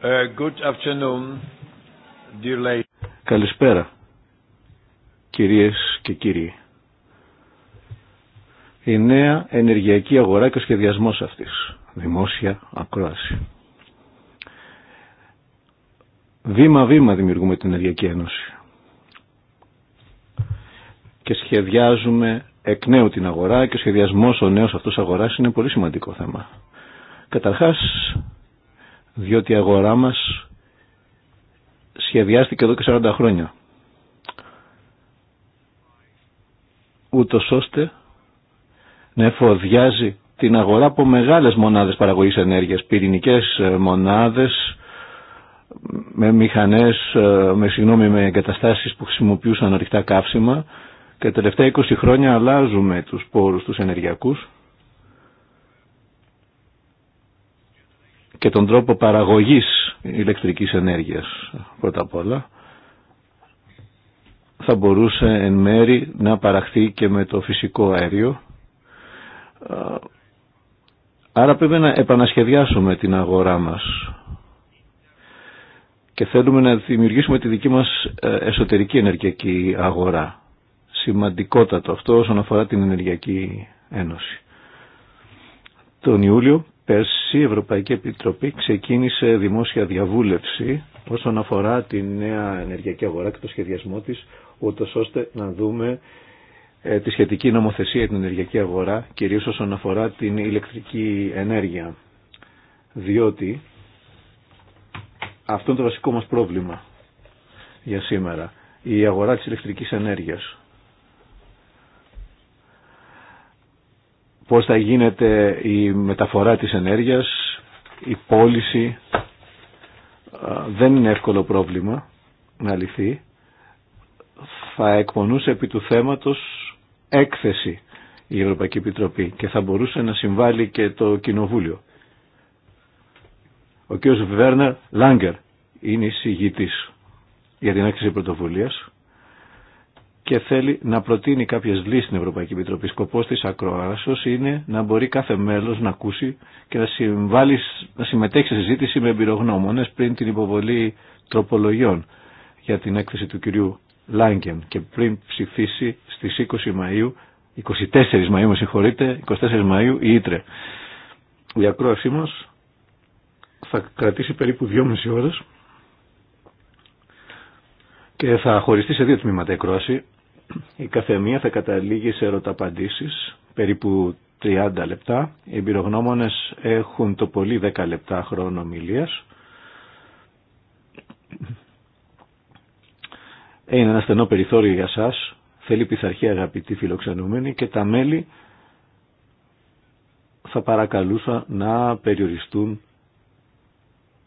Ε, Καλησπέρα, κυρίες και κύριοι. Η νέα ενεργειακή αγορά και ο σχεδιασμός αυτής. Δημόσια ακρόαση. Βήμα-βήμα δημιουργούμε την Ενεργειακή Ένωση. Και σχεδιάζουμε εκ νέου την αγορά και ο σχεδιασμός ο νέος αυτός αγοράς είναι πολύ σημαντικό θέμα. Καταρχάς διότι η αγορά μας σχεδιάστηκε εδώ και 40 χρόνια. Ούτως ώστε να εφοδιάζει την αγορά από μεγάλες μονάδες παραγωγής ενέργειας, πυρηνικές ε, μονάδες, με μηχανές, ε, με συγγνώμη, με εγκαταστάσεις που χρησιμοποιούσαν ανοιχτά καύσιμα και τα τελευταία 20 χρόνια αλλάζουμε τους πόρους τους ενεργειακούς και τον τρόπο παραγωγής ηλεκτρικής ενέργειας πρώτα απ' όλα θα μπορούσε εν μέρη να παραχθεί και με το φυσικό αέριο άρα πρέπει να επανασχεδιάσουμε την αγορά μας και θέλουμε να δημιουργήσουμε τη δική μας ε, εσωτερική ενεργειακή αγορά σημαντικότατο αυτό όσον αφορά την Ενεργειακή Ένωση τον Ιούλιο Πέρσι η Ευρωπαϊκή Επιτροπή ξεκίνησε δημόσια διαβούλευση όσον αφορά τη νέα ενεργειακή αγορά και το σχεδιασμό της, ούτως ώστε να δούμε ε, τη σχετική νομοθεσία για την ενεργειακή αγορά, κυρίως όσον αφορά την ηλεκτρική ενέργεια. Διότι αυτό είναι το βασικό μας πρόβλημα για σήμερα. Η αγορά της ηλεκτρικής ενέργειας. πώς θα γίνεται η μεταφορά της ενέργειας, η πώληση. Δεν είναι εύκολο πρόβλημα να λυθεί. Θα εκπονούσε επί του θέματος έκθεση η Ευρωπαϊκή Επιτροπή και θα μπορούσε να συμβάλλει και το Κοινοβούλιο. Ο κ. Βέρνερ Λάγκερ είναι εισηγητής για την έκθεση πρωτοβουλίας και θέλει να προτείνει κάποιες λύσεις στην Ευρωπαϊκή Επιτροπή. σκοπό τη ακροάσεω είναι να μπορεί κάθε μέλος να ακούσει και να, να συμμετέχει σε συζήτηση με εμπειρογνώμονε πριν την υποβολή τροπολογιών για την έκθεση του κυρίου Λάγκεν και πριν ψηφίσει στις 20 Μαΐου, 24 Μαΐου με συγχωρείτε, 24 Μαου η Ήτρε. Η ακρόασή μα θα κρατήσει περίπου 2,5 ώρε και θα χωριστεί σε δύο τμήματα η ακρόαση. Η καθεμία θα καταλήγει σε ερωταπαντήσεις, περίπου 30 λεπτά. Οι εμπειρογνώμονες έχουν το πολύ 10 λεπτά χρόνο ομιλίας. Είναι ένα στενό περιθώριο για σας. Θέλει πειθαρχία αγαπητοί φιλοξενούμενοι και τα μέλη θα παρακαλούσα να περιοριστούν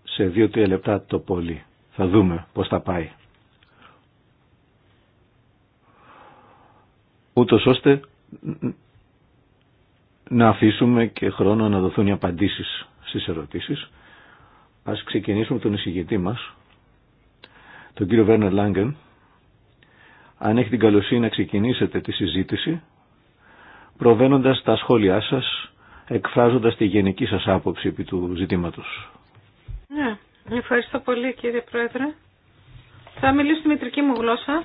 σε 2-3 λεπτά το πολύ. Θα δούμε πώς θα πάει. ούτως ώστε να αφήσουμε και χρόνο να δοθούν οι απαντήσεις στις ερωτήσεις. Ας ξεκινήσουμε τον εισηγητή μας, τον κύριο Βέρνερ Λάγκεν. Αν έχει την καλοσύνη να ξεκινήσετε τη συζήτηση, προβαίνοντας τα σχόλιά σας, εκφράζοντας τη γενική σας άποψη επί του ζητήματος. Ναι, ευχαριστώ πολύ κύριε Πρόεδρε. Θα μιλήσω στη μητρική μου γλώσσα,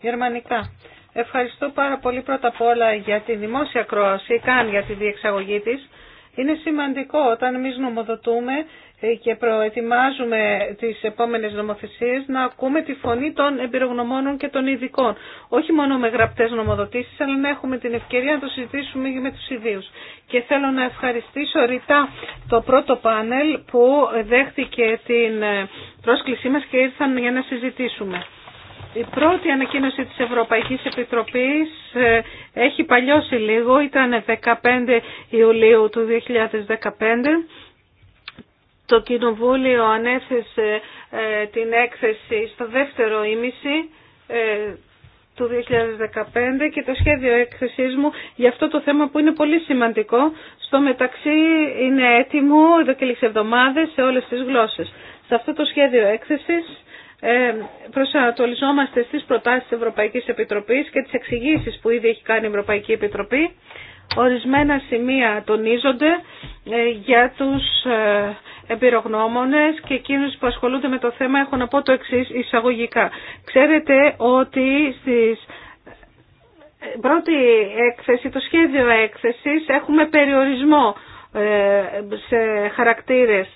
γερμανικά. Ευχαριστώ πάρα πολύ πρώτα απ' όλα για τη δημόσια κρόαση, καν για τη διεξαγωγή της. Είναι σημαντικό όταν εμεί νομοδοτούμε ε, και προετοιμάζουμε τις επόμενες νομοθεσίες να ακούμε τη φωνή των εμπειρογνωμόνων και των ειδικών. Όχι μόνο με γραπτές νομοδοτήσεις, αλλά να έχουμε την ευκαιρία να το συζητήσουμε και με τους ιδίους. Και θέλω να ευχαριστήσω ρητά το πρώτο πάνελ που δέχτηκε την ε, πρόσκλησή μας και ήρθαν για να συζητήσουμε. Η πρώτη ανακοίνωση της Ευρωπαϊκής Επιτροπής ε, έχει παλιώσει λίγο, ήταν 15 Ιουλίου του 2015. Το Κοινοβούλιο ανέθεσε ε, την έκθεση στο δεύτερο ήμιση ε, του 2015 και το σχέδιο έκθεσής μου για αυτό το θέμα που είναι πολύ σημαντικό. Στο μεταξύ είναι έτοιμο εδώ και λίγες εβδομάδες σε όλες τις γλώσσες. Σε αυτό το σχέδιο έκθεσης ε, προσανατολισόμαστε στις προτάσεις της Ευρωπαϊκής Επιτροπής και τις εξηγήσει που ήδη έχει κάνει η Ευρωπαϊκή Επιτροπή. Ορισμένα σημεία τονίζονται ε, για τους ε, εμπειρογνώμονες και εκείνους που ασχολούνται με το θέμα έχω να πω το εξής εισαγωγικά. Ξέρετε ότι στις πρώτη έκθεση, το σχέδιο έκθεσης έχουμε περιορισμό σε χαρακτήρες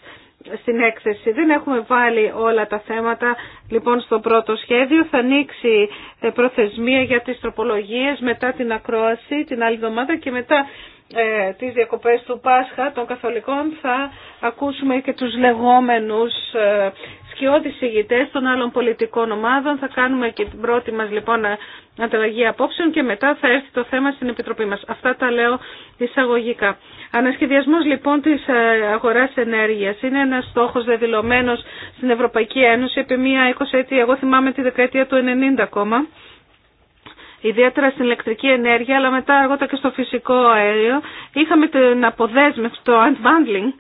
στην έκθεση. Δεν έχουμε βάλει όλα τα θέματα λοιπόν στο πρώτο σχέδιο. Θα ανοίξει ε, προθεσμία για τις τροπολογίες μετά την ακρόαση την άλλη εβδομάδα και μετά ε, τις διακοπές του Πάσχα των Καθολικών θα ακούσουμε και τους λεγόμενους ε, σκιώδεις ηγητές των άλλων πολιτικών ομάδων. Θα κάνουμε και την πρώτη μας λοιπόν ανταλλαγή απόψεων και μετά θα έρθει το θέμα στην Επιτροπή μας. Αυτά τα λέω εισαγωγικά. Ανασχεδιασμός λοιπόν της ε, αγοράς ενέργειας είναι ένας στόχος δεδηλωμένος στην Ευρωπαϊκή Ένωση επί μία 20 έτη, εγώ θυμάμαι τη δεκαετία του 90 ακόμα ιδιαίτερα στην ηλεκτρική ενέργεια, αλλά μετά αργότερα και στο φυσικό αέριο. Είχαμε την αποδέσμευση, το unbundling.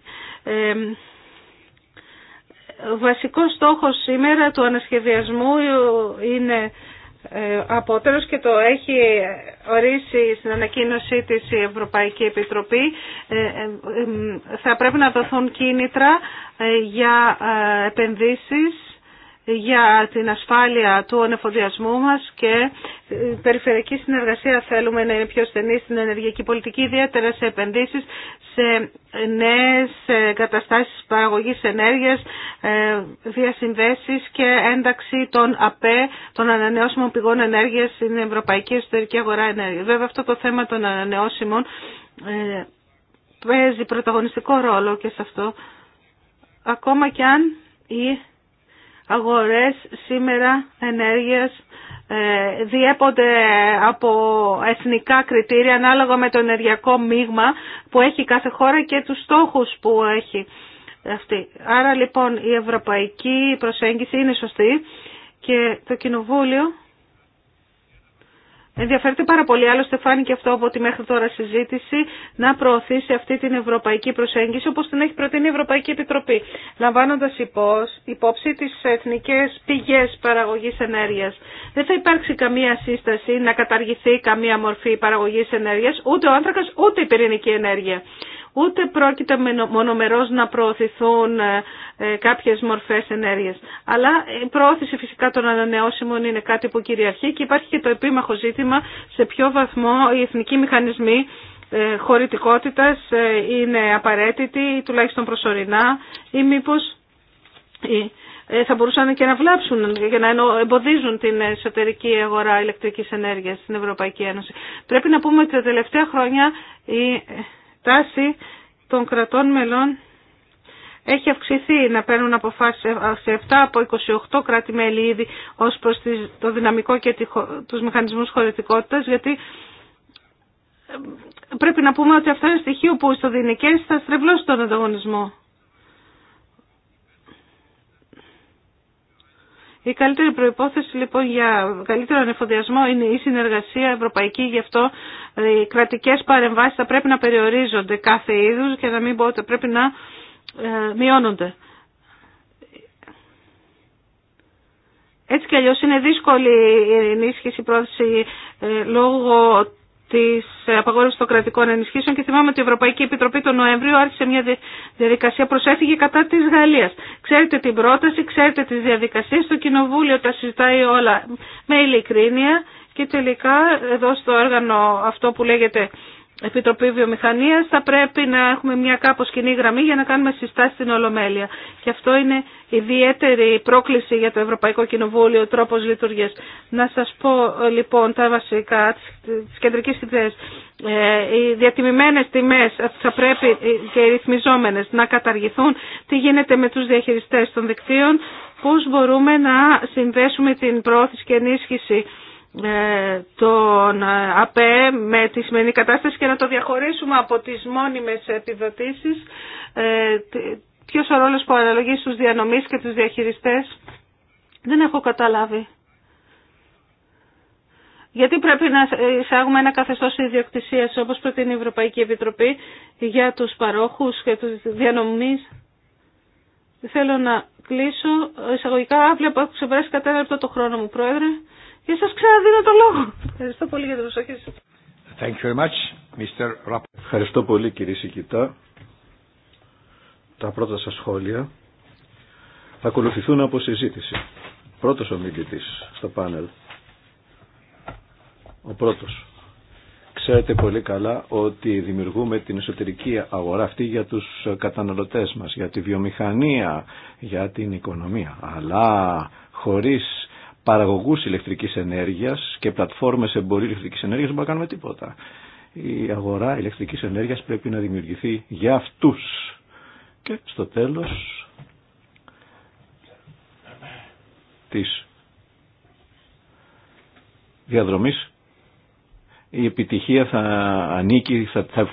ο βασικός στόχος σήμερα του ανασχεδιασμού είναι ε, απότερος και το έχει ορίσει στην ανακοίνωσή της η Ευρωπαϊκή Επιτροπή ε, ε, θα πρέπει να δοθούν κίνητρα για επενδύσεις για την ασφάλεια του ανεφοδιασμού μας και ε, περιφερειακή συνεργασία θέλουμε να είναι πιο στενή στην ενεργειακή πολιτική, ιδιαίτερα σε επενδύσεις, σε νέες ε, καταστάσεις παραγωγής ενέργειας, ε, διασυνδέσεις και ένταξη των ΑΠΕ, των ανανεώσιμων πηγών ενέργειας στην Ευρωπαϊκή Εσωτερική Αγορά Ενέργειας. Βέβαια αυτό το θέμα των ανανεώσιμων παίζει πρωταγωνιστικό ρόλο και σε αυτό, ακόμα και αν η αγορές σήμερα ενέργειας ε, διέπονται από εθνικά κριτήρια ανάλογα με το ενεργειακό μείγμα που έχει κάθε χώρα και τους στόχους που έχει αυτή. Άρα λοιπόν η ευρωπαϊκή προσέγγιση είναι σωστή και το Κοινοβούλιο Ενδιαφέρεται πάρα πολύ, άλλωστε φάνηκε αυτό από τη μέχρι τώρα συζήτηση, να προωθήσει αυτή την ευρωπαϊκή προσέγγιση όπως την έχει προτείνει η Ευρωπαϊκή Επιτροπή, λαμβάνοντας υπόψη τις εθνικές πηγές παραγωγής ενέργειας. Δεν θα υπάρξει καμία σύσταση να καταργηθεί καμία μορφή παραγωγής ενέργειας, ούτε ο άνθρακας ούτε η πυρηνική ενέργεια ούτε πρόκειται μονομερώς να προωθηθούν ε, ε, κάποιες μορφές ενέργειας. Αλλά η προώθηση φυσικά των ανανεώσιμων είναι κάτι που κυριαρχεί και υπάρχει και το επίμαχο ζήτημα σε ποιο βαθμό οι εθνικοί μηχανισμοί ε, χωρητικότητας είναι απαραίτητοι ή τουλάχιστον προσωρινά ή μήπως θα μπορούσαν και να βλάψουν και να εμποδίζουν την εσωτερική αγορά ηλεκτρικής ενέργειας στην Ευρωπαϊκή Ένωση. Πρέπει να πούμε ότι τα τελευταία χρόνια η τάση των κρατών μελών έχει αυξηθεί να παίρνουν αποφάσεις σε 7 από 28 κράτη-μέλη ήδη ως προς το δυναμικό και τους μηχανισμούς χωρητικότητας, γιατί ε, πρέπει να πούμε ότι αυτό είναι στοιχείο που στο δινικές θα στρεβλώσει τον ανταγωνισμό. Η καλύτερη προϋπόθεση λοιπόν για καλύτερο ανεφοδιασμό είναι η συνεργασία ευρωπαϊκή, γι' αυτό ε, οι κρατικές παρεμβάσεις θα πρέπει να περιορίζονται κάθε είδους και να μην πω ότι πρέπει να ε, μειώνονται. Έτσι κι αλλιώς είναι δύσκολη η ενίσχυση πρόθεση ε, λόγω Τη απαγόρευση των κρατικών ενισχύσεων και θυμάμαι ότι η Ευρωπαϊκή Επιτροπή τον Νοέμβριο άρχισε μια διαδικασία προσέφυγε κατά της Γαλλίας. Ξέρετε την πρόταση, ξέρετε τις διαδικασίες, το Κοινοβούλιο τα συζητάει όλα με ειλικρίνεια και τελικά εδώ στο όργανο αυτό που λέγεται Επιτροπή Βιομηχανίας θα πρέπει να έχουμε μια κάπως κοινή γραμμή για να κάνουμε συστάσεις στην Ολομέλεια. Και αυτό είναι ιδιαίτερη πρόκληση για το Ευρωπαϊκό Κοινοβούλιο, τρόπος λειτουργίας. Να σας πω λοιπόν τα βασικά της κεντρικής Ε, Οι διατιμημένες τιμές θα πρέπει και οι ρυθμιζόμενες να καταργηθούν. Τι γίνεται με τους διαχειριστές των δικτύων, πώς μπορούμε να συνδέσουμε την πρόθεση και ενίσχυση ε, τον ε, ΑΠΕ με τη σημερινή κατάσταση και να το διαχωρίσουμε από τις μόνιμες επιδοτήσεις. Ε, ποιος ο ρόλος που αναλογεί στους διανομής και τους διαχειριστές. Δεν έχω καταλάβει. Γιατί πρέπει να εισάγουμε ένα καθεστώς ιδιοκτησίας όπως προτείνει η Ευρωπαϊκή Επιτροπή για τους παρόχους και τους διανομής. Θέλω να κλείσω εισαγωγικά. Βλέπω έχω ξεπεράσει κατά ένα το χρόνο μου, Πρόεδρε. Και σας ξαναδίνω το λόγο. Ευχαριστώ πολύ για την προσοχή σας. Thank you very much, Mr. Ευχαριστώ πολύ κύριε Σικητά. Τα πρώτα σας σχόλια θα ακολουθηθούν από συζήτηση. Πρώτος ομιλητής στο πάνελ. Ο πρώτος. Ξέρετε πολύ καλά ότι δημιουργούμε την εσωτερική αγορά αυτή για τους καταναλωτές μας, για τη βιομηχανία, για την οικονομία. Αλλά χωρίς παραγωγούς ηλεκτρικής ενέργειας και πλατφόρμες εμπορίου ηλεκτρική ενέργειας δεν μπορούμε να κάνουμε τίποτα. Η αγορά ηλεκτρικής ενέργειας πρέπει να δημιουργηθεί για αυτούς. Και στο τέλος τη διαδρομής η επιτυχία θα ανήκει, θα, θα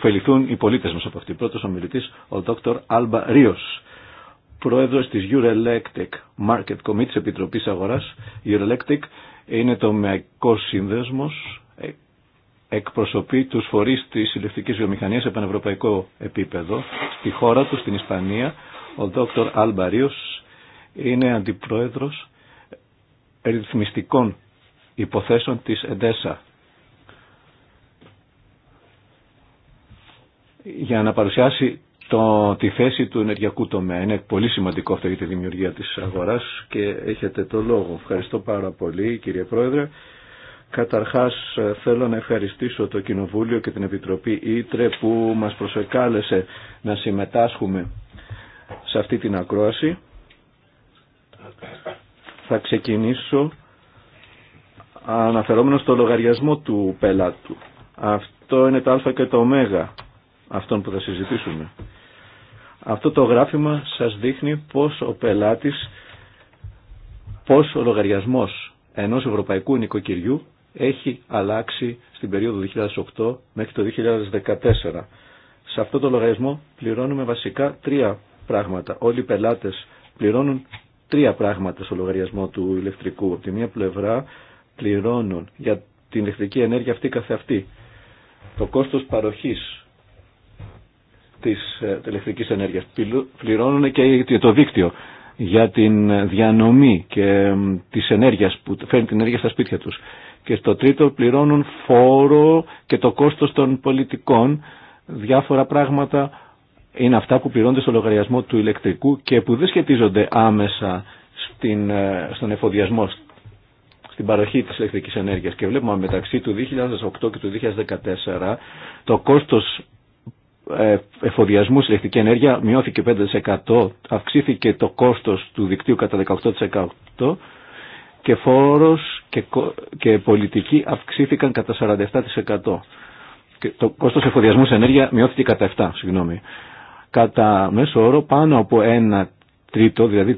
οι πολίτες μας από αυτή. Πρώτος ομιλητής, ο Δόκτωρ Άλμπα Ρίος πρόεδρος της Euroelectric Market Committee Επιτροπή Επιτροπής Αγοράς. Euroelectric είναι το μεακό σύνδεσμος, ε, εκπροσωπεί τους φορείς της ηλεκτρικής Βιομηχανία σε πανευρωπαϊκό επίπεδο. Στη χώρα του, στην Ισπανία, ο Δόκτωρ Αλμπαρίος είναι αντιπρόεδρος ρυθμιστικών υποθέσεων της ΕΝΤΕΣΑ. για να παρουσιάσει το, τη θέση του ενεργειακού τομέα. Είναι πολύ σημαντικό αυτό για τη δημιουργία της αγοράς και έχετε το λόγο. Ευχαριστώ πάρα πολύ κύριε Πρόεδρε. Καταρχάς θέλω να ευχαριστήσω το Κοινοβούλιο και την Επιτροπή Ήτρε που μας προσεκάλεσε να συμμετάσχουμε σε αυτή την ακρόαση. Θα ξεκινήσω αναφερόμενο στο λογαριασμό του πελάτου. Αυτό είναι το α και το ω αυτόν που θα συζητήσουμε. Αυτό το γράφημα σας δείχνει πώς ο πελάτης, πώς ο λογαριασμός ενός ευρωπαϊκού νοικοκυριού έχει αλλάξει στην περίοδο 2008 μέχρι το 2014. Σε αυτό το λογαριασμό πληρώνουμε βασικά τρία πράγματα. Όλοι οι πελάτες πληρώνουν τρία πράγματα στο λογαριασμό του ηλεκτρικού. Από τη μία πλευρά πληρώνουν για την ηλεκτρική ενέργεια αυτή καθεαυτή. Το κόστος παροχής ε, της ηλεκτρικής ενέργειας. Πληρώνουν και το δίκτυο για την διανομή και της ενέργειας που φέρνει την ενέργεια στα σπίτια τους. Και στο τρίτο πληρώνουν φόρο και το κόστος των πολιτικών. Διάφορα πράγματα είναι αυτά που πληρώνονται στο λογαριασμό του ηλεκτρικού και που δεν σχετίζονται άμεσα στην, ε, στον εφοδιασμό, στην παροχή της ηλεκτρικής ενέργειας. Και βλέπουμε μεταξύ του 2008 και του 2014 το κόστος ε, εφοδιασμού στην ηλεκτρική ενέργεια μειώθηκε 5%, αυξήθηκε το κόστος του δικτύου κατά 18% και φόρος και, και πολιτική αυξήθηκαν κατά 47%. Και το κόστος εφοδιασμού σε ενέργεια μειώθηκε κατά 7%. Συγγνώμη. Κατά μέσο όρο πάνω από 1 τρίτο, δηλαδή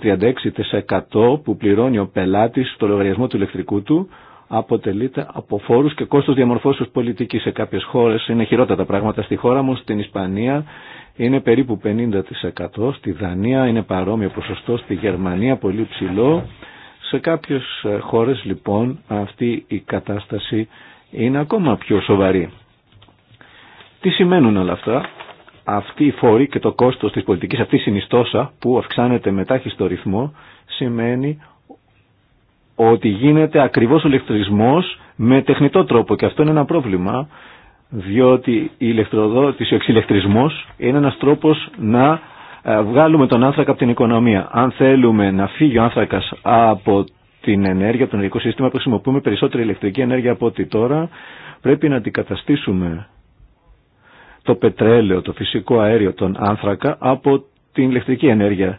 36% που πληρώνει ο πελάτης στο λογαριασμό του ηλεκτρικού του, αποτελείται από φόρους και κόστος διαμορφώσεως πολιτικής σε κάποιες χώρες. Είναι χειρότερα τα πράγματα. Στη χώρα μου, στην Ισπανία, είναι περίπου 50%. Στη Δανία είναι παρόμοιο ποσοστό. Στη Γερμανία πολύ ψηλό. Σε κάποιες χώρες, λοιπόν, αυτή η κατάσταση είναι ακόμα πιο σοβαρή. Τι σημαίνουν όλα αυτά. Αυτή η φόρη και το κόστος της πολιτικής, αυτή η συνιστόσα που αυξάνεται μετάχιστο ρυθμό, σημαίνει ότι γίνεται ακριβώς ο ηλεκτρισμός με τεχνητό τρόπο και αυτό είναι ένα πρόβλημα διότι η ηλεκτροδότηση, ο εξηλεκτρισμός είναι ένας τρόπος να ε, βγάλουμε τον άνθρακα από την οικονομία. Αν θέλουμε να φύγει ο άνθρακας από την ενέργεια, από το ενεργικό σύστημα που χρησιμοποιούμε περισσότερη ηλεκτρική ενέργεια από ό,τι τώρα, πρέπει να αντικαταστήσουμε το πετρέλαιο, το φυσικό αέριο, τον άνθρακα από την ηλεκτρική ενέργεια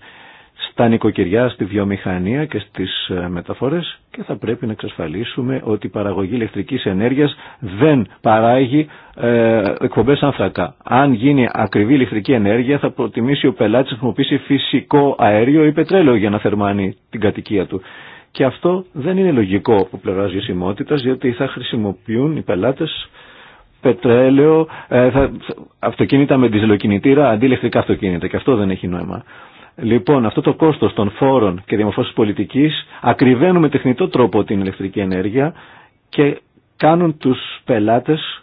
στα νοικοκυριά, στη βιομηχανία και στις ε, μεταφορές και θα πρέπει να εξασφαλίσουμε ότι η παραγωγή ηλεκτρικής ενέργειας δεν παράγει ε, εκπομπές άνθρακα. Αν γίνει ακριβή ηλεκτρική ενέργεια θα προτιμήσει ο πελάτης να χρησιμοποιήσει φυσικό αέριο ή πετρέλαιο για να θερμάνει την κατοικία του. Και αυτό δεν είναι λογικό από πλευρά ζησιμότητα, διότι θα χρησιμοποιούν οι πελάτε πετρέλαιο, ε, θα, αυτοκίνητα με διζελοκινητήρα αντί ηλεκτρικά αυτοκίνητα. Και αυτό δεν έχει νόημα. Λοιπόν, αυτό το κόστος των φόρων και διαμορφώσεις πολιτικής ακριβένουν με τεχνητό τρόπο την ηλεκτρική ενέργεια και κάνουν τους πελάτες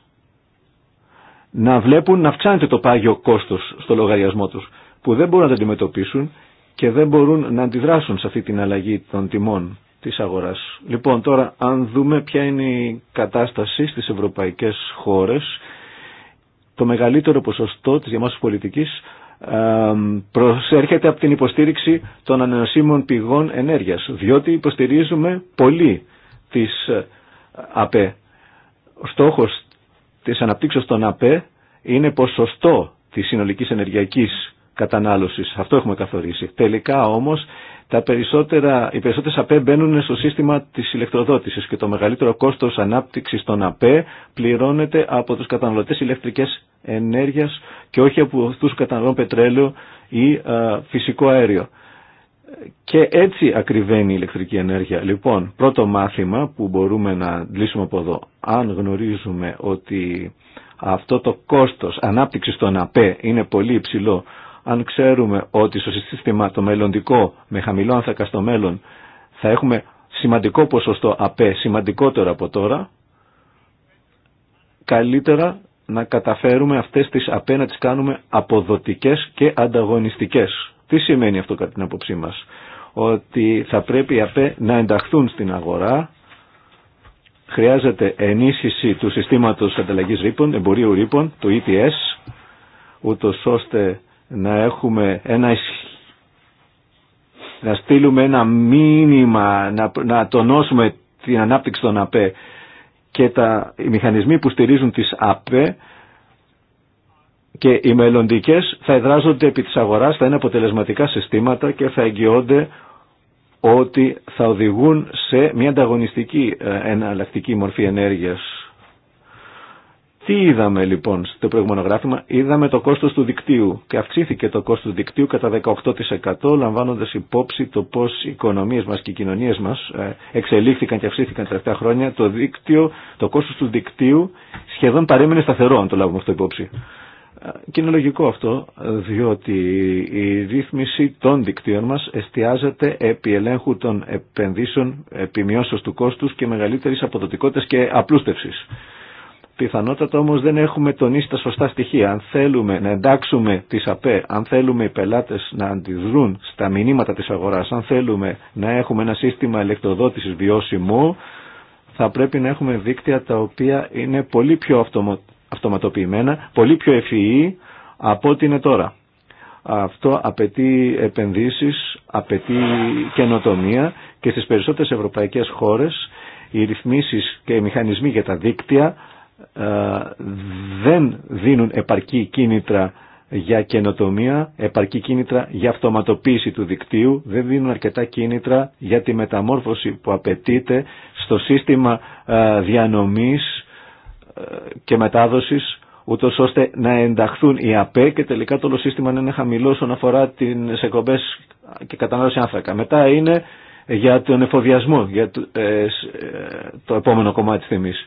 να βλέπουν να αυξάνεται το πάγιο κόστος στο λογαριασμό τους που δεν μπορούν να το αντιμετωπίσουν και δεν μπορούν να αντιδράσουν σε αυτή την αλλαγή των τιμών της αγοράς. Λοιπόν, τώρα αν δούμε ποια είναι η κατάσταση στις ευρωπαϊκές χώρες, το μεγαλύτερο ποσοστό της διαμάσης πολιτικής προσέρχεται από την υποστήριξη των ανανεωσίμων πηγών ενέργειας, διότι υποστηρίζουμε πολύ τις ε, ΑΠΕ. Ο στόχος της αναπτύξεως των ΑΠΕ είναι ποσοστό της συνολικής ενεργειακής κατανάλωσης. Αυτό έχουμε καθορίσει. Τελικά όμως τα περισσότερα, οι περισσότερε ΑΠΕ μπαίνουν στο σύστημα τη ηλεκτροδότηση και το μεγαλύτερο κόστο ανάπτυξη των ΑΠΕ πληρώνεται από του καταναλωτέ ηλεκτρική ενέργεια και όχι από αυτού που καταναλώνουν πετρέλαιο ή φυσικό φυσικό αέριο. Και έτσι ακριβένει η φυσικο αεριο ενέργεια. Λοιπόν, πρώτο μάθημα που μπορούμε να λύσουμε από εδώ. Αν γνωρίζουμε ότι αυτό το κόστος ανάπτυξης των ΑΠΕ είναι πολύ υψηλό αν ξέρουμε ότι στο σύστημα το μελλοντικό με χαμηλό άνθρακα στο μέλλον θα έχουμε σημαντικό ποσοστό ΑΠΕ, σημαντικότερο από τώρα, καλύτερα να καταφέρουμε αυτές τις ΑΠΕ να τις κάνουμε αποδοτικές και ανταγωνιστικές. Τι σημαίνει αυτό κατά την απόψή μας. Ότι θα πρέπει οι ΑΠΕ να ενταχθούν στην αγορά, χρειάζεται ενίσχυση του συστήματος ανταλλαγής ρήπων, εμπορίου ρήπων, το ETS, ούτως ώστε να έχουμε ένα να στείλουμε ένα μήνυμα, να, να τονώσουμε την ανάπτυξη των ΑΠΕ και τα, οι μηχανισμοί που στηρίζουν τις ΑΠΕ και οι μελλοντικέ θα εδράζονται επί της αγοράς, θα είναι αποτελεσματικά συστήματα και θα εγγυώνται ότι θα οδηγούν σε μια ανταγωνιστική ε, εναλλακτική μορφή ενέργειας. Τι είδαμε λοιπόν στο προηγούμενο γράφημα, είδαμε το κόστος του δικτύου και αυξήθηκε το κόστος του δικτύου κατά 18% λαμβάνοντας υπόψη το πώς οι οικονομίες μας και οι κοινωνίες μας ε, εξελίχθηκαν και αυξήθηκαν τα τελευταία χρόνια. Το, δίκτυο, το κόστος του δικτύου σχεδόν παρέμεινε σταθερό αν το λάβουμε αυτό υπόψη. Ε, και είναι λογικό αυτό, διότι η ρύθμιση των δικτύων μας εστιάζεται επί ελέγχου των επενδύσεων, επιμειώσεως του κόστους και μεγαλύτερης αποδοτικότητας και απλούστευσης. Πιθανότατα όμως δεν έχουμε τονίσει τα σωστά στοιχεία. Αν θέλουμε να εντάξουμε τις ΑΠΕ, αν θέλουμε οι πελάτες να αντιδρούν στα μηνύματα της αγοράς, αν θέλουμε να έχουμε ένα σύστημα ηλεκτροδότησης βιώσιμου, θα πρέπει να έχουμε δίκτυα τα οποία είναι πολύ πιο αυτοματοποιημένα, πολύ πιο ευφυή από ό,τι είναι τώρα. Αυτό απαιτεί επενδύσεις, απαιτεί καινοτομία και στις περισσότερες ευρωπαϊκές χώρες οι ρυθμίσεις και οι μηχανισμοί για τα δίκτυα ε, δεν δίνουν επαρκή κίνητρα για καινοτομία, επαρκή κίνητρα για αυτοματοποίηση του δικτύου, δεν δίνουν αρκετά κίνητρα για τη μεταμόρφωση που απαιτείται στο σύστημα ε, διανομής ε, και μετάδοσης, ούτω ώστε να ενταχθούν οι ΑΠΕ και τελικά το όλο σύστημα να είναι χαμηλό όσον αφορά τι και κατανάλωση άνθρακα. Μετά είναι για τον εφοδιασμό, για το, ε, επόμενο κομμάτι θυμής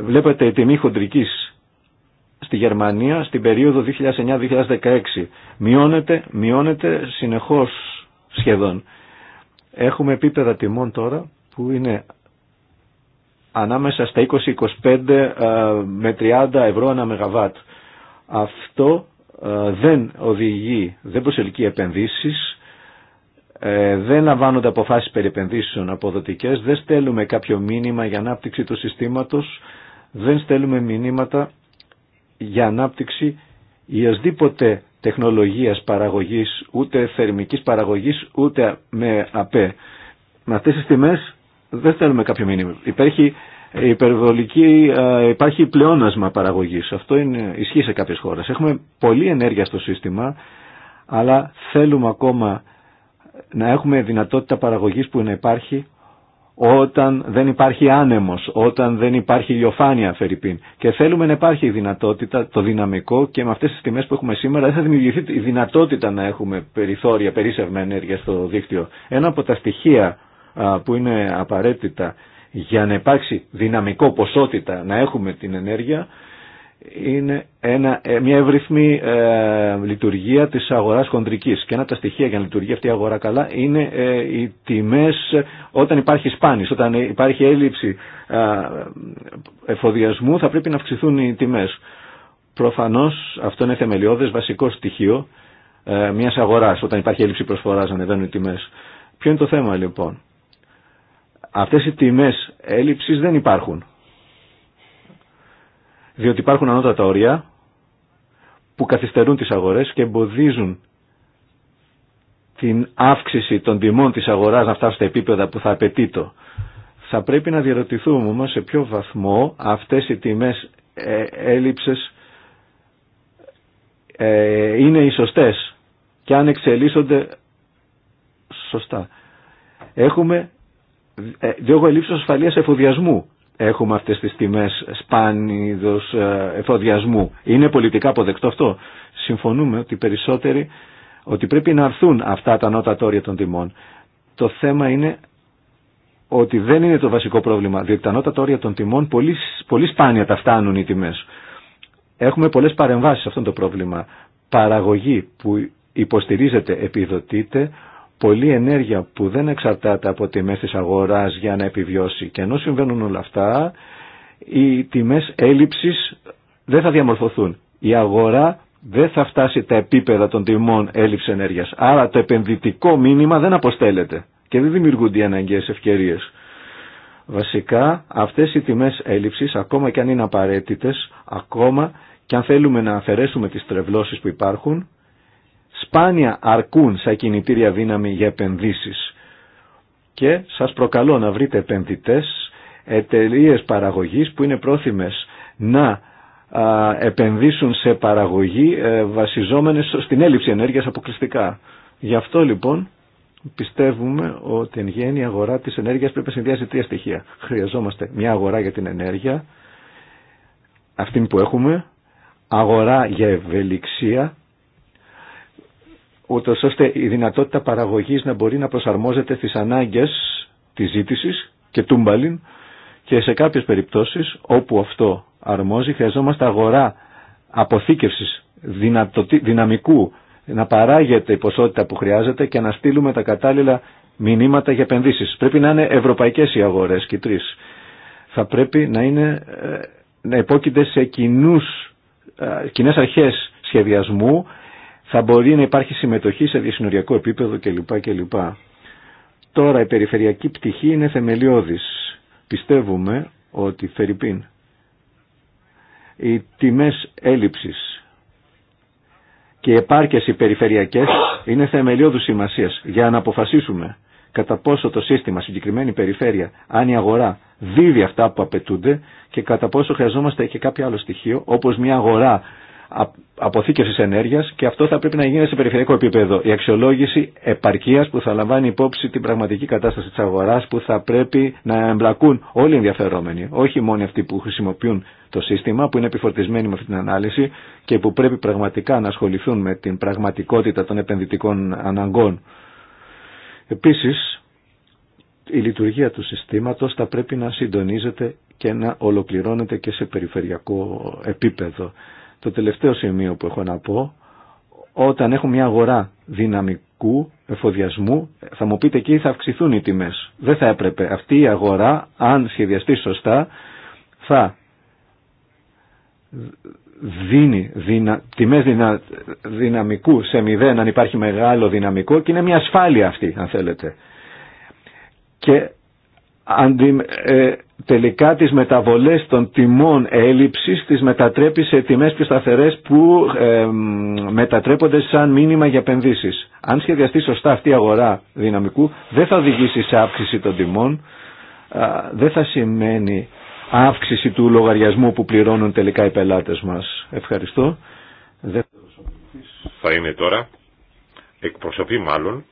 Βλέπετε η τιμή χοντρικής στη Γερμανία στην περίοδο 2009-2016. Μειώνεται, μειώνεται συνεχώς σχεδόν. Έχουμε επίπεδα τιμών τώρα που είναι ανάμεσα στα 20-25 ε, με 30 ευρώ ένα μεγαβάτ. Αυτό ε, δεν οδηγεί, δεν προσελκύει επενδύσεις, ε, δεν λαμβάνονται αποφάσεις περί επενδύσεων αποδοτικές, δεν στέλνουμε κάποιο μήνυμα για ανάπτυξη του συστήματος, δεν στέλνουμε μηνύματα για ανάπτυξη ιασδήποτε τεχνολογίας παραγωγής, ούτε θερμικής παραγωγής, ούτε με ΑΠΕ. Με αυτές τις τιμές δεν στέλνουμε κάποιο μήνυμα. Υπάρχει, υπερβολική, υπάρχει πλεόνασμα παραγωγής. Αυτό είναι, ισχύει σε κάποιες χώρες. Έχουμε πολλή ενέργεια στο σύστημα, αλλά θέλουμε ακόμα να έχουμε δυνατότητα παραγωγής που να υπάρχει όταν δεν υπάρχει άνεμος, όταν δεν υπάρχει ηλιοφάνεια φερρυπίν. Και θέλουμε να υπάρχει η δυνατότητα, το δυναμικό και με αυτές τις τιμές που έχουμε σήμερα δεν θα δημιουργηθεί η δυνατότητα να έχουμε περιθώρια, περίσευμα ενέργεια στο δίκτυο. Ένα από τα στοιχεία που είναι απαραίτητα για να υπάρξει δυναμικό ποσότητα να έχουμε την ενέργεια είναι ένα, ε, μια εύρυθμη ε, λειτουργία της αγοράς χοντρική και ένα από τα στοιχεία για να λειτουργεί αυτή η αγορά καλά είναι ε, οι τιμές όταν υπάρχει σπάνις, όταν υπάρχει έλλειψη εφοδιασμού θα πρέπει να αυξηθούν οι τιμές. Προφανώς αυτό είναι θεμελιώδες βασικό στοιχείο μιας αγοράς όταν υπάρχει έλλειψη προσφοράς να ανεβαίνουν οι τιμές. Ποιο είναι το θέμα λοιπόν. Αυτές οι τιμές έλλειψης δεν υπάρχουν διότι υπάρχουν ανώτατα όρια που καθυστερούν τις αγορές και εμποδίζουν την αύξηση των τιμών της αγοράς να φτάσει στα επίπεδα που θα απαιτεί το. Θα πρέπει να διαρωτηθούμε όμως σε ποιο βαθμό αυτές οι τιμές ε, έλλειψες ε, είναι οι σωστές και αν εξελίσσονται σωστά. Έχουμε ε, δύο ελλείψεις ασφαλείας εφοδιασμού έχουμε αυτές τις τιμές σπάνιδος ε, εφοδιασμού. Είναι πολιτικά αποδεκτό αυτό. Συμφωνούμε ότι περισσότεροι ότι πρέπει να έρθουν αυτά τα νότα τόρια των τιμών. Το θέμα είναι ότι δεν είναι το βασικό πρόβλημα, διότι τα νότα των τιμών πολύ, πολύ σπάνια τα φτάνουν οι τιμές. Έχουμε πολλές παρεμβάσεις σε αυτό το πρόβλημα. Παραγωγή που υποστηρίζεται, επιδοτείται, πολλή ενέργεια που δεν εξαρτάται από τιμές της αγοράς για να επιβιώσει. Και ενώ συμβαίνουν όλα αυτά, οι τιμές έλλειψης δεν θα διαμορφωθούν. Η αγορά δεν θα φτάσει τα επίπεδα των τιμών έλλειψη ενέργειας. Άρα το επενδυτικό μήνυμα δεν αποστέλλεται και δεν δημιουργούνται οι αναγκαίες ευκαιρίες. Βασικά αυτές οι τιμές έλλειψης, ακόμα και αν είναι απαραίτητες, ακόμα και αν θέλουμε να αφαιρέσουμε τις τρευλώσεις που υπάρχουν, σπάνια αρκούν σαν κινητήρια δύναμη για επενδύσεις. Και σας προκαλώ να βρείτε επενδυτές, εταιρείε παραγωγής που είναι πρόθυμες να επενδύσουν σε παραγωγή ε, βασιζόμενες στην έλλειψη ενέργειας αποκλειστικά. Γι' αυτό λοιπόν πιστεύουμε ότι εν γέννη η αγορά της ενέργειας πρέπει να συνδυάζει τρία στοιχεία. Χρειαζόμαστε μια αγορά για την ενέργεια, αυτή που έχουμε, αγορά για ευελιξία ούτω ώστε η δυνατότητα παραγωγής να μπορεί να προσαρμόζεται στι ανάγκες τη ζήτησης και τούμπαλιν και σε κάποιες περιπτώσεις όπου αυτό αρμόζει χρειαζόμαστε αγορά αποθήκευση δυναμικού να παράγεται η ποσότητα που χρειάζεται και να στείλουμε τα κατάλληλα μηνύματα για επενδύσει. Πρέπει να είναι ευρωπαϊκέ οι αγορέ, και Θα πρέπει να, είναι, ε, να σε ε, κοινέ αρχέ σχεδιασμού θα μπορεί να υπάρχει συμμετοχή σε διασυνοριακό επίπεδο κλπ. κλπ. Τώρα η περιφερειακή πτυχή είναι θεμελιώδης. Πιστεύουμε ότι φερειπίν οι τιμές έλλειψης και οι επάρκειες οι περιφερειακές είναι θεμελιώδους σημασίας για να αποφασίσουμε κατά πόσο το σύστημα, συγκεκριμένη περιφέρεια, αν η αγορά δίδει αυτά που απαιτούνται και κατά πόσο χρειαζόμαστε και κάποιο άλλο στοιχείο, όπως μια αγορά αποθήκευσης ενέργειας και αυτό θα πρέπει να γίνει σε περιφερειακό επίπεδο. Η αξιολόγηση επαρκείας που θα λαμβάνει υπόψη την πραγματική κατάσταση της αγοράς που θα πρέπει να εμπλακούν όλοι οι ενδιαφερόμενοι, όχι μόνο αυτοί που χρησιμοποιούν το σύστημα, που είναι επιφορτισμένοι με αυτή την ανάλυση και που πρέπει πραγματικά να ασχοληθούν με την πραγματικότητα των επενδυτικών αναγκών. Επίσης, η λειτουργία του συστήματος θα πρέπει να συντονίζεται και να ολοκληρώνεται και σε περιφερειακό επίπεδο. Το τελευταίο σημείο που έχω να πω, όταν έχω μια αγορά δυναμικού εφοδιασμού, θα μου πείτε εκεί θα αυξηθούν οι τιμές. Δεν θα έπρεπε. Αυτή η αγορά, αν σχεδιαστεί σωστά, θα δίνει δυνα... τιμές δυνα... δυναμικού σε μηδέν αν υπάρχει μεγάλο δυναμικό και είναι μια ασφάλεια αυτή αν θέλετε και αντι... Ε, τελικά τις μεταβολές των τιμών έλλειψης τις μετατρέπει σε τιμές πιο σταθερές που μετατρέπονται σαν μήνυμα για επενδύσεις. Αν σχεδιαστεί σωστά αυτή η αγορά δυναμικού δεν θα οδηγήσει σε αύξηση των τιμών, δεν θα σημαίνει αύξηση του λογαριασμού που πληρώνουν τελικά οι πελάτες μας. Ευχαριστώ. Θα είναι τώρα εκπροσωπή μάλλον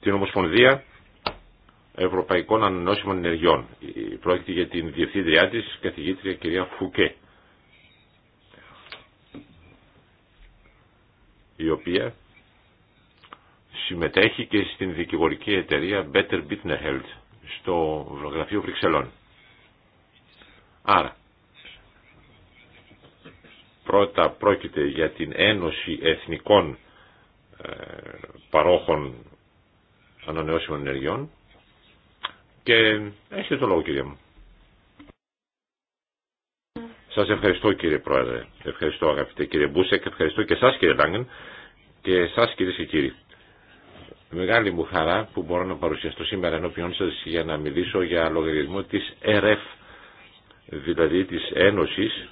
την Ομοσπονδία Ευρωπαϊκών Ανανεώσιμων Ενεργειών. Πρόκειται για την διευθύντριά της, καθηγήτρια κυρία Φουκέ. η οποία συμμετέχει και στην δικηγορική εταιρεία Better Bitner Health στο γραφείο Βρυξελών. Άρα, πρώτα πρόκειται για την Ένωση Εθνικών ε, Παρόχων Ανανεώσιμων Ενεργειών και έχετε το λόγο κύριε μου. Σας ευχαριστώ κύριε Πρόεδρε, ευχαριστώ αγαπητέ κύριε Μπούσεκ, ευχαριστώ και εσάς κύριε Λάγκεν και εσάς κύριε και κύριοι. Μεγάλη μου χαρά που μπορώ να παρουσιαστώ σήμερα ενώπιον σας για να μιλήσω για λογαριασμό της ΕΡΕΦ, δηλαδή της Ένωσης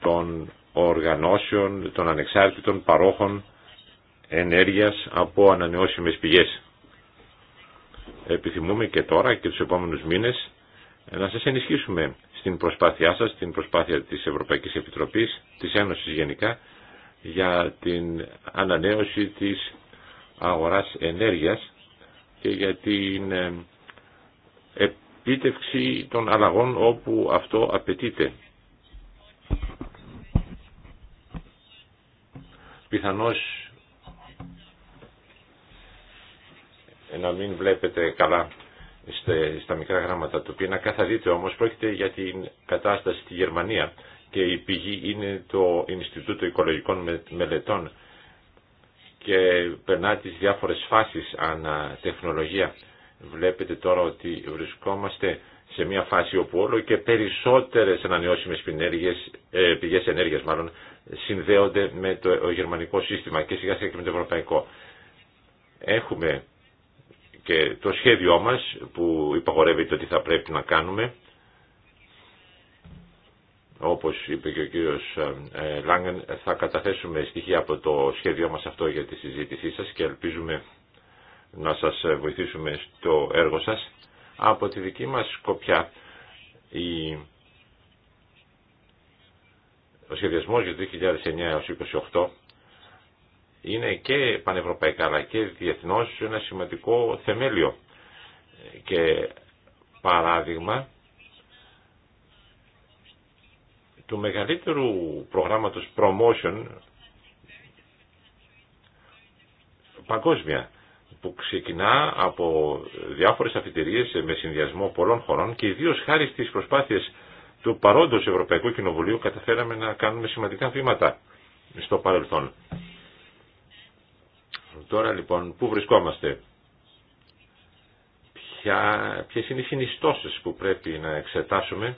των οργανώσεων των ανεξάρτητων παρόχων ενέργειας από ανανεώσιμες πηγές επιθυμούμε και τώρα και τους επόμενους μήνες ε, να σας ενισχύσουμε στην προσπάθειά σας, στην προσπάθεια της Ευρωπαϊκής Επιτροπής, της Ένωσης γενικά, για την ανανέωση της αγοράς ενέργειας και για την ε, επίτευξη των αλλαγών όπου αυτό απαιτείται. Πιθανώς Ε, να μην βλέπετε καλά στα μικρά γράμματα του πίνακα. Θα όμως πρόκειται για την κατάσταση στη Γερμανία και η πηγή είναι το Ινστιτούτο Οικολογικών Μελετών και περνά τις διάφορες φάσεις ανά τεχνολογία. Βλέπετε τώρα ότι βρισκόμαστε σε μια φάση όπου όλο και περισσότερες ανανεώσιμες πηγές, ε, πηγές ενέργειας μάλλον, συνδέονται με το γερμανικό σύστημα και σιγά σιγά και με το ευρωπαϊκό. Έχουμε και το σχέδιό μας που υπαγορεύεται ότι θα πρέπει να κάνουμε όπως είπε και ο κύριος ε, ε, Λάγκεν θα καταθέσουμε στοιχεία από το σχέδιό μας αυτό για τη συζήτησή σας και ελπίζουμε να σας βοηθήσουμε στο έργο σας. Από τη δική μας σκοπιά η... ο σχεδιασμός για το 2009 έως 2028 είναι και πανευρωπαϊκά αλλά και διεθνώς ένα σημαντικό θεμέλιο και παράδειγμα του μεγαλύτερου προγράμματος promotion παγκόσμια που ξεκινά από διάφορες αφιτηρίες με συνδυασμό πολλών χωρών και ιδίως χάρη στις προσπάθειες του παρόντος Ευρωπαϊκού Κοινοβουλίου καταφέραμε να κάνουμε σημαντικά βήματα στο παρελθόν. Τώρα λοιπόν, πού βρισκόμαστε. Ποια, ποιες είναι οι συνιστώσεις που πρέπει να εξετάσουμε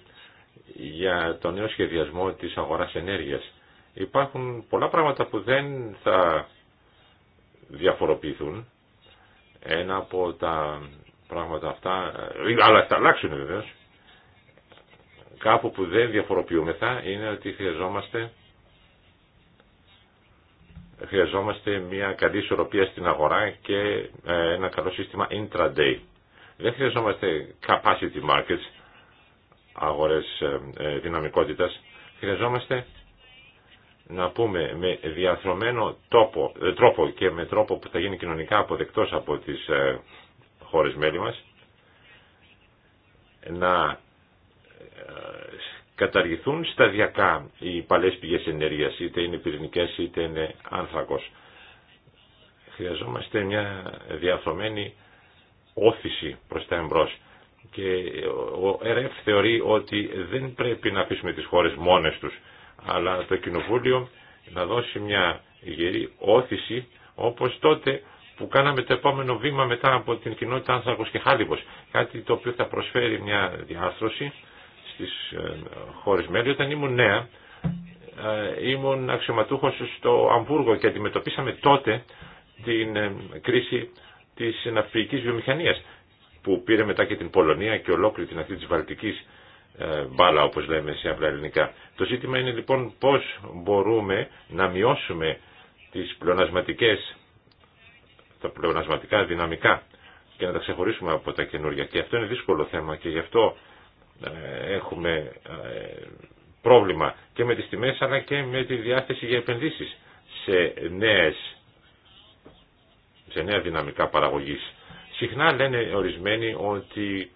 για το νέο σχεδιασμό της αγοράς ενέργειας. Υπάρχουν πολλά πράγματα που δεν θα διαφοροποιηθούν. Ένα από τα πράγματα αυτά, αλλά θα αλλάξουν βεβαίω. Κάπου που δεν διαφοροποιούμεθα είναι ότι χρειαζόμαστε χρειαζόμαστε μια καλή ισορροπία στην αγορά και ε, ένα καλό σύστημα intraday. Δεν χρειαζόμαστε capacity markets, αγορές ε, ε, δυναμικότητας. Χρειαζόμαστε να πούμε με διαθρωμένο τόπο, τρόπο και με τρόπο που θα γίνει κοινωνικά αποδεκτός από τις χώρες μέλη μας να καταργηθούν σταδιακά οι παλές πηγές ενέργειας, είτε είναι πυρηνικές είτε είναι άνθρακος. Χρειαζόμαστε μια διαρθρωμένη όθηση προς τα εμπρός. Και ο ΕΡΕΦ θεωρεί ότι δεν πρέπει να αφήσουμε τις χώρες μόνες τους, αλλά το Κοινοβούλιο να δώσει μια γερή όθηση όπως τότε που κάναμε το επόμενο βήμα μετά από την κοινότητα Άνθρακος και Χάλιβος. Κάτι το οποίο θα προσφέρει μια διάρθρωση στις ε, χώρες μέλη. Όταν ήμουν νέα, ε, ήμουν αξιωματούχος στο Αμβούργο και αντιμετωπίσαμε τότε την ε, κρίση της ναυπηγικής βιομηχανίας που πήρε μετά και την Πολωνία και ολόκληρη την αυτή της Βαλτικής μπάλα όπως λέμε σε απλά ελληνικά. Το ζήτημα είναι λοιπόν πώς μπορούμε να μειώσουμε τις πλεονασματικές, τα πλεονασματικά δυναμικά και να τα ξεχωρίσουμε από τα καινούργια. Και αυτό είναι δύσκολο θέμα και γι' αυτό ε, έχουμε ε, πρόβλημα και με τις τιμές αλλά και με τη διάθεση για επενδύσεις σε, νέες, σε νέα δυναμικά παραγωγής. Συχνά λένε ορισμένοι ότι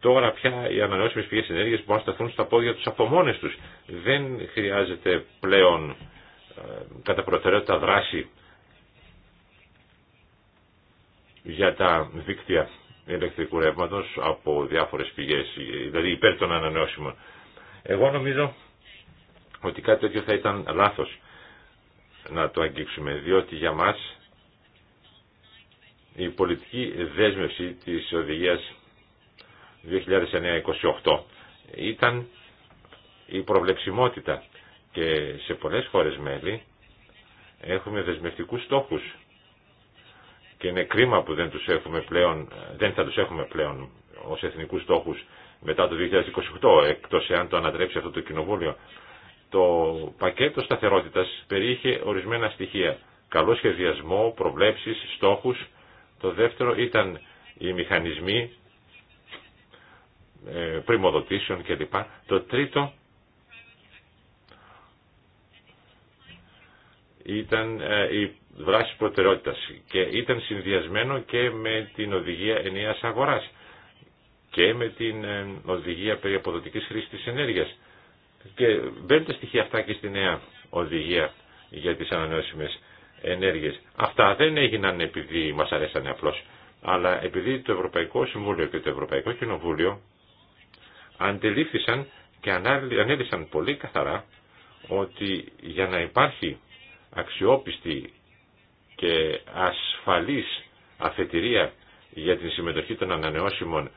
τώρα πια οι ανανεώσιμες πηγές ενέργειας μπορούν να σταθούν στα πόδια τους από μόνες τους. Δεν χρειάζεται πλέον ε, κατά προτεραιότητα δράση για τα δίκτυα ηλεκτρικού ρεύματο από διάφορες πηγές, δηλαδή υπέρ των ανανεώσιμων. Εγώ νομίζω ότι κάτι τέτοιο θα ήταν λάθος να το αγγίξουμε, διότι για μας η πολιτική δέσμευση της οδηγίας 2009-28 ήταν η προβλεψιμότητα και σε πολλές χώρες μέλη έχουμε δεσμευτικούς στόχους και είναι κρίμα που δεν, τους έχουμε πλέον, δεν θα τους έχουμε πλέον ως εθνικούς στόχους μετά το 2028, εκτός εάν το ανατρέψει αυτό το κοινοβούλιο. Το πακέτο σταθερότητας περιείχε ορισμένα στοιχεία. Καλό σχεδιασμό, προβλέψεις, στόχους. Το δεύτερο ήταν οι μηχανισμοί ε, πρημοδοτήσεων κλπ. Το τρίτο ήταν ε, η δράση προτεραιότητας και ήταν συνδυασμένο και με την οδηγία ενιαίας αγοράς και με την ε, οδηγία περί αποδοτικής χρήσης της ενέργειας. Και μπαίνουν τα στοιχεία αυτά και στη νέα οδηγία για τις ανανεώσιμες ενέργειες. Αυτά δεν έγιναν επειδή μας αρέσανε απλώς, αλλά επειδή το Ευρωπαϊκό Συμβούλιο και το Ευρωπαϊκό Κοινοβούλιο αντελήφθησαν και ανέλησαν πολύ καθαρά ότι για να υπάρχει αξιόπιστη και ασφαλής αφετηρία για την συμμετοχή των ανανεώσιμων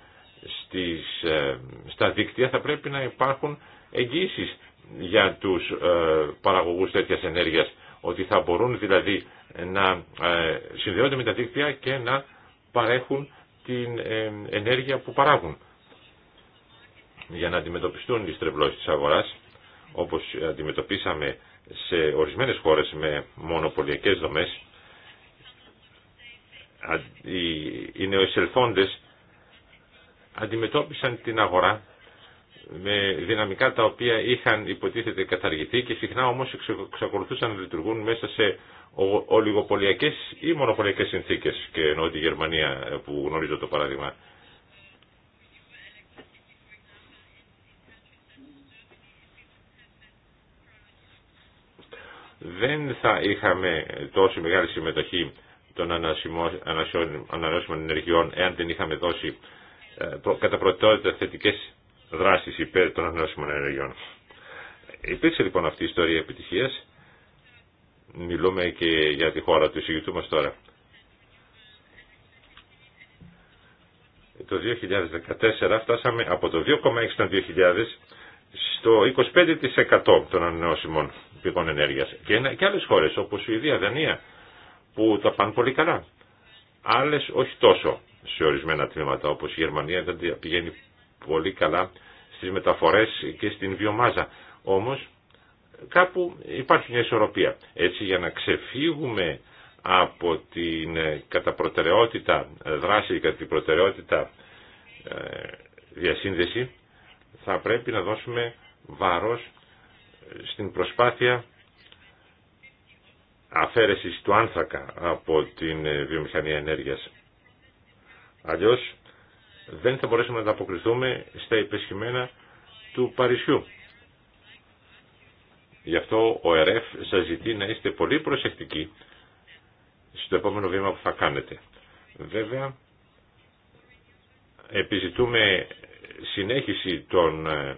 ε, στα δίκτυα θα πρέπει να υπάρχουν εγγύσεις για τους ε, παραγωγούς τέτοιας ενέργειας ότι θα μπορούν δηλαδή να ε, συνδέονται με τα δίκτυα και να παρέχουν την ενέργεια που παράγουν για να αντιμετωπιστούν οι στρεβλώσεις της αγοράς όπως αντιμετωπίσαμε σε ορισμένες χώρες με μονοπωλιακές δομές οι νεοεσελθόντες αντιμετώπισαν την αγορά με δυναμικά τα οποία είχαν υποτίθεται καταργηθεί και συχνά όμως εξακολουθούσαν να λειτουργούν μέσα σε ολιγοπολιακές ή μονοπωλιακές συνθήκες και ενώ τη Γερμανία που γνωρίζω το παράδειγμα δεν θα είχαμε τόσο μεγάλη συμμετοχή των ανανεώσιμων ενεργειών εάν δεν είχαμε δώσει ε, κατά προτεραιότητα θετικές δράσεις υπέρ των ανανεώσιμων ενεργειών. Υπήρξε λοιπόν αυτή η ιστορία επιτυχίας. Μιλούμε και για τη χώρα του εισηγητού μας τώρα. Το 2014 φτάσαμε από το 2,6 στο 25% των ανανεώσιμων πηγών ενέργειας. Και, και άλλες χώρες όπως Ιδία Δανία που τα πάνε πολύ καλά. Άλλες όχι τόσο σε ορισμένα τμήματα όπως η Γερμανία δεν πηγαίνει πολύ καλά στις μεταφορές και στην βιομάζα. Όμως κάπου υπάρχει μια ισορροπία. Έτσι για να ξεφύγουμε από την ε, κατά προτεραιότητα ε, δράση, κατά την προτεραιότητα ε, διασύνδεση, θα πρέπει να δώσουμε βάρος στην προσπάθεια αφαίρεσης του άνθρακα από την ε, βιομηχανία ενέργειας. Αλλιώς δεν θα μπορέσουμε να ανταποκριθούμε στα υπεσχημένα του Παρισιού. Γι' αυτό ο ΕΡΕΦ σας ζητεί να είστε πολύ προσεκτικοί στο επόμενο βήμα που θα κάνετε. Βέβαια, επιζητούμε συνέχιση των ε,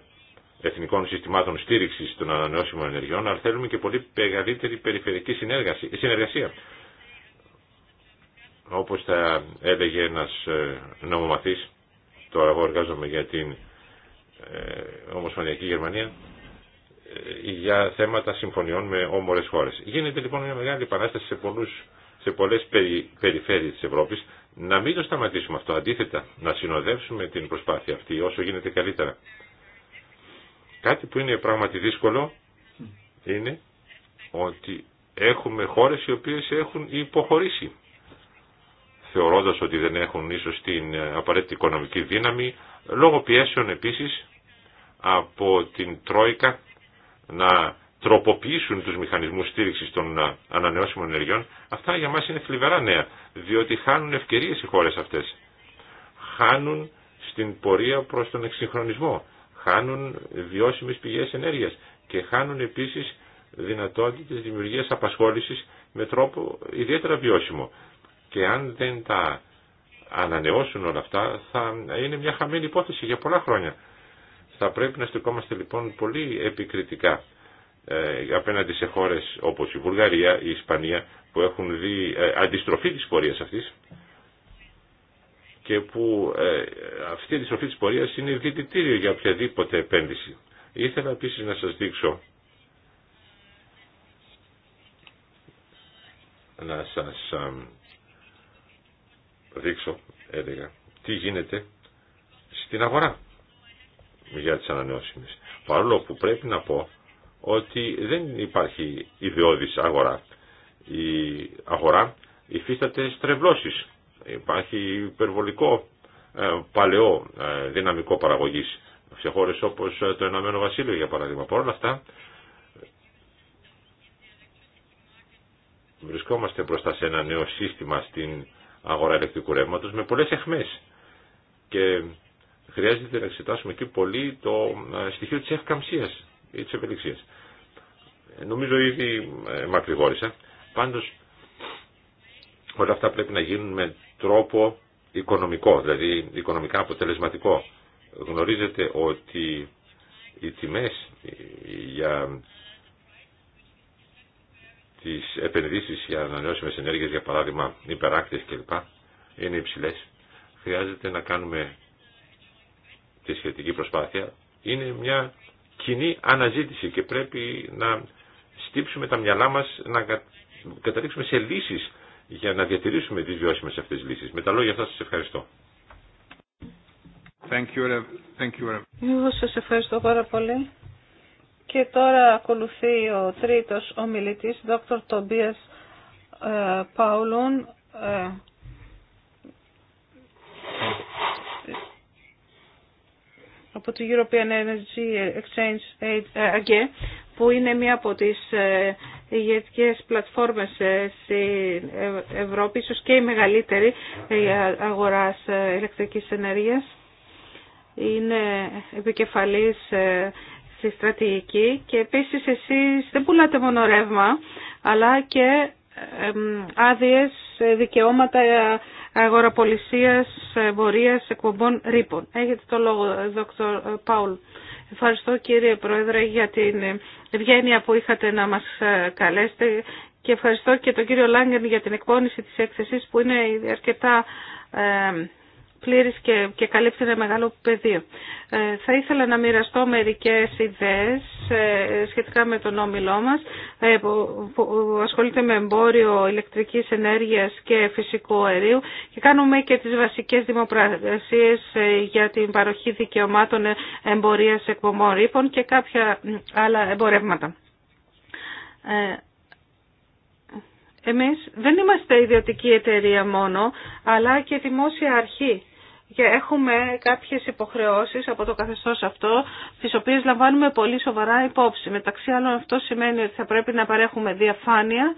εθνικών συστημάτων στήριξη των ανανεώσιμων ενεργειών, αλλά θέλουμε και πολύ μεγαλύτερη περιφερειακή συνεργασία. Όπω θα έλεγε ένα ε, νομομαθή, τώρα εγώ εργάζομαι για την ε, Ομοσπονδιακή Γερμανία, ε, για θέματα συμφωνιών με όμορε χώρε. Γίνεται λοιπόν μια μεγάλη επανάσταση σε, σε πολλέ περι, περιφέρειε τη Ευρώπη. Να μην το σταματήσουμε αυτό. Αντίθετα, να συνοδεύσουμε την προσπάθεια αυτή όσο γίνεται καλύτερα. Κάτι που είναι πράγματι δύσκολο είναι ότι έχουμε χώρες οι οποίες έχουν υποχωρήσει θεωρώντας ότι δεν έχουν ίσως την απαραίτητη οικονομική δύναμη λόγω πιέσεων επίσης από την Τρόικα να τροποποιήσουν τους μηχανισμούς στήριξης των ανανεώσιμων ενεργειών, αυτά για μας είναι θλιβερά νέα, διότι χάνουν ευκαιρίες οι χώρες αυτές. Χάνουν στην πορεία προς τον εξυγχρονισμό χάνουν βιώσιμες πηγές ενέργειας και χάνουν επίσης δυνατότητες δημιουργίας απασχόλησης με τρόπο ιδιαίτερα βιώσιμο. Και αν δεν τα ανανεώσουν όλα αυτά θα είναι μια χαμένη υπόθεση για πολλά χρόνια. Θα πρέπει να στεκόμαστε λοιπόν πολύ επικριτικά ε, απέναντι σε χώρες όπως η Βουλγαρία, η Ισπανία που έχουν δει ε, αντιστροφή της πορείας αυτής και που ε, αυτή η αντιστροφή της πορείας είναι διαιτητήριο για οποιαδήποτε επένδυση. Ήθελα επίσης να σας δείξω να σας δείξω, έλεγα, τι γίνεται στην αγορά για τις ανανεώσιμες. Παρόλο που πρέπει να πω ότι δεν υπάρχει ιδεώδης αγορά. Η αγορά υφίσταται στρεβλώσεις Υπάρχει υπερβολικό ε, παλαιό ε, δυναμικό παραγωγής σε χώρες όπως ε, το Ενωμένο Βασίλειο για παράδειγμα. Παρ' όλα αυτά βρισκόμαστε μπροστά σε ένα νέο σύστημα στην αγορά ηλεκτρικού ρεύματος με πολλές εχμές και χρειάζεται να εξετάσουμε εκεί πολύ το στοιχείο της ευκαμψίας ή της ευελιξίας. Νομίζω ήδη μακρηγόρησα. Πάντως όλα αυτά πρέπει να γίνουν με τρόπο οικονομικό, δηλαδή οικονομικά αποτελεσματικό. Γνωρίζετε ότι οι τιμές για τις επενδύσεις για ανανεώσιμες ενέργειες, για παράδειγμα υπεράκτες κλπ, είναι υψηλές. Χρειάζεται να κάνουμε τη σχετική προσπάθεια. Είναι μια κοινή αναζήτηση και πρέπει να στύψουμε τα μυαλά μας, να καταλήξουμε σε λύσεις για να διατηρήσουμε τις βιώσιμες αυτές τις λύσεις. Με τα λόγια αυτά σας ευχαριστώ. Thank you, Thank you. Εγώ σας ευχαριστώ πάρα πολύ. Και τώρα ακολουθεί ο τρίτος ομιλητής, Dr. Tobias Paulun από το European Energy Exchange AG, ε, που είναι μία από τις ε, ηγετικές πλατφόρμες ε, στην ε, Ευρώπη, ίσως και η μεγαλύτερη ε, αγοράς ηλεκτρικής ενέργειας. Είναι επικεφαλής στη στρατηγική και επίσης εσείς δεν πουλάτε μόνο ρεύμα, αλλά και άδειες δικαιώματα αγοραπολισίας, εμπορίας, εκπομπών ρήπων. Έχετε το λόγο, Δ. Πάουλ. Ευχαριστώ κύριε Πρόεδρε για την ευγένεια που είχατε να μας ε, καλέσετε και ευχαριστώ και τον κύριο Λάγκεν για την εκπόνηση της έκθεσης που είναι αρκετά ε, πλήρης και, καλύπτει ένα μεγάλο πεδίο. Ε, θα ήθελα να μοιραστώ μερικές ιδέες ε, σχετικά με τον όμιλό μας ε, που, ασχολείται με εμπόριο ηλεκτρική ενέργειας και φυσικού αερίου και κάνουμε και τις βασικές δημοπρασίες ε, για την παροχή δικαιωμάτων ε, εμπορίας εκπομπών ρήπων και κάποια άλλα εμπορεύματα. Ε, εμείς δεν είμαστε ιδιωτική εταιρεία μόνο, αλλά και δημόσια αρχή. Και έχουμε κάποιες υποχρεώσεις από το καθεστώς αυτό, τις οποίες λαμβάνουμε πολύ σοβαρά υπόψη. Μεταξύ άλλων αυτό σημαίνει ότι θα πρέπει να παρέχουμε διαφάνεια,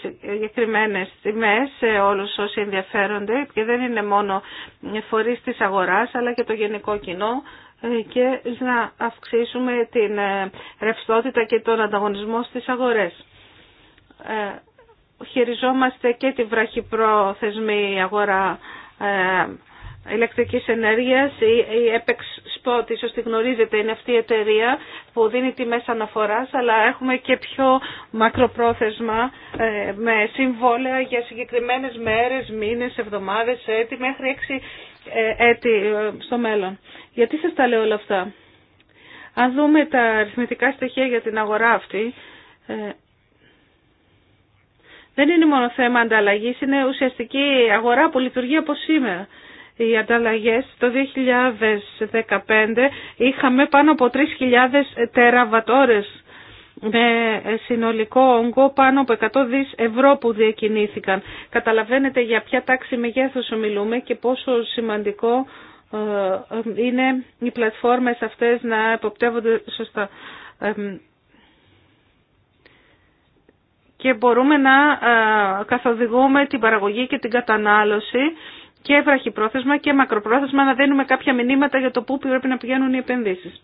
συγκεκριμένε τιμέ σε όλου όσοι ενδιαφέρονται και δεν είναι μόνο φορεί τη αγορά αλλά και το γενικό κοινό ε, και να αυξήσουμε την ε, ρευστότητα και τον ανταγωνισμό στις αγορές. Ε, χειριζόμαστε και τη βραχυπρόθεσμη αγορά ε, ηλεκτρικής ενέργειας, η Apex Spot, ίσως τη γνωρίζετε, είναι αυτή η εταιρεία που δίνει μέσα αναφοράς, αλλά έχουμε και πιο μακροπρόθεσμα ε, με συμβόλαια για συγκεκριμένες μέρες, μήνες, εβδομάδες, έτη, μέχρι έξι ε, έτη στο μέλλον. Γιατί σας τα λέω όλα αυτά. Αν δούμε τα αριθμητικά στοιχεία για την αγορά αυτή, δεν είναι μόνο θέμα ανταλλαγή, είναι ουσιαστική αγορά που λειτουργεί από σήμερα. Οι ανταλλαγέ. το 2015 είχαμε πάνω από 3.000 τεραβατόρες με συνολικό όγκο πάνω από 100 δις ευρώ που διακινήθηκαν. Καταλαβαίνετε για ποια τάξη μεγέθους μιλούμε και πόσο σημαντικό ε, ε, είναι οι πλατφόρμες αυτές να εποπτεύονται σωστά. Ε, και μπορούμε να ε, καθοδηγούμε την παραγωγή και την κατανάλωση και βραχυπρόθεσμα και μακροπρόθεσμα να δίνουμε κάποια μηνύματα για το πού πρέπει να πηγαίνουν οι επενδύσεις.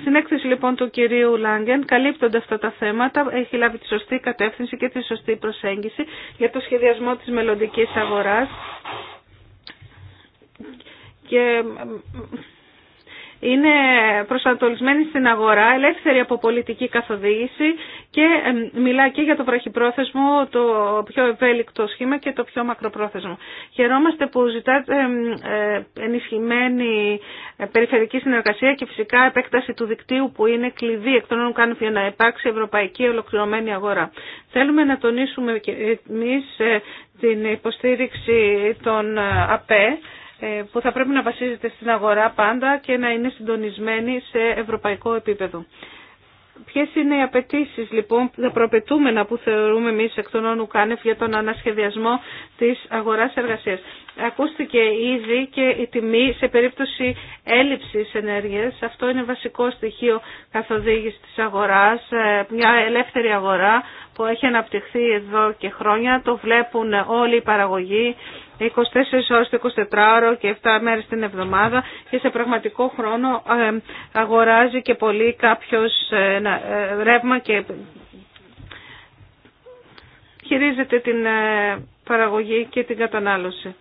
Στην έκθεση λοιπόν του κυρίου Λάγκεν, καλύπτονται αυτά τα θέματα, έχει λάβει τη σωστή κατεύθυνση και τη σωστή προσέγγιση για το σχεδιασμό της μελλοντική αγοράς και είναι προσανατολισμένη στην αγορά, ελεύθερη από πολιτική καθοδήγηση και μιλά και για το βραχυπρόθεσμο, το πιο ευέλικτο σχήμα και το πιο μακροπρόθεσμο. Χαιρόμαστε που ζητάτε ε, ενισχυμένη ε, περιφερειακή συνεργασία και φυσικά επέκταση του δικτύου που είναι κλειδί εκ των όνων κάνουν για να υπάρξει ευρωπαϊκή ολοκληρωμένη αγορά. Θέλουμε να τονίσουμε και εμείς ε, την υποστήριξη των ΑΠΕ ε, που θα πρέπει να βασίζεται στην αγορά πάντα και να είναι συντονισμένη σε ευρωπαϊκό επίπεδο. Ποιες είναι οι απαιτήσει λοιπόν, τα προπετούμενα που θεωρούμε εμεί εκ των όνου κάνευ για τον ανασχεδιασμό της αγοράς εργασίας. Ακούστηκε ήδη και η τιμή σε περίπτωση έλλειψης ενέργειας. Αυτό είναι βασικό στοιχείο καθοδήγηση της αγοράς, ε, μια ελεύθερη αγορά που έχει αναπτυχθεί εδώ και χρόνια. Το βλέπουν όλοι οι παραγωγοί 24 ώρες 24ωρο και 7 μέρες την εβδομάδα και σε πραγματικό χρόνο ε, αγοράζει και πολύ κάποιος ε, ε, ρεύμα και χειρίζεται την παραγωγή και την κατανάλωση.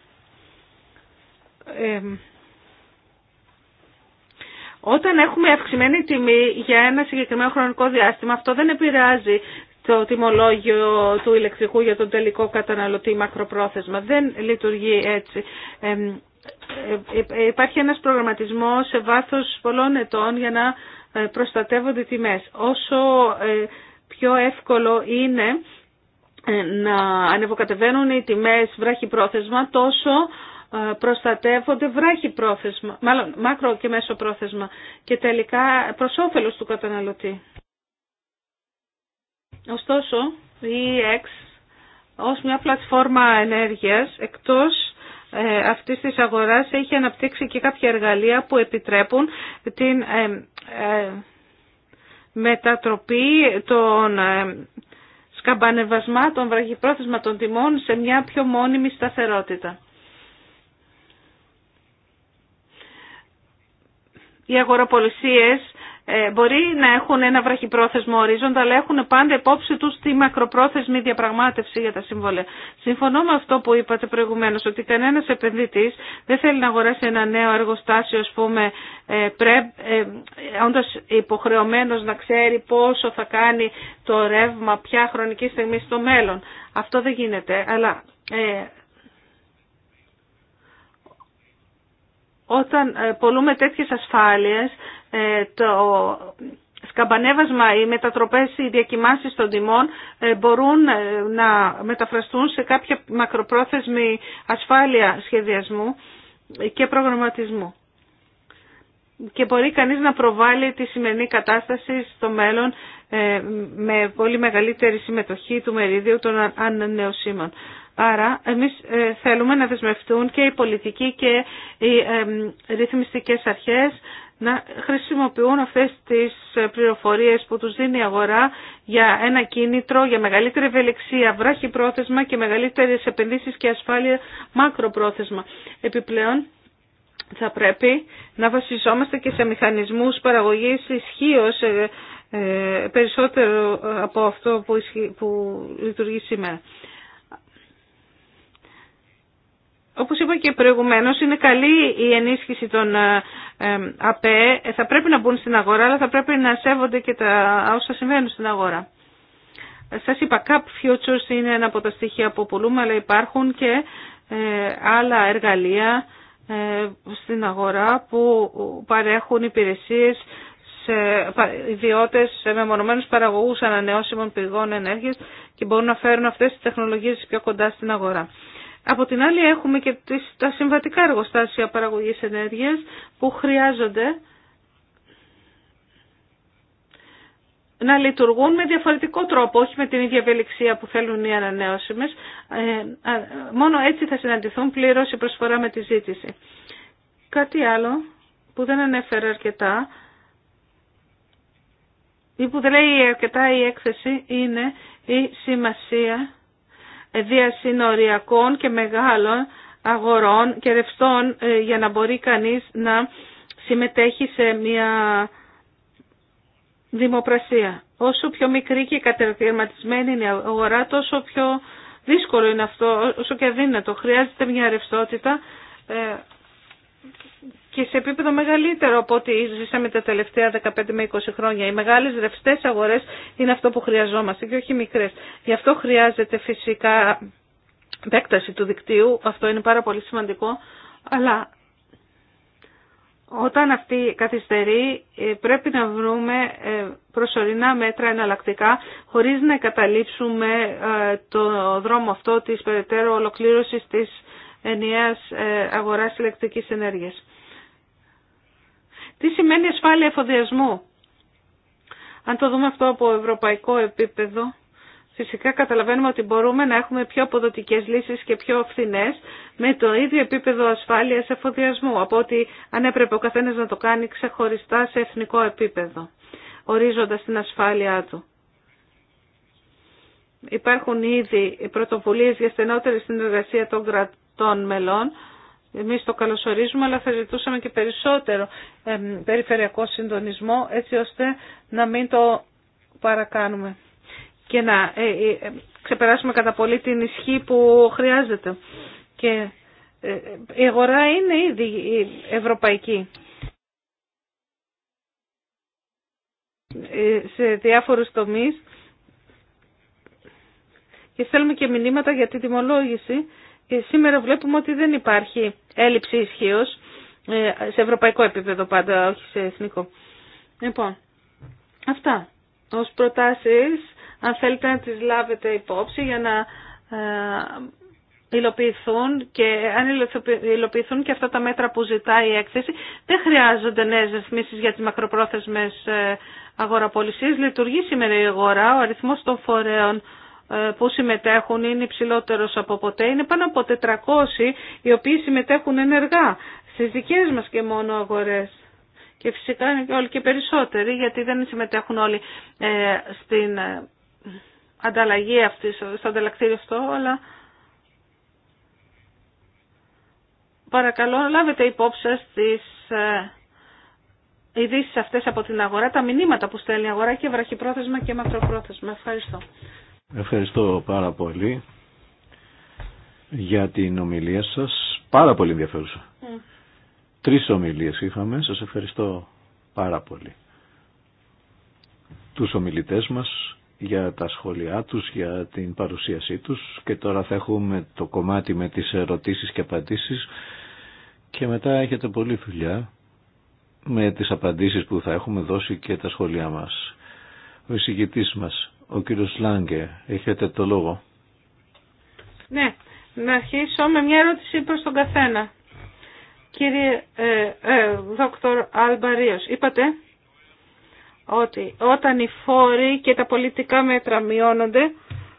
Όταν έχουμε αυξημένη τιμή για ένα συγκεκριμένο χρονικό διάστημα, αυτό δεν επηρεάζει το τιμολόγιο του ηλεκτρικού για τον τελικό καταναλωτή μακροπρόθεσμα. Δεν λειτουργεί έτσι. Ε, ε, ε, υπάρχει ένας προγραμματισμός σε βάθος πολλών ετών για να προστατεύονται τιμές. Όσο πιο εύκολο είναι να ανεβοκατεβαίνουν οι τιμές βράχη πρόθεσμα, τόσο προστατεύονται βράχη πρόθεσμα, μάλλον μάκρο και μέσο πρόθεσμα και τελικά προς του καταναλωτή. Ωστόσο, η EX ως μια πλατφόρμα ενέργειας εκτός ε, αυτής της αγοράς έχει αναπτύξει και κάποια εργαλεία που επιτρέπουν την ε, ε, μετατροπή των σκαμπανεβασμάτων βραχυπρόθεσμα των τιμών σε μια πιο μόνιμη σταθερότητα. Οι αγοροπολισίες ε, μπορεί να έχουν ένα βραχυπρόθεσμο ορίζοντα, αλλά έχουν πάντα υπόψη τους τη μακροπρόθεσμη διαπραγμάτευση για τα σύμβολα. Συμφωνώ με αυτό που είπατε προηγουμένως, ότι κανένας επενδυτής δεν θέλει να αγοράσει ένα νέο εργοστάσιο, ας πούμε, ε, πρέ, ε, υποχρεωμένος να ξέρει πόσο θα κάνει το ρεύμα, ποια χρονική στιγμή στο μέλλον. Αυτό δεν γίνεται, αλλά... όταν ε, πολλούμε τέτοιες ασφάλειες, ε, το σκαμπανέβασμα, οι μετατροπές, οι διακοιμάνσεις των τιμών ε, μπορούν να μεταφραστούν σε κάποια μακροπρόθεσμη ασφάλεια σχεδιασμού και προγραμματισμού. Και μπορεί κανείς να προβάλλει τη σημερινή κατάσταση στο μέλλον με πολύ μεγαλύτερη συμμετοχή του μερίδιου των ανανεωσίμων. Άρα εμείς ε, θέλουμε να δεσμευτούν και οι πολιτικοί και οι ε, ρυθμιστικές αρχές να χρησιμοποιούν αυτές τις πληροφορίες που τους δίνει η αγορά για ένα κίνητρο, για μεγαλύτερη ευελιξία, βράχη πρόθεσμα και μεγαλύτερες επενδύσεις και ασφάλεια μακροπρόθεσμα. Επιπλέον, θα πρέπει να βασιζόμαστε και σε μηχανισμούς παραγωγής ισχύω ε, περισσότερο από αυτό που, που λειτουργεί σήμερα. Όπως είπα και προηγουμένως, είναι καλή η ενίσχυση των ε, ε, ΑΠΕ. Θα πρέπει να μπουν στην αγορά, αλλά θα πρέπει να σέβονται και τα όσα συμβαίνουν στην αγορά. Σας είπα, Cap Futures είναι ένα από τα στοιχεία που πουλούμε, αλλά υπάρχουν και ε, άλλα εργαλεία στην αγορά που παρέχουν υπηρεσίες σε ιδιώτες, σε μεμονωμένους παραγωγούς ανανεώσιμων πηγών ενέργειας και μπορούν να φέρουν αυτές τις τεχνολογίες πιο κοντά στην αγορά. Από την άλλη έχουμε και τις, τα συμβατικά εργοστάσια παραγωγής ενέργειας που χρειάζονται να λειτουργούν με διαφορετικό τρόπο, όχι με την ίδια ευελιξία που θέλουν οι ανανεώσιμες. Ε, μόνο έτσι θα συναντηθούν πλήρως η προσφορά με τη ζήτηση. Κάτι άλλο που δεν ανέφερε αρκετά ή που δεν λέει αρκετά η έκθεση είναι η σημασία διασυνοριακών και μεγάλων αγορών και ρευστών ε, για να μπορεί κανείς να συμμετέχει σε μια δημοπρασία. Όσο πιο μικρή και κατερματισμένη είναι η αγορά, τόσο πιο δύσκολο είναι αυτό, όσο και δύνατο. Χρειάζεται μια ρευστότητα ε, και σε επίπεδο μεγαλύτερο από ό,τι ζήσαμε τα τελευταία 15 με 20 χρόνια. Οι μεγάλε ρευστέ αγορέ είναι αυτό που χρειαζόμαστε και όχι οι μικρές. Γι' αυτό χρειάζεται φυσικά επέκταση του δικτύου, αυτό είναι πάρα πολύ σημαντικό, αλλά όταν αυτή καθυστερεί ε, πρέπει να βρούμε ε, προσωρινά μέτρα εναλλακτικά χωρίς να καταλήψουμε ε, το δρόμο αυτό της περαιτέρω ολοκλήρωσης της ενιαίας αγοράς ηλεκτρικής ενέργειας. Τι σημαίνει ασφάλεια εφοδιασμού. Αν το δούμε αυτό από ευρωπαϊκό επίπεδο, φυσικά καταλαβαίνουμε ότι μπορούμε να έχουμε πιο αποδοτικές λύσεις και πιο φθηνές με το ίδιο επίπεδο ασφάλειας εφοδιασμού, από ότι αν έπρεπε ο καθένας να το κάνει ξεχωριστά σε εθνικό επίπεδο, ορίζοντας την ασφάλειά του. Υπάρχουν ήδη πρωτοβουλίες για στενότερη συνεργασία των κρατών μελών, εμείς το καλωσορίζουμε, αλλά θα ζητούσαμε και περισσότερο περιφερειακό συντονισμό, έτσι ώστε να μην το παρακάνουμε και να ε, ε, ξεπεράσουμε κατά πολύ την ισχύ που χρειάζεται. Και ε, η αγορά είναι ήδη ευρωπαϊκή. σε διάφορους τομείς και θέλουμε και μηνύματα για την τιμολόγηση και σήμερα βλέπουμε ότι δεν υπάρχει έλλειψη ισχύω ε, σε ευρωπαϊκό επίπεδο πάντα, όχι σε εθνικό. Λοιπόν, αυτά ως προτάσεις, αν θέλετε να τις λάβετε υπόψη για να ε, υλοποιηθούν και αν υλοποιηθούν και αυτά τα μέτρα που ζητάει η έκθεση, δεν χρειάζονται νέες ρυθμίσεις για τις μακροπρόθεσμες ε, αγοραπολισίες. Λειτουργεί σήμερα η αγορά, ο αριθμός των φορέων ε, που συμμετέχουν είναι υψηλότερο από ποτέ. Είναι πάνω από 400 οι οποίοι συμμετέχουν ενεργά στις δικές μας και μόνο αγορές. Και φυσικά είναι και όλοι και περισσότεροι γιατί δεν συμμετέχουν όλοι ε, στην ε, ανταλλαγή αυτή, στο ανταλλακτήριο αυτό, αλλά παρακαλώ λάβετε υπόψη σας τις ειδήσει αυτές από την αγορά, τα μηνύματα που στέλνει η αγορά και βραχυπρόθεσμα και μακροπρόθεσμα. Ευχαριστώ. Ευχαριστώ πάρα πολύ για την ομιλία σας. Πάρα πολύ ενδιαφέρουσα. Mm. Τρεις ομιλίες είχαμε. Σας ευχαριστώ πάρα πολύ. Τους ομιλητές μας για τα σχόλιά τους, για την παρουσίασή τους και τώρα θα έχουμε το κομμάτι με τις ερωτήσεις και απαντήσεις και μετά έχετε πολλή δουλειά με τις απαντήσεις που θα έχουμε δώσει και τα σχόλιά μας. Ο εισηγητής μας ο κύριος Λάγκε, έχετε το λόγο. Ναι, να αρχίσω με μια ερώτηση προς τον καθένα. Κύριε ε, ε, Δόκτωρ Αλμπαρίος, είπατε ότι όταν οι φόροι και τα πολιτικά μέτρα μειώνονται,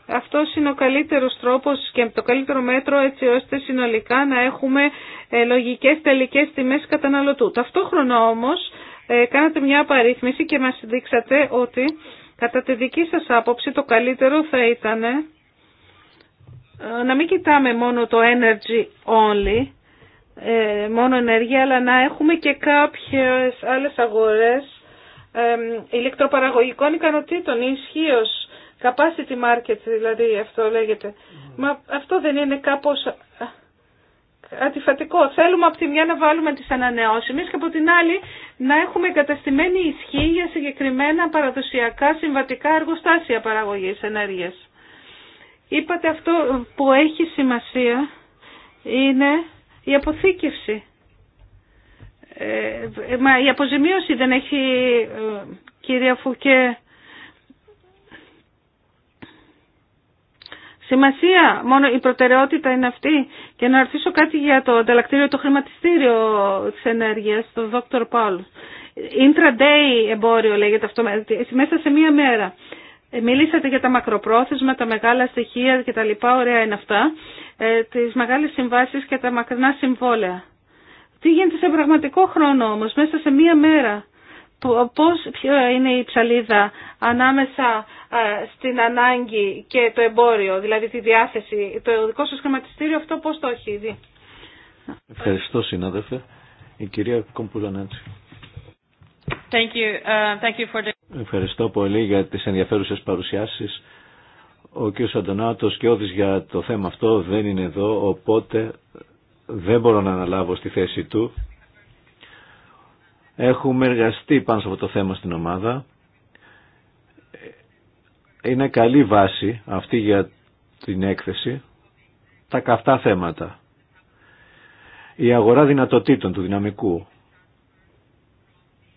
αυτό είναι ο καλύτερος τρόπος και το καλύτερο μέτρο έτσι ώστε συνολικά να έχουμε ε, λογικές τελικές τιμές καταναλωτού. Ταυτόχρονα όμως ε, κάνατε μια απαρίθμηση και μας δείξατε ότι Κατά τη δική σας άποψη το καλύτερο θα ήταν ε, να μην κοιτάμε μόνο το energy only, ε, μόνο ενέργεια, αλλά να έχουμε και κάποιες άλλες αγορές ε, ηλεκτροπαραγωγικών ικανοτήτων, ισχύως Capacity market δηλαδή αυτό λέγεται. Μα αυτό δεν είναι κάπως αντιφατικό. Θέλουμε από τη μια να βάλουμε τις ανανεώσιμες και από την άλλη να έχουμε εγκαταστημένη ισχύ για συγκεκριμένα παραδοσιακά συμβατικά εργοστάσια παραγωγής ενέργειας. Είπατε αυτό που έχει σημασία είναι η αποθήκευση. Ε, μα η αποζημίωση δεν έχει, ε, κυρία Φουκέ, Σημασία, μόνο η προτεραιότητα είναι αυτή. Και να ρωτήσω κάτι για το ανταλλακτήριο, το χρηματιστήριο τη ενέργεια, το Dr. Paul. Intraday εμπόριο λέγεται αυτό, μέσα σε μία μέρα. Ε, Μιλήσατε για τα μακροπρόθεσμα, τα μεγάλα στοιχεία και τα λοιπά, ωραία είναι αυτά, ε, τις μεγάλες συμβάσεις και τα μακρινά συμβόλαια. Τι γίνεται σε πραγματικό χρόνο όμως, μέσα σε μία μέρα. Πώς, είναι η ψαλίδα ανάμεσα ε, στην ανάγκη και το εμπόριο, δηλαδή τη διάθεση. Το δικό σας χρηματιστήριο αυτό πώς το έχει δει. Ευχαριστώ συνάδελφε. Η κυρία Κομπουλανέτσι. Thank you. Uh, thank you for the... Ευχαριστώ πολύ για τις ενδιαφέρουσες παρουσιάσεις. Ο κ. Αντωνάτος και όδης για το θέμα αυτό δεν είναι εδώ, οπότε δεν μπορώ να αναλάβω στη θέση του. Έχουμε εργαστεί πάνω σε αυτό το θέμα στην ομάδα είναι καλή βάση αυτή για την έκθεση τα καυτά θέματα. Η αγορά δυνατοτήτων του δυναμικού.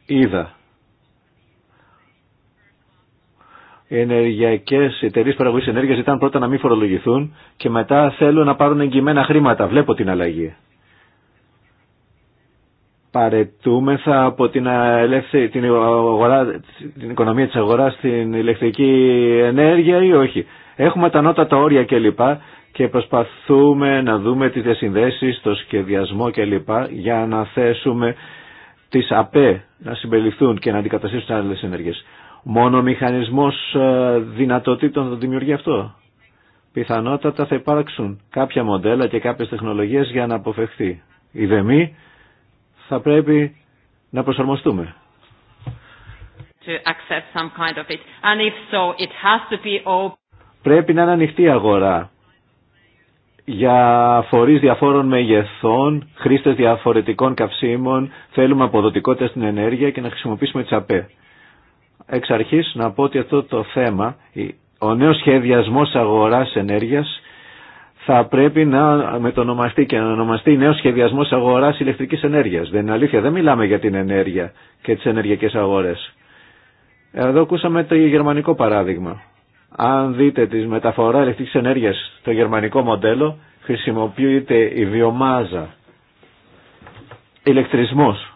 Είδα. Οι ενεργειακές εταιρείε παραγωγής ενέργειας ήταν πρώτα να μην φορολογηθούν και μετά θέλουν να πάρουν εγγυημένα χρήματα. Βλέπω την αλλαγή παρετούμεθα από την, ελέξη την, αγορά, την οικονομία της αγοράς στην ηλεκτρική ενέργεια ή όχι. Έχουμε τα νότατα όρια κλπ. Και προσπαθούμε να δούμε τις διασυνδέσεις, το σχεδιασμό κλπ. για να θέσουμε τις ΑΠΕ να συμπεριληφθούν και να αντικαταστήσουν άλλες ενέργειες. Μόνο μηχανισμό μηχανισμός δυνατοτήτων θα δημιουργεί αυτό. Πιθανότατα θα υπάρξουν κάποια μοντέλα και κάποιες τεχνολογίες για να αποφευχθεί. Η δεμή θα πρέπει να προσαρμοστούμε. Πρέπει να είναι ανοιχτή η αγορά για φορείς διαφόρων μεγεθών, χρήστες διαφορετικών καυσίμων, θέλουμε αποδοτικότητα στην ενέργεια και να χρησιμοποιήσουμε τις ΑΠΕ. Εξ αρχής να πω ότι αυτό το θέμα, ο νέος σχεδιασμός αγοράς ενέργειας θα πρέπει να μετονομαστεί και να ονομαστεί νέο σχεδιασμό αγορά ηλεκτρική ενέργεια. Δεν είναι αλήθεια, δεν μιλάμε για την ενέργεια και τι ενεργειακέ αγορέ. Εδώ ακούσαμε το γερμανικό παράδειγμα. Αν δείτε τη μεταφορά ηλεκτρική ενέργεια στο γερμανικό μοντέλο, χρησιμοποιείται η βιομάζα, ηλεκτρισμός.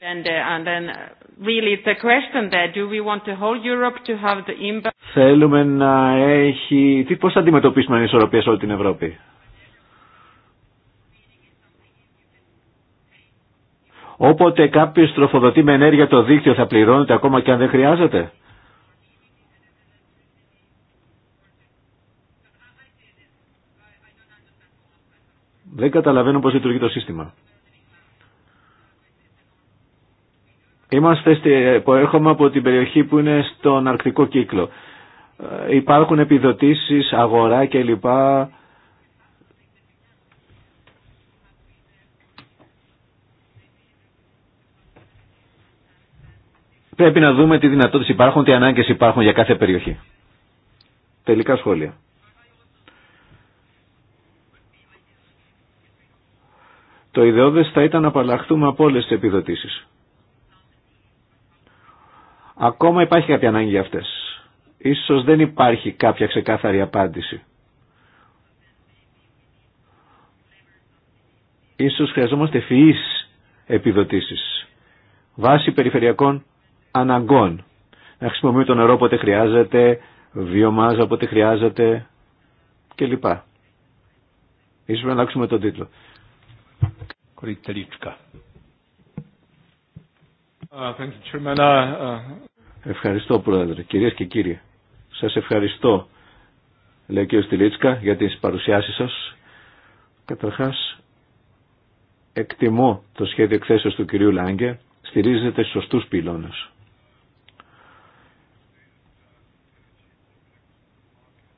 Uh, really the question there, do we want Europe to have the Θέλουμε να έχει... Τι, πώς θα αντιμετωπίσουμε ισορροπία σε όλη την Ευρώπη. Όποτε κάποιο τροφοδοτεί με ενέργεια το δίκτυο θα πληρώνεται ακόμα και αν δεν χρειάζεται. Δεν καταλαβαίνω πώς λειτουργεί το σύστημα. Είμαστε, έρχομαι από την περιοχή που είναι στον αρκτικό κύκλο. Ε, υπάρχουν επιδοτήσεις, αγορά κλπ. Πρέπει να δούμε τι δυνατότητες υπάρχουν, τι ανάγκες υπάρχουν για κάθε περιοχή. Τελικά σχόλια. Το ιδεώδες θα ήταν να απαλλαχθούμε από όλες τις επιδοτήσεις. Ακόμα υπάρχει κάποια ανάγκη για αυτές. Ίσως δεν υπάρχει κάποια ξεκάθαρη απάντηση. Ίσως χρειαζόμαστε φυείς επιδοτήσεις. Βάση περιφερειακών αναγκών. Να χρησιμοποιούμε το νερό όποτε χρειάζεται, βιομάζα όποτε χρειάζεται κλπ. Ίσως να αλλάξουμε τον τίτλο. Uh, uh, uh, ευχαριστώ Πρόεδρε, κυρίες και κύριοι. Σας ευχαριστώ, λέει ο Στυλίτσκα, για τις παρουσιάσεις σας. Καταρχάς, εκτιμώ το σχέδιο εκθέσεως του κυρίου Λάγκε, στηρίζεται στους σωστούς πυλώνες.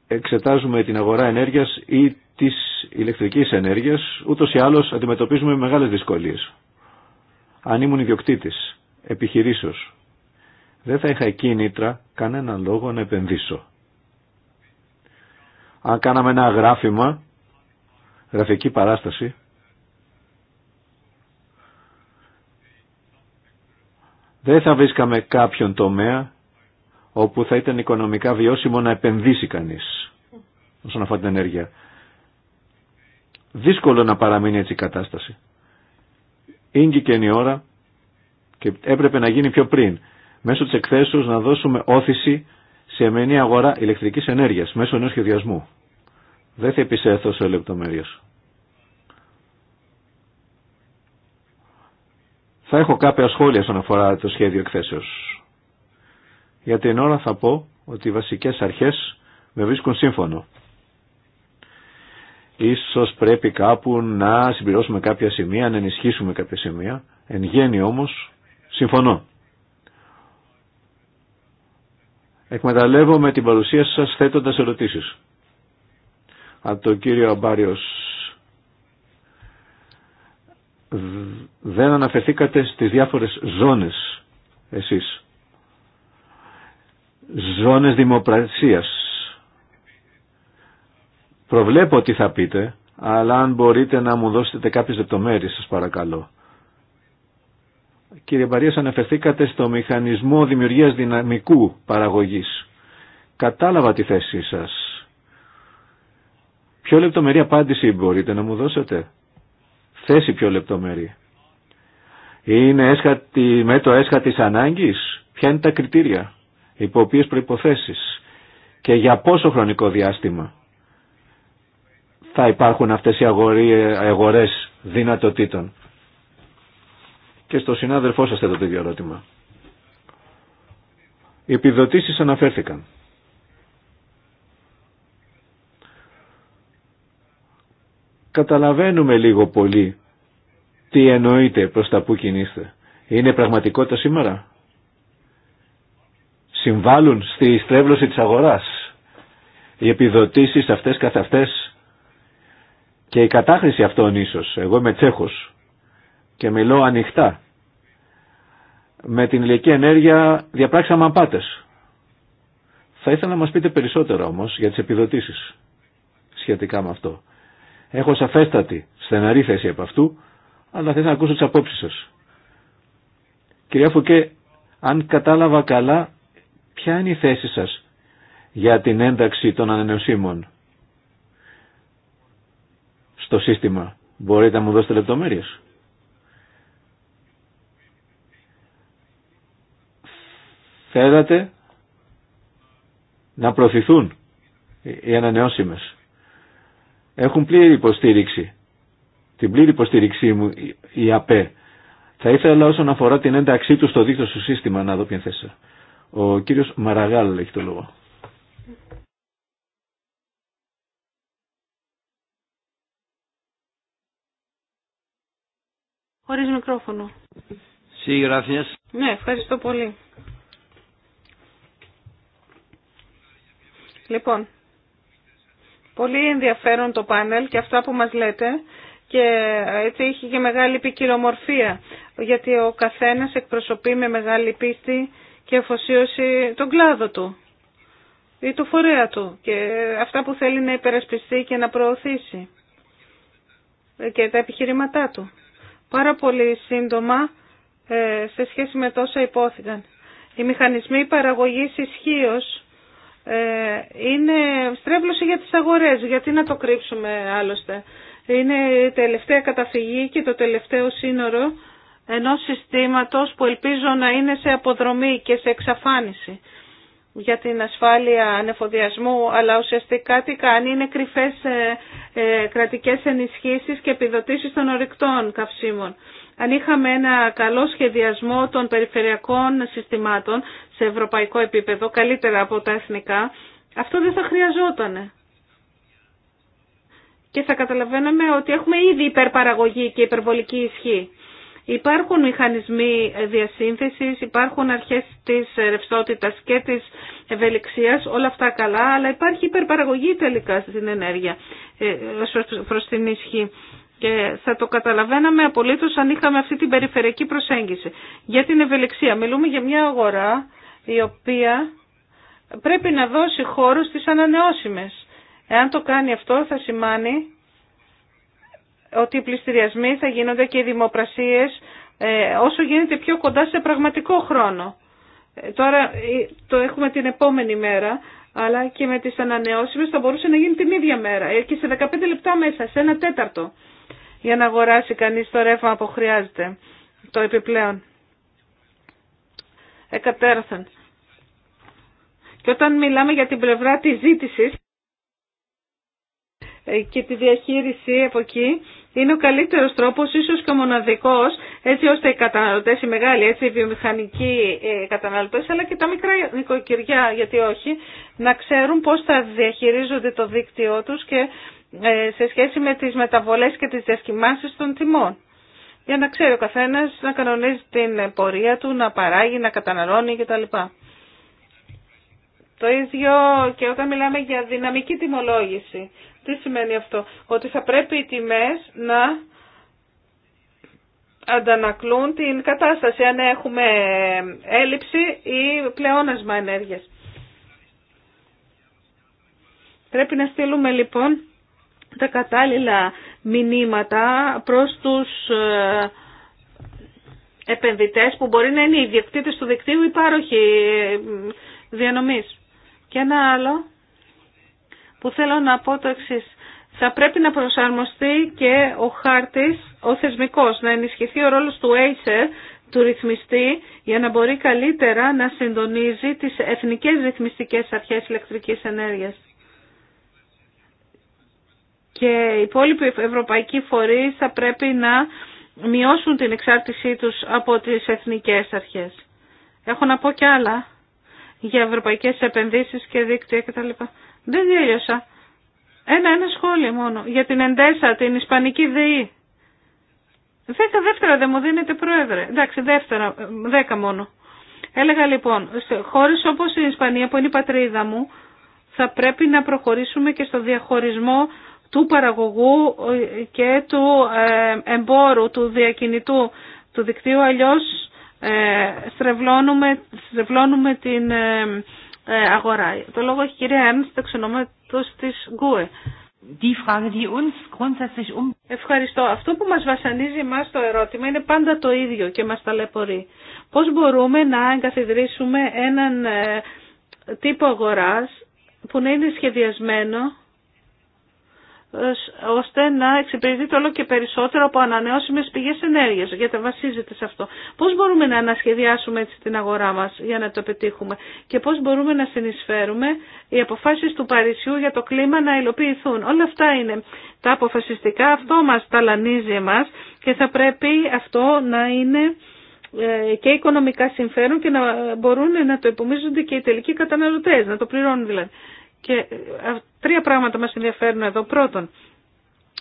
Εξετάζουμε την αγορά ενέργειας ή της ηλεκτρικής ενέργειας, ούτως ή άλλως αντιμετωπίζουμε μεγάλες δυσκολίες. Αν ήμουν ιδιοκτήτης επιχειρήσεως. Δεν θα είχα κίνητρα κανέναν λόγο να επενδύσω. Αν κάναμε ένα γράφημα, γραφική παράσταση, δεν θα βρίσκαμε κάποιον τομέα όπου θα ήταν οικονομικά βιώσιμο να επενδύσει κανείς όσον αφορά την ενέργεια. Δύσκολο να παραμείνει έτσι η κατάσταση. Ήγηκε η ώρα και έπρεπε να γίνει πιο πριν. Μέσω τη εκθέσεως να δώσουμε όθηση σε εμένη αγορά ηλεκτρικής ενέργειας μέσω ενό σχεδιασμού. Δεν θα επισέθω σε λεπτομέρειε. Θα έχω κάποια σχόλια στον αφορά το σχέδιο εκθέσεως. Για την ώρα θα πω ότι οι βασικές αρχές με βρίσκουν σύμφωνο. Ίσως πρέπει κάπου να συμπληρώσουμε κάποια σημεία, να ενισχύσουμε κάποια σημεία. Εν γέννη όμως Συμφωνώ. Εκμεταλλεύομαι την παρουσία σας θέτοντας ερωτήσεις. Από τον κύριο Αμπάριος. Δεν αναφερθήκατε στις διάφορες ζώνες εσείς. Ζώνες δημοπρασίας. Προβλέπω τι θα πείτε, αλλά αν μπορείτε να μου δώσετε κάποιες λεπτομέρειες σας παρακαλώ. Κύριε Μπαρίας, αναφερθήκατε στο μηχανισμό δημιουργίας δυναμικού παραγωγής. Κατάλαβα τη θέση σας. Ποιο λεπτομερή απάντηση μπορείτε να μου δώσετε. Θέση πιο λεπτομερή. Είναι έσχατη, με το έσχατη ανάγκης. Ποια είναι τα κριτήρια. Υπό οποίες προϋποθέσεις. Και για πόσο χρονικό διάστημα θα υπάρχουν αυτές οι αγορές δυνατοτήτων. Και στο συνάδελφό σας θέλω το ίδιο ερώτημα. Οι επιδοτήσεις αναφέρθηκαν. Καταλαβαίνουμε λίγο πολύ τι εννοείται προς τα που κινείστε. Είναι πραγματικότητα σήμερα. Συμβάλλουν στη στρέβλωση της αγοράς. Οι επιδοτήσεις αυτές καθ' αυτές και η κατάχρηση αυτών ίσως. Εγώ είμαι Τσέχος και μιλώ ανοιχτά. Με την ηλιακή ενέργεια διαπράξαμε απάτες. Θα ήθελα να μας πείτε περισσότερα όμως για τις επιδοτήσεις σχετικά με αυτό. Έχω σαφέστατη στεναρή θέση από αυτού, αλλά θέλω να ακούσω τις απόψεις σας. Κυρία Φουκέ, αν κατάλαβα καλά, ποια είναι η θέση σας για την ένταξη των ανανεωσίμων στο σύστημα. Μπορείτε να μου δώσετε λεπτομέρειες. θέλατε να προωθηθούν οι ανανεώσιμες. Έχουν πλήρη υποστήριξη. Την πλήρη υποστήριξή μου η ΑΠΕ. Θα ήθελα όσον αφορά την ένταξή του στο δίκτυο του σύστημα να δω ποιον θέσαι. Ο κύριος Μαραγάλ έχει το λόγο. Χωρίς μικρόφωνο. Sí, Ναι, ευχαριστώ πολύ. Λοιπόν, πολύ ενδιαφέρον το πάνελ και αυτά που μας λέτε και ε, έτσι είχε και μεγάλη ποικιλομορφία γιατί ο καθένας εκπροσωπεί με μεγάλη πίστη και αφοσίωση τον κλάδο του ή το φορέα του και ε, αυτά που θέλει να υπερασπιστεί και να προωθήσει ε, και τα επιχειρήματά του. Πάρα πολύ σύντομα σε σχέση με τόσα υπόθηκαν. Οι μηχανισμοί παραγωγής ισχύω ε, είναι στρέβλωση για τις αγορές. Γιατί να το κρύψουμε άλλωστε. Είναι η τελευταία καταφυγή και το τελευταίο σύνορο ενός συστήματος που ελπίζω να είναι σε αποδρομή και σε εξαφάνιση για την ασφάλεια ανεφοδιασμού, αλλά ουσιαστικά τι κάνει είναι κρυφές ε, ε, κρατικές ενισχύσεις και επιδοτήσεις των ορυκτών καυσίμων αν είχαμε ένα καλό σχεδιασμό των περιφερειακών συστημάτων σε ευρωπαϊκό επίπεδο, καλύτερα από τα εθνικά, αυτό δεν θα χρειαζόταν. Και θα καταλαβαίνουμε ότι έχουμε ήδη υπερπαραγωγή και υπερβολική ισχύ. Υπάρχουν μηχανισμοί διασύνθεσης, υπάρχουν αρχές της ρευστότητα και της ευελιξίας, όλα αυτά καλά, αλλά υπάρχει υπερπαραγωγή τελικά στην ενέργεια ε, προς την ισχύ. Και θα το καταλαβαίναμε απολύτω αν είχαμε αυτή την περιφερειακή προσέγγιση. Για την ευελιξία. Μιλούμε για μια αγορά η οποία πρέπει να δώσει χώρο στις ανανεώσιμες. Εάν το κάνει αυτό θα σημάνει ότι οι πληστηριασμοί θα γίνονται και οι δημοπρασίες ε, όσο γίνεται πιο κοντά σε πραγματικό χρόνο. Ε, τώρα ε, το έχουμε την επόμενη μέρα, αλλά και με τις ανανεώσιμες θα μπορούσε να γίνει την ίδια μέρα και σε 15 λεπτά μέσα, σε ένα τέταρτο για να αγοράσει κανείς το ρεύμα που χρειάζεται, το επιπλέον. Εκατέρωθεν. Και όταν μιλάμε για την πλευρά της ζήτησης και τη διαχείριση από εκεί, είναι ο καλύτερος τρόπος, ίσως και ο μοναδικός, έτσι ώστε οι καταναλωτές, οι μεγάλοι, έτσι οι βιομηχανικοί ε, καταναλωτές, αλλά και τα μικρά νοικοκυριά, γιατί όχι, να ξέρουν πώς θα διαχειρίζονται το δίκτυό τους και ε, σε σχέση με τις μεταβολές και τις διασκημάσεις των τιμών. Για να ξέρει ο καθένας να κανονίζει την πορεία του, να παράγει, να καταναλώνει κτλ. Το ίδιο και όταν μιλάμε για δυναμική τιμολόγηση. Τι σημαίνει αυτό. Ότι θα πρέπει οι τιμές να αντανακλούν την κατάσταση αν έχουμε έλλειψη ή πλεόνασμα ενέργειας. Πρέπει να στείλουμε λοιπόν τα κατάλληλα μηνύματα προς τους ε, επενδυτές που μπορεί να είναι οι διεκτήτες του δικτύου ή πάροχοι ε, διανομής. Και ένα άλλο που θέλω να πω το εξή. Θα πρέπει να προσαρμοστεί και ο χάρτης, ο θεσμικός, να ενισχυθεί ο ρόλος του Acer, του ρυθμιστή, για να μπορεί καλύτερα να συντονίζει τις εθνικές ρυθμιστικές αρχές ηλεκτρικής ενέργειας και οι υπόλοιποι ευρωπαϊκοί φορείς θα πρέπει να μειώσουν την εξάρτησή τους από τις εθνικές αρχές. Έχω να πω κι άλλα για ευρωπαϊκές επενδύσεις και δίκτυα κτλ. Δεν διέλειωσα. Ένα, ένα σχόλιο μόνο. Για την Εντέσα, την Ισπανική ΔΕΗ. Δέκα δεύτερα δεν μου δίνετε πρόεδρε. Εντάξει, δεύτερα, δέκα μόνο. Έλεγα λοιπόν, σε χώρες όπως η Ισπανία που είναι η πατρίδα μου, θα πρέπει να προχωρήσουμε και στο διαχωρισμό του παραγωγού ε, και του ε, εμπόρου, του διακινητού του δικτύου, αλλιώς ε, στρεβλώνουμε, στρεβλώνουμε την αγορά. Το λόγο έχει η κυρία Ένστ, εξονομέτως της Γκουε. Um- Ευχαριστώ. Αυτό που μας βασανίζει εμάς το ερώτημα είναι πάντα το ίδιο και μας ταλαιπωρεί. Πώς μπορούμε να εγκαθιδρύσουμε έναν τύπο αγοράς που να είναι σχεδιασμένο ώστε να εξυπηρετείται όλο και περισσότερο από ανανεώσιμες πηγές ενέργειας, γιατί βασίζεται σε αυτό. Πώς μπορούμε να ανασχεδιάσουμε έτσι την αγορά μας για να το πετύχουμε και πώς μπορούμε να συνεισφέρουμε οι αποφάσεις του Παρισιού για το κλίμα να υλοποιηθούν. Όλα αυτά είναι τα αποφασιστικά, αυτό μας ταλανίζει εμάς και θα πρέπει αυτό να είναι ε, και οικονομικά συμφέρον και να μπορούν να το επομίζονται και οι τελικοί καταναλωτές, να το πληρώνουν δηλαδή. Και ε, τρία πράγματα μας ενδιαφέρουν εδώ. Πρώτον,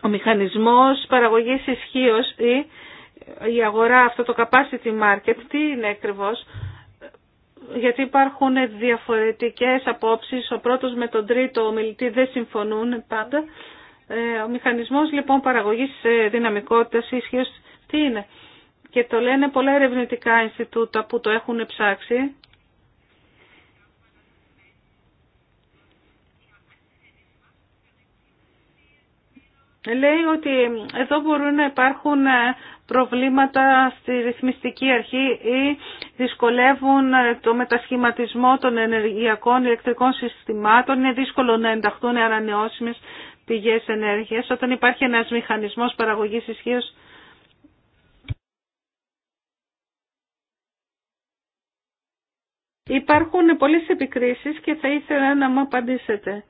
ο μηχανισμός παραγωγής ισχύω ή η αγορά, αυτό το capacity market, τι είναι ακριβώς, γιατί υπάρχουν διαφορετικές απόψεις, ο πρώτος με τον τρίτο ομιλητή δεν συμφωνούν πάντα. Ε, ο μηχανισμός λοιπόν παραγωγής ε, δυναμικότητας ισχύω τι είναι. Και το λένε πολλά ερευνητικά Ινστιτούτα που το έχουν ψάξει λέει ότι εδώ μπορούν να υπάρχουν ε, προβλήματα στη ρυθμιστική αρχή ή δυσκολεύουν ε, το μετασχηματισμό των ενεργειακών ηλεκτρικών συστημάτων. Είναι δύσκολο να ενταχθούν ανανεώσιμες πηγές ενέργειας όταν υπάρχει ένας μηχανισμός παραγωγής ισχύω. Υπάρχουν πολλές επικρίσεις και θα ήθελα να μου απαντήσετε.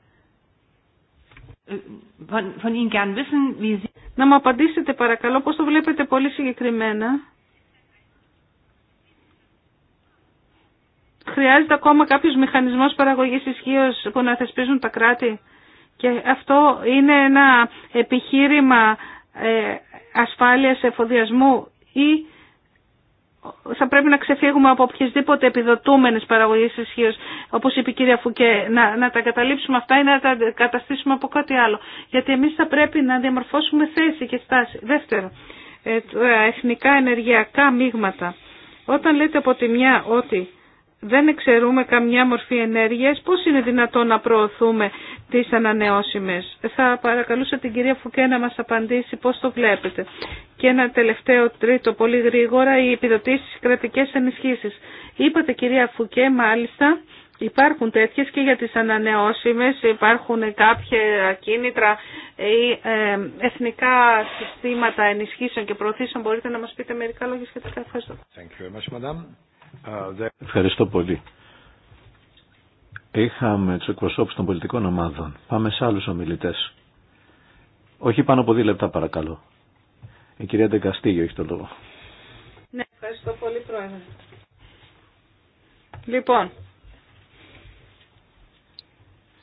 Να μου απαντήσετε παρακαλώ πώς το βλέπετε πολύ συγκεκριμένα. Χρειάζεται ακόμα κάποιος μηχανισμός παραγωγής ισχύω που να θεσπίζουν τα κράτη. Και αυτό είναι ένα επιχείρημα ε, ασφάλειας εφοδιασμού ή θα πρέπει να ξεφύγουμε από οποιασδήποτε επιδοτούμενες παραγωγές ισχύω, όπως είπε η κυρία Φουκέ, να, να τα καταλήψουμε αυτά ή να τα καταστήσουμε από κάτι άλλο. Γιατί εμείς θα πρέπει να διαμορφώσουμε θέση και στάση. Δεύτερο, ε, εθνικά ενεργειακά μείγματα. Όταν λέτε από τη μια ότι δεν εξαιρούμε καμιά μορφή ενέργειας, πώς είναι δυνατόν να προωθούμε τις ανανεώσιμες. Θα παρακαλούσα την κυρία Φουκέ να μας απαντήσει πώς το βλέπετε. Και ένα τελευταίο τρίτο πολύ γρήγορα, οι επιδοτήσεις στις κρατικές ενισχύσεις. Είπατε κυρία Φουκέ μάλιστα, υπάρχουν τέτοιες και για τις ανανεώσιμες, υπάρχουν κάποια κίνητρα ή ε, εθνικά συστήματα ενισχύσεων και προωθήσεων. Μπορείτε να μας πείτε μερικά λόγια σχετικά. Ευχαριστώ. Ευχαριστώ πολύ. Είχαμε του εκπροσώπου των πολιτικών ομάδων. Πάμε σε άλλου ομιλητέ. Όχι πάνω από δύο λεπτά παρακαλώ. Η κυρία Ντεγκαστήγιο έχει το λόγο. Ναι, ευχαριστώ πολύ πρόεδρε. Λοιπόν,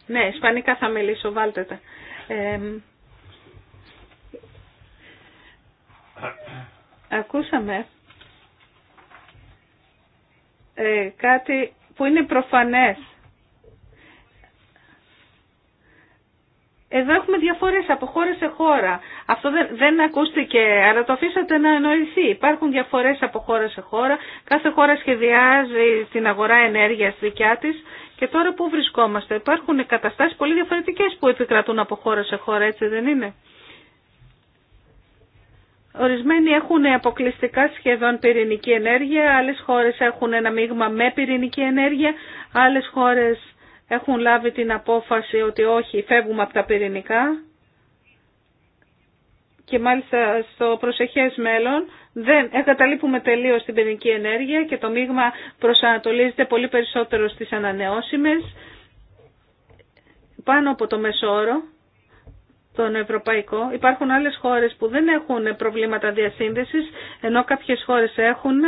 ναι, ισπανικά θα μιλήσω, βάλτε τα. ακούσαμε ε, κάτι που είναι προφανές. Εδώ έχουμε διαφορές από χώρα σε χώρα. Αυτό δεν, ακούστηκε, αλλά το αφήσατε να εννοηθεί. Υπάρχουν διαφορές από χώρα σε χώρα. Κάθε χώρα σχεδιάζει την αγορά ενέργειας δικιά της. Και τώρα που βρισκόμαστε. Υπάρχουν καταστάσεις πολύ διαφορετικές που επικρατούν από χώρα σε χώρα, έτσι δεν είναι. Ορισμένοι έχουν αποκλειστικά σχεδόν πυρηνική ενέργεια, άλλες χώρες έχουν ένα μείγμα με πυρηνική ενέργεια, άλλες χώρες έχουν λάβει την απόφαση ότι όχι, φεύγουμε από τα πυρηνικά και μάλιστα στο προσεχές μέλλον δεν εγκαταλείπουμε τελείως την πυρηνική ενέργεια και το μείγμα προσανατολίζεται πολύ περισσότερο στις ανανεώσιμες πάνω από το μεσόρο τον ευρωπαϊκό. Υπάρχουν άλλες χώρες που δεν έχουν προβλήματα διασύνδεσης, ενώ κάποιες χώρες έχουν,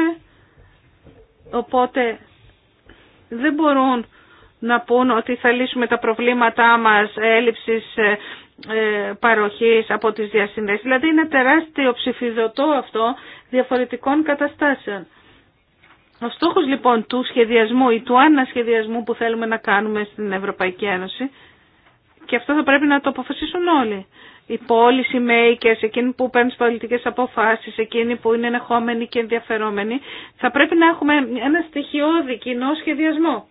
οπότε δεν μπορούν να πούν ότι θα λύσουμε τα προβλήματά μας έλλειψης ε, ε, παροχής από τις διασύνδεσεις. Δηλαδή είναι τεράστιο ψηφιδωτό αυτό διαφορετικών καταστάσεων. Ο στόχος λοιπόν του σχεδιασμού ή του ανασχεδιασμού που θέλουμε να κάνουμε στην Ευρωπαϊκή Ένωση και αυτό θα πρέπει να το αποφασίσουν όλοι. Οι οι makers, εκείνοι που παίρνουν τι πολιτικέ αποφάσει, εκείνοι που είναι ενεχόμενοι και ενδιαφερόμενοι, θα πρέπει να έχουμε ένα στοιχειώδη κοινό σχεδιασμό.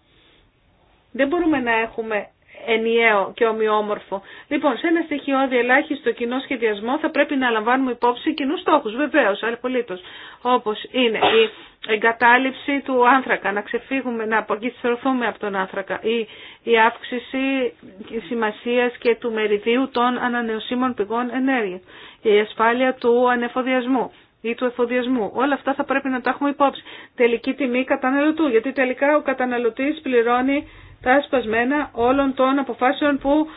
Δεν μπορούμε να έχουμε ενιαίο και ομοιόμορφο. Λοιπόν, σε ένα στοιχειώδη ελάχιστο κοινό σχεδιασμό θα πρέπει να λαμβάνουμε υπόψη κοινού στόχου, βεβαίω, απολύτω. Όπω είναι η εγκατάλειψη του άνθρακα, να ξεφύγουμε, να αποκυστρωθούμε από τον άνθρακα, η, η αύξηση σημασία και του μεριδίου των ανανεωσίμων πηγών ενέργεια, η ασφάλεια του ανεφοδιασμού ή του εφοδιασμού. Όλα αυτά θα πρέπει να τα έχουμε υπόψη. Τελική τιμή καταναλωτού, γιατί τελικά ο καταναλωτής πληρώνει τα σπασμένα όλων των αποφάσεων που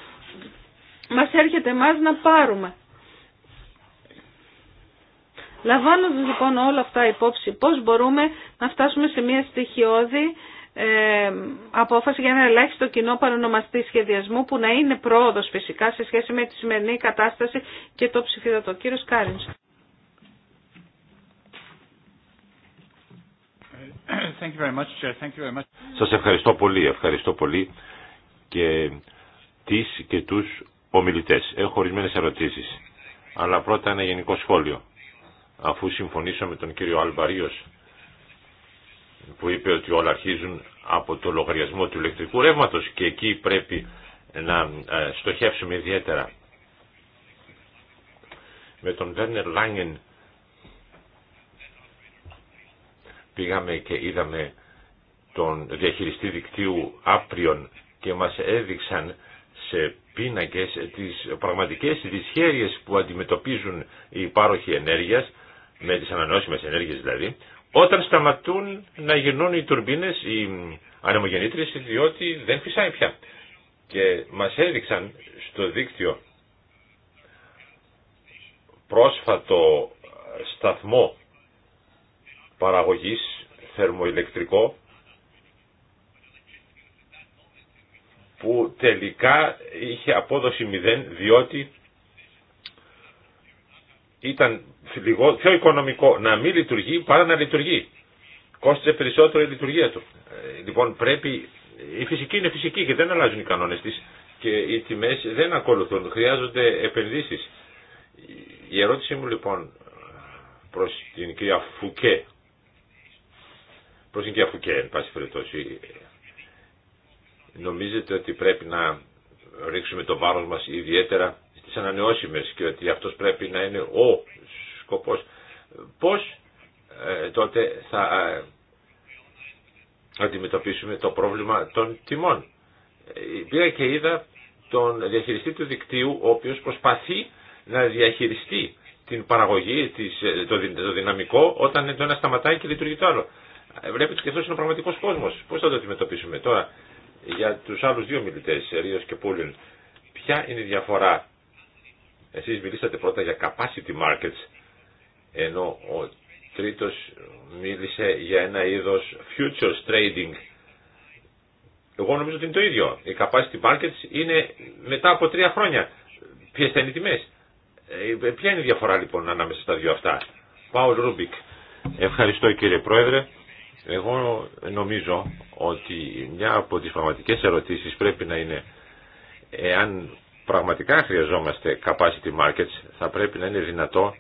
μας έρχεται εμάς να πάρουμε. Λαμβάνοντας λοιπόν όλα αυτά υπόψη, πώς μπορούμε να φτάσουμε σε μια στοιχειώδη ε, απόφαση για ένα ελάχιστο κοινό παρονομαστή σχεδιασμού που να είναι πρόοδος φυσικά σε σχέση με τη σημερινή κατάσταση και το ψηφιδατό. Κύριος κύριο Thank Σας ευχαριστώ πολύ, ευχαριστώ πολύ και τις και τους ομιλητές. Έχω ορισμένε ερωτήσεις, αλλά πρώτα ένα γενικό σχόλιο. Αφού συμφωνήσω με τον κύριο Αλβαρίος που είπε ότι όλα αρχίζουν από το λογαριασμό του ηλεκτρικού ρεύματος και εκεί πρέπει να ε, στοχεύσουμε ιδιαίτερα. Με τον Βέρνερ πήγαμε και είδαμε τον διαχειριστή δικτύου άπριον και μας έδειξαν σε πίνακες τις πραγματικές δυσχέρειες που αντιμετωπίζουν οι υπάροχοι ενέργειας, με τις ανανεώσιμες ενέργειες δηλαδή, όταν σταματούν να γυρνούν οι τουρμπίνες, οι ανεμογεννήτριες, διότι δεν φυσάει πια. Και μας έδειξαν στο δίκτυο πρόσφατο σταθμό παραγωγής θερμοηλεκτρικό που τελικά είχε απόδοση μηδέν διότι ήταν λιγό, πιο οικονομικό να μην λειτουργεί παρά να λειτουργεί. Κόστισε περισσότερο η λειτουργία του. Ε, λοιπόν πρέπει, η φυσική είναι φυσική και δεν αλλάζουν οι κανόνες της και οι τιμές δεν ακολουθούν, χρειάζονται επενδύσεις. Η ερώτησή μου λοιπόν προς την κυρία Φουκέ προς την και εν πάση περιπτώσει. Νομίζετε ότι πρέπει να ρίξουμε το βάρος μας ιδιαίτερα στις ανανεώσιμες και ότι αυτός πρέπει να είναι ο σκοπός. Πώς ε, τότε θα ε, αντιμετωπίσουμε το πρόβλημα των τιμών. Ε, Πήγα και είδα τον διαχειριστή του δικτύου, ο οποίος προσπαθεί να διαχειριστεί την παραγωγή, το δυναμικό, όταν το ένα σταματάει και λειτουργεί το άλλο. Βλέπετε και αυτό είναι ο πραγματικό κόσμο. Πώ θα το αντιμετωπίσουμε τώρα για του άλλου δύο μιλητέ, Ρίο και Πούλιν. Ποια είναι η διαφορά. Εσεί μιλήσατε πρώτα για capacity markets, ενώ ο τρίτο μίλησε για ένα είδο futures trading. Εγώ νομίζω ότι είναι το ίδιο. Οι capacity markets είναι μετά από τρία χρόνια. Ποιε θα είναι οι τιμέ. Ε, ποια είναι η διαφορά λοιπόν ανάμεσα στα δύο αυτά. Πάολ Ρούμπικ. Ευχαριστώ κύριε Πρόεδρε. Εγώ νομίζω ότι μια από τις πραγματικές ερωτήσεις πρέπει να είναι εάν πραγματικά χρειαζόμαστε capacity markets θα πρέπει να είναι δυνατό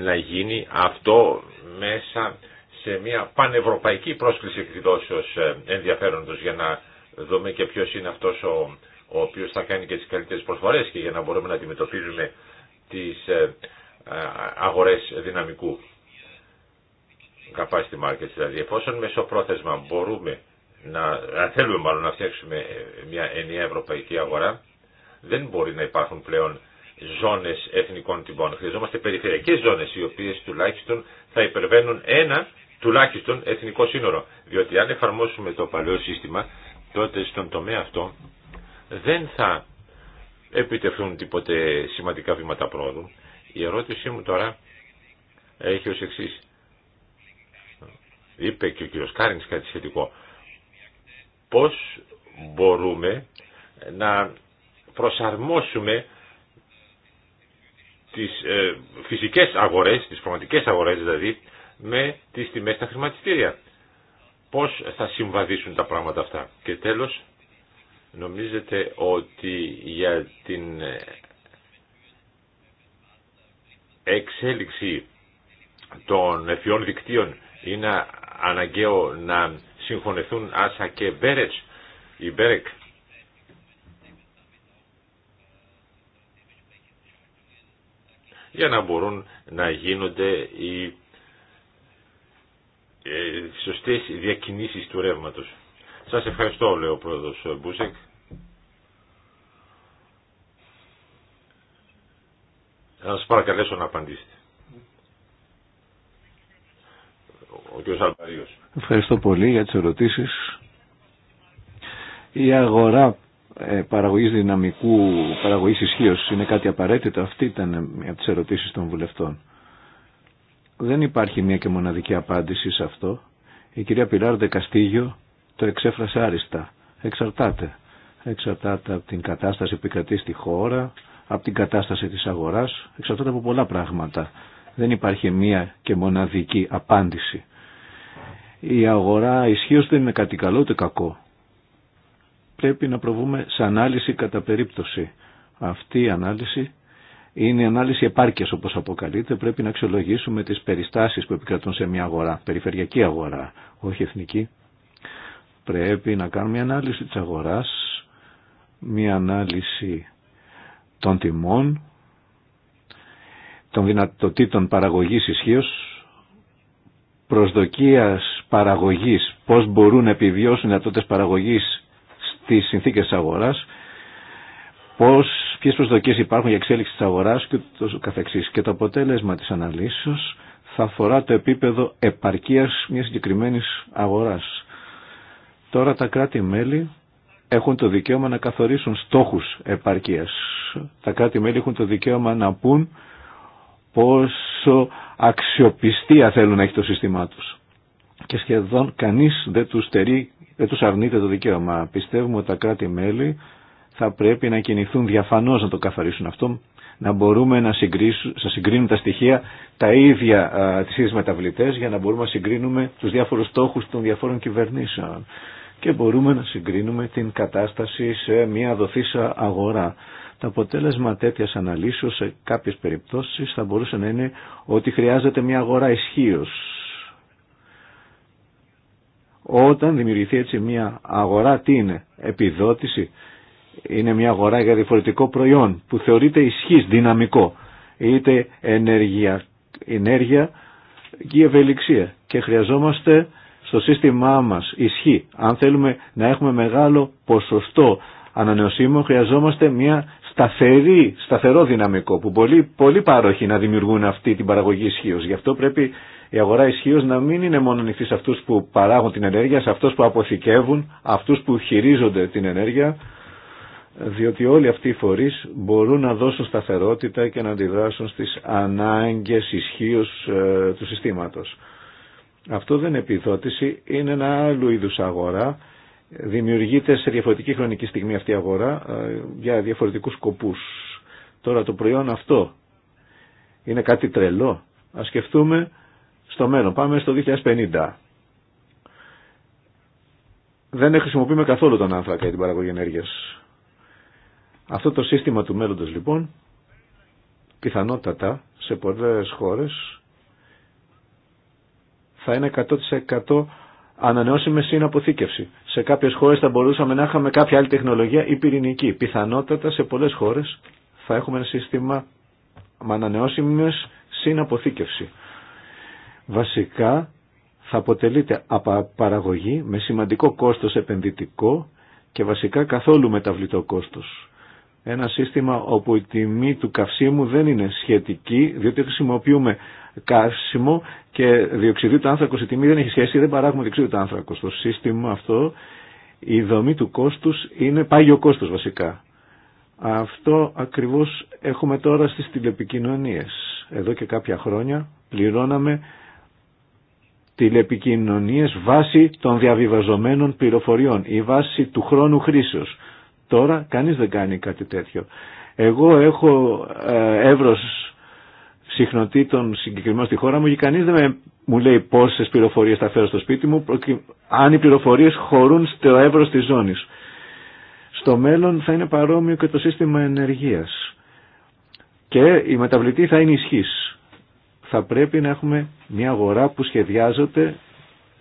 να γίνει αυτό μέσα σε μια πανευρωπαϊκή πρόσκληση εκδηλώσεως ε, ενδιαφέροντος για να δούμε και ποιος είναι αυτός ο, ο οποίος θα κάνει και τις καλύτερες προσφορές και για να μπορούμε να αντιμετωπίζουμε τις ε, ε, αγορές δυναμικού capacity markets. Δηλαδή εφόσον μεσοπρόθεσμα μπορούμε να, θέλουμε μάλλον να φτιάξουμε ε, μια ενιαία ευρωπαϊκή αγορά, δεν μπορεί να υπάρχουν πλέον ζώνε εθνικών τυπών. Χρειαζόμαστε περιφερειακέ ζώνε οι οποίε τουλάχιστον θα υπερβαίνουν ένα τουλάχιστον εθνικό σύνορο. Διότι αν εφαρμόσουμε το παλαιό σύστημα, τότε στον τομέα αυτό δεν θα επιτευχθούν τίποτε σημαντικά βήματα πρόοδου. Η ερώτησή μου τώρα έχει ω εξή είπε και ο κύριος Κάρινς κάτι σχετικό, πώς μπορούμε να προσαρμόσουμε τις ε, φυσικές αγορές, τις πραγματικές αγορές δηλαδή, με τις τιμές στα χρηματιστήρια. Πώς θα συμβαδίσουν τα πράγματα αυτά. Και τέλος, νομίζετε ότι για την εξέλιξη των εφιών δικτύων είναι αναγκαίο να συγχωνεθούν Άσα και Μπέρετς ή Μπέρεκ. για να μπορούν να γίνονται ε, οι σωστές διακινήσεις του ρεύματος. Σας ευχαριστώ, λέει ο πρόεδρος Μπούσεκ. Θα σας παρακαλέσω να απαντήσετε. ο Ευχαριστώ πολύ για τις ερωτήσεις. Η αγορά ε, παραγωγής δυναμικού, παραγωγής ισχύω είναι κάτι απαραίτητο. Αυτή ήταν μια από τις ερωτήσεις των βουλευτών. Δεν υπάρχει μια και μοναδική απάντηση σε αυτό. Η κυρία Πιλάρντε Καστίγιο το εξέφρασε άριστα. Εξαρτάται. Εξαρτάται από την κατάσταση που επικρατεί στη χώρα, από την κατάσταση της αγοράς, εξαρτάται από πολλά πράγματα. Δεν υπάρχει μία και μοναδική απάντηση. Η αγορά ισχύω δεν είναι κάτι καλό ούτε κακό. Πρέπει να προβούμε σε ανάλυση κατά περίπτωση. Αυτή η ανάλυση είναι η ανάλυση επάρκειας όπως αποκαλείται. Πρέπει να αξιολογήσουμε τις περιστάσεις που επικρατούν σε μια αγορά, περιφερειακή αγορά, όχι εθνική. Πρέπει να κάνουμε μια ανάλυση της αγοράς, μια ανάλυση των τιμών, των δυνατοτήτων παραγωγής ισχύω, προσδοκίας παραγωγής, πώς μπορούν να επιβιώσουν οι δυνατότητες παραγωγής στις συνθήκες της αγοράς, πώς, ποιες προσδοκίες υπάρχουν για εξέλιξη της αγοράς και το καθεξής. Και το αποτέλεσμα της αναλύσεως θα αφορά το επίπεδο επαρκείας μιας συγκεκριμένης αγοράς. Τώρα τα κράτη-μέλη έχουν το δικαίωμα να καθορίσουν στόχους επαρκείας. Τα κράτη-μέλη έχουν το δικαίωμα να πούν πόσο αξιοπιστία θέλουν να έχει το σύστημά τους. Και σχεδόν κανείς δεν τους, αρνείται το δικαίωμα. Πιστεύουμε ότι τα κράτη-μέλη θα πρέπει να κινηθούν διαφανώς να το καθαρίσουν αυτό, να μπορούμε να, να συγκρίνουμε τα στοιχεία τα ίδια α, τις ίδιες μεταβλητές για να μπορούμε να συγκρίνουμε τους διάφορους στόχους των διαφόρων κυβερνήσεων και μπορούμε να συγκρίνουμε την κατάσταση σε μια δοθήσα αγορά αποτέλεσμα τέτοιας αναλύσεως σε κάποιες περιπτώσεις θα μπορούσε να είναι ότι χρειάζεται μια αγορά ισχύω. Όταν δημιουργηθεί έτσι μια αγορά, τι είναι, επιδότηση, είναι μια αγορά για διαφορετικό προϊόν που θεωρείται ισχύς, δυναμικό, είτε ενέργεια, ενέργεια και ευελιξία. Και χρειαζόμαστε στο σύστημά μας ισχύ. Αν θέλουμε να έχουμε μεγάλο ποσοστό ανανεωσίμων, χρειαζόμαστε μια σταθερή, σταθερό δυναμικό που πολλοί, πολλοί πάροχοι να δημιουργούν αυτή την παραγωγή ισχύω. Γι' αυτό πρέπει η αγορά ισχύω να μην είναι μόνο ανοιχτή σε αυτού που παράγουν την ενέργεια, σε αυτού που αποθηκεύουν, αυτού που χειρίζονται την ενέργεια, διότι όλοι αυτοί οι φορεί μπορούν να δώσουν σταθερότητα και να αντιδράσουν στι ανάγκε ισχύω ε, του συστήματο. Αυτό δεν είναι επιδότηση, είναι ένα άλλου είδου αγορά δημιουργείται σε διαφορετική χρονική στιγμή αυτή η αγορά ε, για διαφορετικούς σκοπούς. Τώρα το προϊόν αυτό είναι κάτι τρελό. Ας σκεφτούμε στο μέλλον. Πάμε στο 2050. Δεν χρησιμοποιούμε καθόλου τον άνθρακα για την παραγωγή ενέργειας. Αυτό το σύστημα του μέλλοντος λοιπόν πιθανότατα σε πολλές χώρες θα είναι 100% Ανανεώσιμε σύναποθήκευση. Σε κάποιε χώρε θα μπορούσαμε να είχαμε κάποια άλλη τεχνολογία ή πυρηνική. Πιθανότατα σε πολλέ χώρε θα έχουμε ένα σύστημα με ανανεώσιμε συν αποθήκευση. Βασικά θα αποτελείται από παραγωγή με σημαντικό κόστος επενδυτικό και βασικά καθόλου μεταβλητό κόστος. Ένα σύστημα όπου η πυρηνικη πιθανοτατα σε πολλε χωρε θα εχουμε ενα συστημα με ανανεωσιμε συν βασικα θα αποτελειται απο παραγωγη με σημαντικο κοστος επενδυτικο και βασικα καθολου μεταβλητο κοστος ενα συστημα οπου η τιμη του καυσίμου δεν είναι σχετική, διότι χρησιμοποιούμε καύσιμο και διοξιδίου του άνθρακος η τιμή δεν έχει σχέση, δεν παράγουμε διοξιδίου του άνθρακος. Το σύστημα αυτό, η δομή του κόστους είναι πάγιο κόστος βασικά. Αυτό ακριβώς έχουμε τώρα στις τηλεπικοινωνίες. Εδώ και κάποια χρόνια πληρώναμε τηλεπικοινωνίες βάσει των διαβιβαζομένων πληροφοριών ή βάση του χρόνου χρήσεως. Τώρα κανείς δεν κάνει κάτι τέτοιο. Εγώ έχω ε, εύρος συχνοτήτων συγκεκριμένων στη χώρα μου και κανείς δεν μου λέει πόσες πληροφορίες θα φέρω στο σπίτι μου αν οι πληροφορίες χωρούν στο εύρος της ζώνης. Στο μέλλον θα είναι παρόμοιο και το σύστημα ενεργείας και η μεταβλητή θα είναι ισχύς. Θα πρέπει να έχουμε μια αγορά που σχεδιάζεται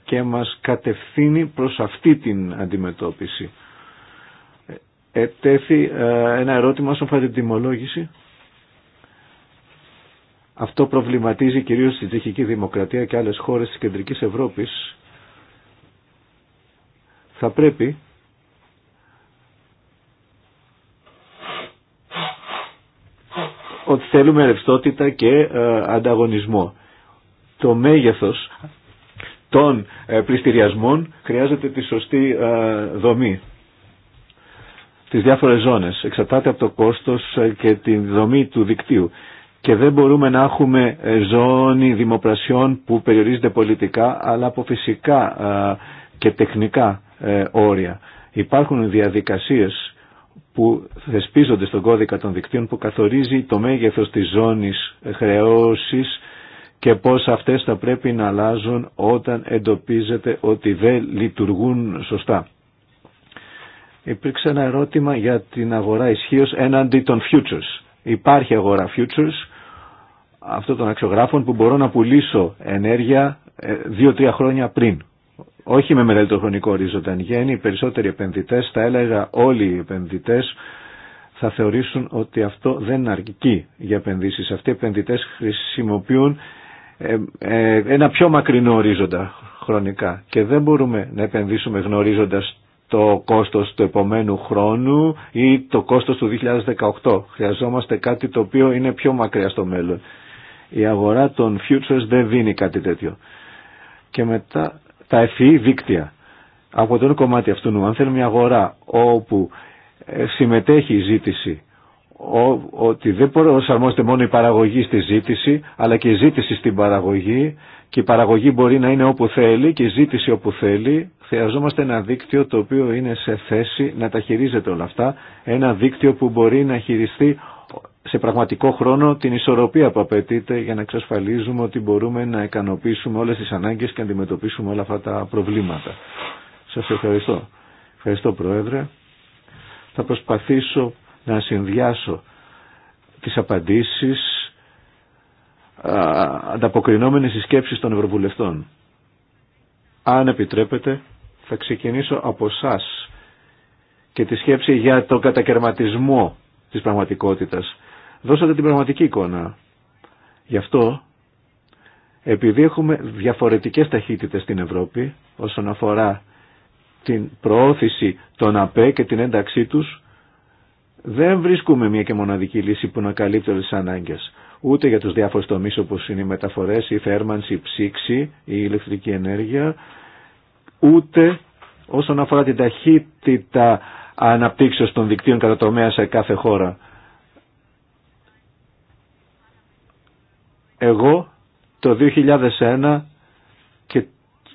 και μας κατευθύνει προς αυτή την αντιμετώπιση. Ετέθη ε, ε, ένα ερώτημα όσον αφορά τιμολόγηση. Αυτό προβληματίζει κυρίως τη τσεχική δημοκρατία και άλλες χώρες της κεντρικής Ευρώπης. Θα πρέπει ότι θέλουμε ρευστότητα και ε, ανταγωνισμό. Το μέγεθος των ε, πληστηριασμών χρειάζεται τη σωστή ε, δομή της διάφορες ζώνες. Εξαρτάται από το κόστος και τη δομή του δικτύου και δεν μπορούμε να έχουμε ε, ζώνη δημοπρασιών που περιορίζεται πολιτικά αλλά από φυσικά και τεχνικά ε, όρια. Υπάρχουν διαδικασίες που θεσπίζονται στον κώδικα των δικτύων που καθορίζει το μέγεθος της ζώνης χρεώσης και πώς αυτές θα πρέπει να αλλάζουν όταν εντοπίζεται ότι δεν λειτουργούν σωστά. Υπήρξε ένα ερώτημα για την αγορά ισχύω έναντι των futures. Υπάρχει αγορά futures αυτών των αξιογράφων που μπορώ να πουλήσω ενέργεια ε, δύο-τρία χρόνια πριν. Όχι με μεγαλύτερο χρονικό ορίζοντα. Αν γίνει οι περισσότεροι επενδυτέ, θα έλεγα όλοι οι επενδυτέ, θα θεωρήσουν ότι αυτό δεν αρκεί για επενδύσει. Αυτοί οι επενδυτέ χρησιμοποιούν ε, ε, ένα πιο μακρινό ορίζοντα χρονικά και δεν μπορούμε να επενδύσουμε γνωρίζοντα το κόστο του επομένου χρόνου ή το κόστο του 2018. Χρειαζόμαστε κάτι το οποίο είναι πιο μακριά στο μέλλον. Η αγορά των futures δεν δίνει κάτι τέτοιο. Και μετά τα F.E. δίκτυα. Από τον κομμάτι αυτού, αν θέλουμε μια αγορά όπου ε, συμμετέχει η ζήτηση, ότι δεν προσαρμόζεται μόνο η παραγωγή στη ζήτηση, αλλά και η ζήτηση στην παραγωγή και η παραγωγή μπορεί να είναι όπου θέλει και η ζήτηση όπου θέλει, χρειαζόμαστε ένα δίκτυο το οποίο είναι σε θέση να τα χειρίζεται όλα αυτά, ένα δίκτυο που μπορεί να χειριστεί σε πραγματικό χρόνο την ισορροπία που απαιτείται για να εξασφαλίζουμε ότι μπορούμε να ικανοποιήσουμε όλες τις ανάγκες και να αντιμετωπίσουμε όλα αυτά τα προβλήματα. Σας ευχαριστώ. Ευχαριστώ Πρόεδρε. Θα προσπαθήσω να συνδυάσω τις απαντήσεις α, ανταποκρινόμενες στις σκέψεις των Ευρωβουλευτών. Αν επιτρέπετε θα ξεκινήσω από εσά και τη σκέψη για τον κατακαιρματισμό της πραγματικότητας. Δώσατε την πραγματική εικόνα. Γι' αυτό, επειδή έχουμε διαφορετικές ταχύτητες στην Ευρώπη όσον αφορά την προώθηση των ΑΠΕ και την ένταξή τους, δεν βρίσκουμε μια και μοναδική λύση που να καλύπτει όλες τις ανάγκες. Ούτε για τους διάφορους τομείς όπως είναι οι μεταφορές, η θέρμανση, η ψήξη, η ηλεκτρική ενέργεια, ούτε όσον αφορά την ταχύτητα αναπτύξεως των δικτύων κατά τομέα σε κάθε χώρα. Εγώ το 2001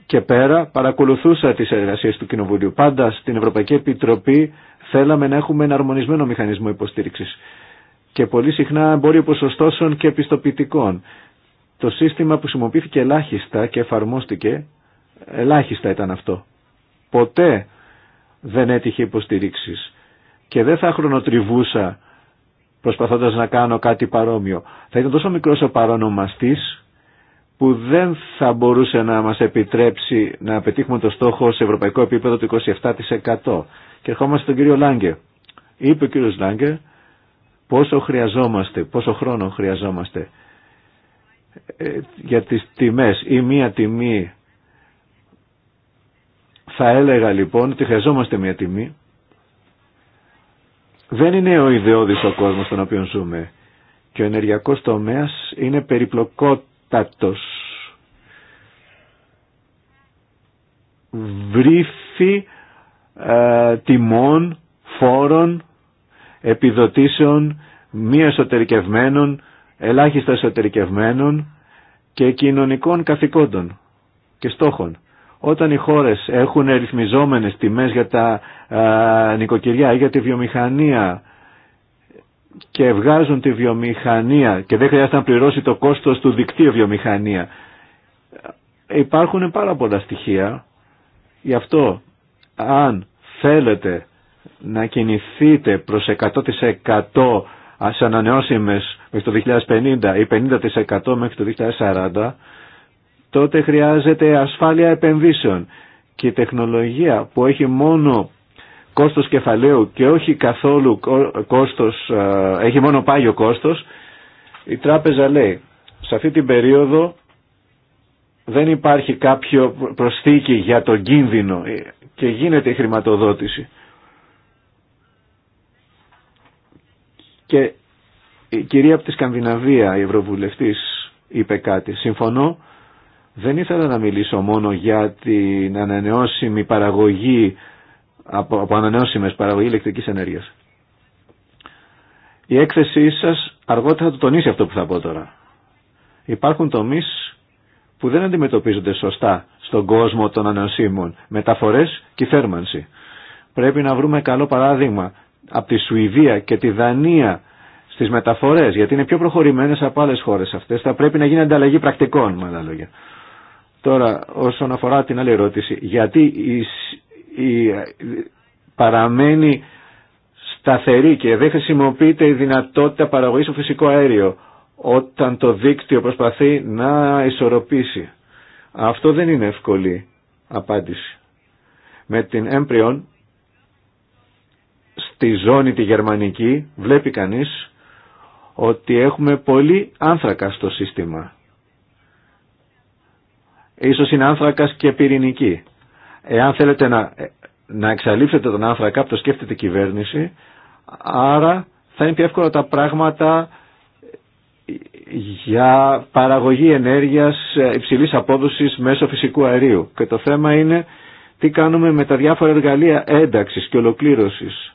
και, πέρα παρακολουθούσα τις εργασίες του Κοινοβουλίου. Πάντα στην Ευρωπαϊκή Επιτροπή θέλαμε να έχουμε ένα αρμονισμένο μηχανισμό υποστήριξης και πολύ συχνά εμπόριο ποσοστώσεων και επιστοποιητικών. Το σύστημα που χρησιμοποιήθηκε ελάχιστα και εφαρμόστηκε, ελάχιστα ήταν αυτό. Ποτέ δεν έτυχε υποστηρίξει. Και δεν θα χρονοτριβούσα προσπαθώντα να κάνω κάτι παρόμοιο. Θα ήταν τόσο μικρό ο παρονομαστή που δεν θα μπορούσε να μας επιτρέψει να πετύχουμε το στόχο σε ευρωπαϊκό επίπεδο του 27%. Και ερχόμαστε στον κύριο Λάγκε. Είπε ο κύριος Λάγκε πόσο χρειαζόμαστε, πόσο χρόνο χρειαζόμαστε ε, για τις τιμές ή μία τιμή θα έλεγα λοιπόν ότι χρειαζόμαστε μια τιμή. Δεν είναι ο ιδεώδης ο κόσμος στον οποίο ζούμε και ο ενεργειακός τομέας είναι περιπλοκότατος. Βρήθη ε, τιμών, φόρων, επιδοτήσεων, μη εσωτερικευμένων, ελάχιστα εσωτερικευμένων και κοινωνικών καθηκόντων και στόχων. Όταν οι χώρες έχουν ρυθμιζόμενες τιμές για τα α, νοικοκυριά ή για τη βιομηχανία και βγάζουν τη βιομηχανία και δεν χρειάζεται να πληρώσει το κόστος του δικτύου βιομηχανία. Υπάρχουν πάρα πολλά στοιχεία. Γι' αυτό, αν θέλετε να κινηθείτε προς 100% σε ανανεώσιμες μέχρι το 2050 ή 50% μέχρι το 2040, τότε χρειάζεται ασφάλεια επενδύσεων. Και η τεχνολογία που έχει μόνο κόστος κεφαλαίου και όχι καθόλου κόστος, έχει μόνο πάγιο κόστος, η τράπεζα λέει, σε αυτή την περίοδο δεν υπάρχει κάποιο προσθήκη για τον κίνδυνο και γίνεται η χρηματοδότηση. Και η κυρία από τη Σκανδιναβία, η Ευρωβουλευτής, είπε κάτι. Συμφωνώ δεν ήθελα να μιλήσω μόνο για την ανανεώσιμη παραγωγή από, από ανανεώσιμες παραγωγή ηλεκτρικής ενέργειας. Η έκθεσή σας αργότερα θα το τονίσει αυτό που θα πω τώρα. Υπάρχουν τομείς που δεν αντιμετωπίζονται σωστά στον κόσμο των ανανεωσίμων. Μεταφορές και θέρμανση. Πρέπει να βρούμε καλό παράδειγμα από τη Σουηδία και τη Δανία στι μεταφορέ, γιατί είναι πιο προχωρημένε από άλλε χώρε αυτέ. Θα πρέπει να γίνει ανταλλαγή πρακτικών, με άλλα λόγια. Τώρα, όσον αφορά την άλλη ερώτηση, γιατί η, παραμένει σταθερή και δεν χρησιμοποιείται η δυνατότητα παραγωγής στο φυσικό αέριο όταν το δίκτυο προσπαθεί να ισορροπήσει. Αυτό δεν είναι εύκολη απάντηση. Με την έμπριον στη ζώνη τη γερμανική βλέπει κανείς ότι έχουμε πολύ άνθρακα στο σύστημα ίσως είναι άνθρακας και πυρηνική. Εάν θέλετε να, να εξαλείψετε τον άνθρακα, το σκέφτεται η κυβέρνηση, άρα θα είναι πιο εύκολα τα πράγματα για παραγωγή ενέργειας υψηλής απόδοσης μέσω φυσικού αερίου. Και το θέμα είναι τι κάνουμε με τα διάφορα εργαλεία ένταξης και ολοκλήρωσης.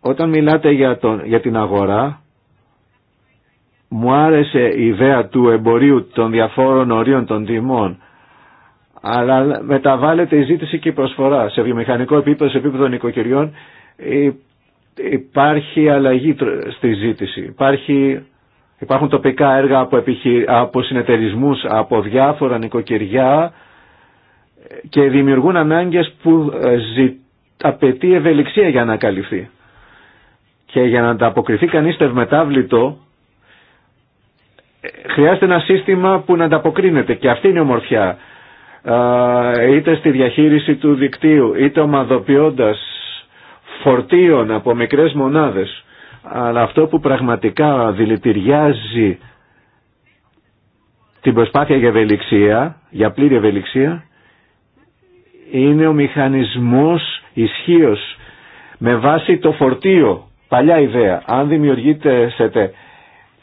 Όταν μιλάτε για, τον, για την αγορά, μου άρεσε η ιδέα του εμπορίου των διαφόρων ορίων των τιμών, αλλά μεταβάλλεται η ζήτηση και η προσφορά. Σε βιομηχανικό επίπεδο, σε επίπεδο νοικοκυριών υπάρχει αλλαγή στη ζήτηση. Υπάρχει, υπάρχουν τοπικά έργα από, από συνεταιρισμούς, από διάφορα νοικοκυριά και δημιουργούν ανάγκες που ε, ζη, απαιτεί ευελιξία για να καλυφθεί. Και για να ανταποκριθεί κανείς τευμετάβλητο χρειάζεται ένα σύστημα που να ανταποκρίνεται και αυτή είναι η ομορφιά είτε στη διαχείριση του δικτύου είτε ομαδοποιώντας φορτίων από μικρές μονάδες αλλά αυτό που πραγματικά δηλητηριάζει την προσπάθεια για ευελιξία, για πλήρη ευελιξία, είναι ο μηχανισμός ισχύω με βάση το φορτίο, παλιά ιδέα. Αν δημιουργείται σε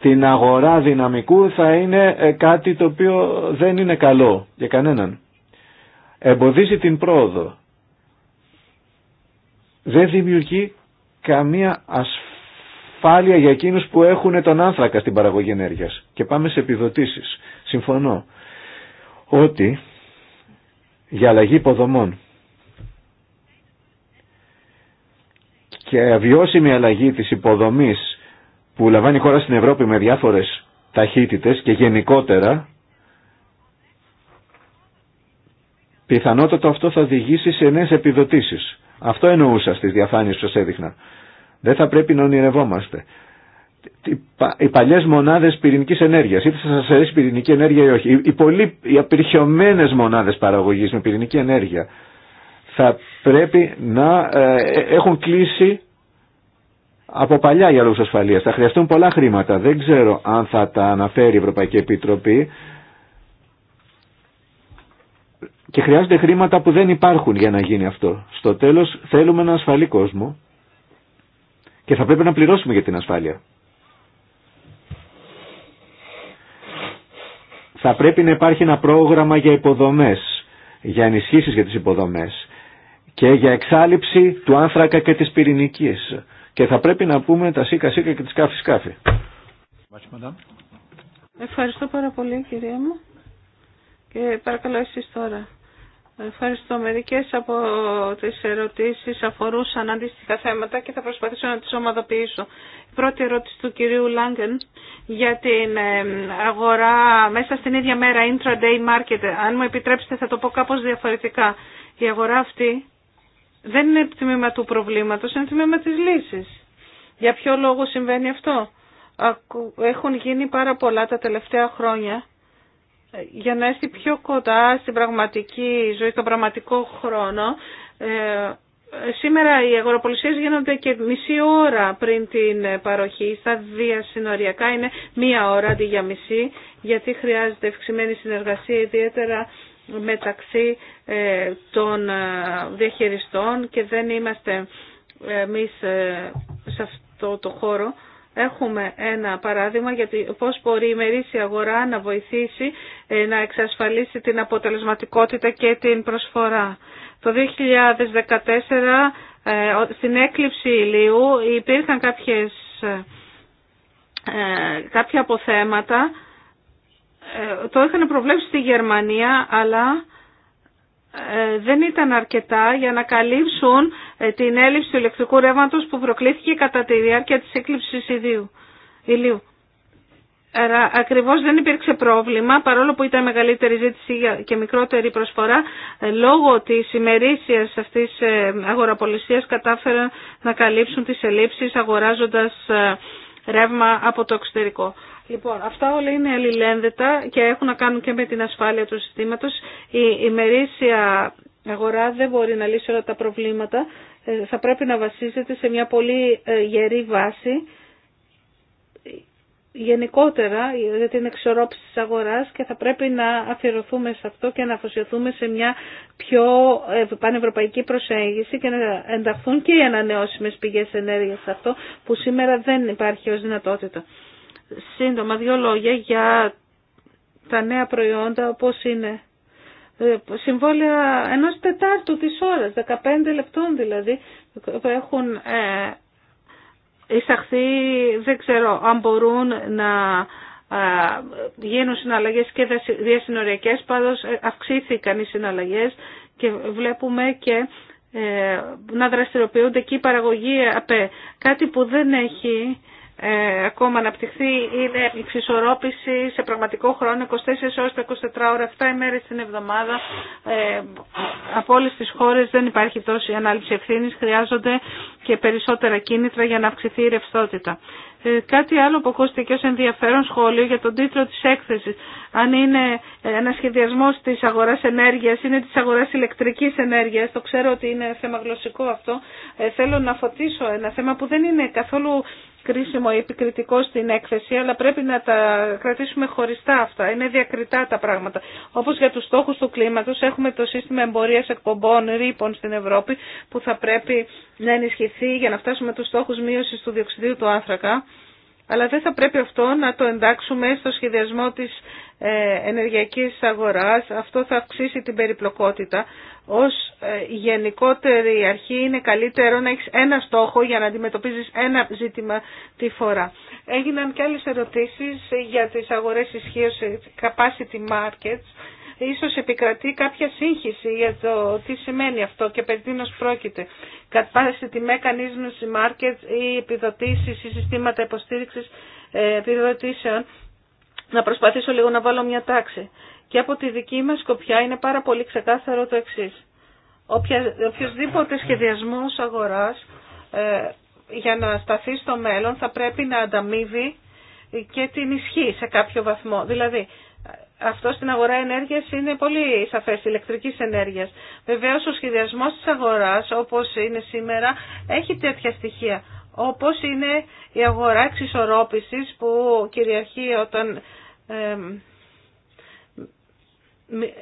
την αγορά δυναμικού θα είναι ε, κάτι το οποίο δεν είναι καλό για κανέναν. Εμποδίζει την πρόοδο. Δεν δημιουργεί καμία ασφάλεια για εκείνους που έχουν τον άνθρακα στην παραγωγή ενέργειας. Και πάμε σε επιδοτήσεις. Συμφωνώ ότι για αλλαγή υποδομών και βιώσιμη αλλαγή της υποδομής που λαμβάνει η χώρα στην Ευρώπη με διάφορες ταχύτητες και γενικότερα πιθανότατα αυτό θα οδηγήσει σε νέες επιδοτήσεις. Αυτό εννοούσα στις διαφάνειες που σας έδειχνα. Δεν θα πρέπει να ονειρευόμαστε. Οι παλιέ μονάδε πυρηνική ενέργεια, είτε σα αρέσει πυρηνική ενέργεια ή όχι, οι, πολύ, οι απειρχιωμένε μονάδε παραγωγή με πυρηνική ενέργεια θα πρέπει να ε, ε, έχουν κλείσει από παλιά για λόγους ασφαλείας. Θα χρειαστούν πολλά χρήματα. Δεν ξέρω αν θα τα αναφέρει η Ευρωπαϊκή Επιτροπή και χρειάζονται χρήματα που δεν υπάρχουν για να γίνει αυτό. Στο τέλος θέλουμε ένα ασφαλή κόσμο και θα πρέπει να πληρώσουμε για την ασφάλεια. Θα πρέπει να υπάρχει ένα πρόγραμμα για υποδομές, για ενισχύσεις για τις υποδομές και για εξάλληψη του άνθρακα και της πυρηνικής και θα πρέπει να πούμε τα σίκα σίκα και τη σκάφη σκάφη. Ευχαριστώ πάρα πολύ κυρία μου και παρακαλώ εσείς τώρα. Ευχαριστώ. Μερικές από τις ερωτήσεις αφορούσαν αντίστοιχα θέματα και θα προσπαθήσω να τι ομαδοποιήσω. Η πρώτη ερώτηση του κυρίου Λάγκεν για την ε, αγορά μέσα στην ίδια μέρα intraday market. Αν μου επιτρέψετε θα το πω κάπω διαφορετικά. Η αγορά αυτή δεν είναι τμήμα του προβλήματος, είναι τμήμα της λύσης. Για ποιο λόγο συμβαίνει αυτό. Έχουν γίνει πάρα πολλά τα τελευταία χρόνια ε, για να έρθει πιο κοντά στην πραγματική ζωή, στον πραγματικό χρόνο. Ε, ε, σήμερα οι αγοροπολισίες γίνονται και μισή ώρα πριν την παροχή. Στα δύο συνοριακά είναι μία ώρα αντί για μισή, γιατί χρειάζεται ευξημένη συνεργασία ιδιαίτερα μεταξύ ε, των ε, διαχειριστών και δεν είμαστε εμείς ε, σε αυτό το χώρο. Έχουμε ένα παράδειγμα γιατί πώς μπορεί η μερίσια αγορά να βοηθήσει να εξασφαλίσει την αποτελεσματικότητα και την προσφορά. Το 2014 στην έκλειψη ηλίου υπήρχαν κάποιες, κάποια αποθέματα. Το είχαν προβλέψει στη Γερμανία αλλά ε, δεν ήταν αρκετά για να καλύψουν ε, την έλλειψη του ηλεκτρικού ρεύματος που προκλήθηκε κατά τη διάρκεια της έκλειψης ηλίου. Άρα ακριβώς δεν υπήρξε πρόβλημα, παρόλο που ήταν μεγαλύτερη ζήτηση και μικρότερη προσφορά, ε, λόγω της ημερήσιας αυτής αγοραπολισίας κατάφεραν να καλύψουν τις ελλείψεις αγοράζοντας ρεύμα από το εξωτερικό. Λοιπόν, αυτά όλα είναι αλληλένδετα και έχουν να κάνουν και με την ασφάλεια του συστήματος. Η ημερήσια αγορά δεν μπορεί να λύσει όλα τα προβλήματα. Ε, θα πρέπει να βασίζεται σε μια πολύ ε, γερή βάση γενικότερα για την εξορρόπηση της αγοράς και θα πρέπει να αφιερωθούμε σε αυτό και να αφοσιωθούμε σε μια πιο ε, πανευρωπαϊκή προσέγγιση και να ενταχθούν και οι ανανεώσιμες πηγές ενέργειας σε αυτό που σήμερα δεν υπάρχει ως δυνατότητα σύντομα δύο λόγια για τα νέα προϊόντα όπως είναι ε, συμβόλαια ενός τετάρτου της ώρας, 15 λεπτών δηλαδή, που έχουν ε, εισαχθεί, δεν ξέρω αν μπορούν να ε, γίνουν συναλλαγές και διασυνοριακές, πάντως ε, αυξήθηκαν οι συναλλαγές και βλέπουμε και να δραστηριοποιούνται και η παραγωγή ΑΠΕ. Κάτι που δεν έχει ε, ακόμα αναπτυχθεί είναι η ξισορρόπηση σε πραγματικό χρόνο 24 ώρες 24 ώρα, 7 ημέρες την εβδομάδα. Ε, από όλες τις χώρες δεν υπάρχει τόση ανάλυση ευθύνη, χρειάζονται και περισσότερα κίνητρα για να αυξηθεί η ρευστότητα. Ε, κάτι άλλο που ακούστηκε ως ενδιαφέρον σχόλιο για τον τίτλο της έκθεσης. Αν είναι ένα σχεδιασμό της αγοράς ενέργειας, είναι της αγοράς ηλεκτρικής ενέργειας, το ξέρω ότι είναι θέμα γλωσσικό αυτό, ε, θέλω να φωτίσω ένα θέμα που δεν είναι καθόλου κρίσιμο ή επικριτικό στην έκθεση, αλλά πρέπει να τα κρατήσουμε χωριστά αυτά. Είναι διακριτά τα πράγματα. Όπως για τους στόχους του κλίματος έχουμε το σύστημα εμπορίας εκπομπών ρήπων στην Ευρώπη που θα πρέπει να ενισχυθεί για να φτάσουμε τους στόχους μείωσης του διοξιδίου του άνθρακα. Αλλά δεν θα πρέπει αυτό να το εντάξουμε στο σχεδιασμό της ε, ενεργειακής αγοράς. Αυτό θα αυξήσει την περιπλοκότητα. Ως ε, γενικότερη αρχή είναι καλύτερο να έχεις ένα στόχο για να αντιμετωπίζεις ένα ζήτημα τη φορά. Έγιναν και άλλες ερωτήσεις για τις αγορές ισχύως ε, capacity markets. Ίσως επικρατεί κάποια σύγχυση για το τι σημαίνει αυτό και περί τίνος πρόκειται. Capacity mechanisms markets ή επιδοτήσεις ή συστήματα υποστήριξης επιδοτήσεων να προσπαθήσω λίγο να βάλω μια τάξη. Και από τη δική μας σκοπιά είναι πάρα πολύ ξεκάθαρο το εξής. Οποιοδήποτε σχεδιασμός αγοράς ε, για να σταθεί στο μέλλον θα πρέπει να ανταμείβει και την ισχύ σε κάποιο βαθμό. Δηλαδή, αυτό στην αγορά ενέργειας είναι πολύ σαφές, ηλεκτρικής ενέργειας. Βεβαίως ο σχεδιασμός της αγοράς όπως είναι σήμερα έχει τέτοια στοιχεία. Όπως είναι η αγορά εξισορρόπησης που κυριαρχεί όταν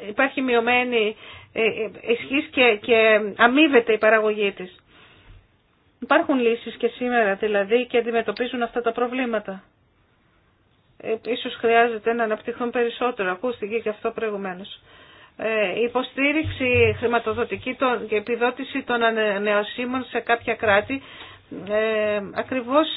υπάρχει μειωμένη ε, ε, ισχύς και, και αμείβεται η παραγωγή της. Υπάρχουν λύσεις και σήμερα δηλαδή και αντιμετωπίζουν αυτά τα προβλήματα. Ε, ίσως χρειάζεται να αναπτυχθούν περισσότερο. Ακούστηκε και αυτό προηγουμένως. Η υποστήριξη χρηματοδοτική και επιδότηση των ανανεωσίμων σε κάποια κράτη ακριβώς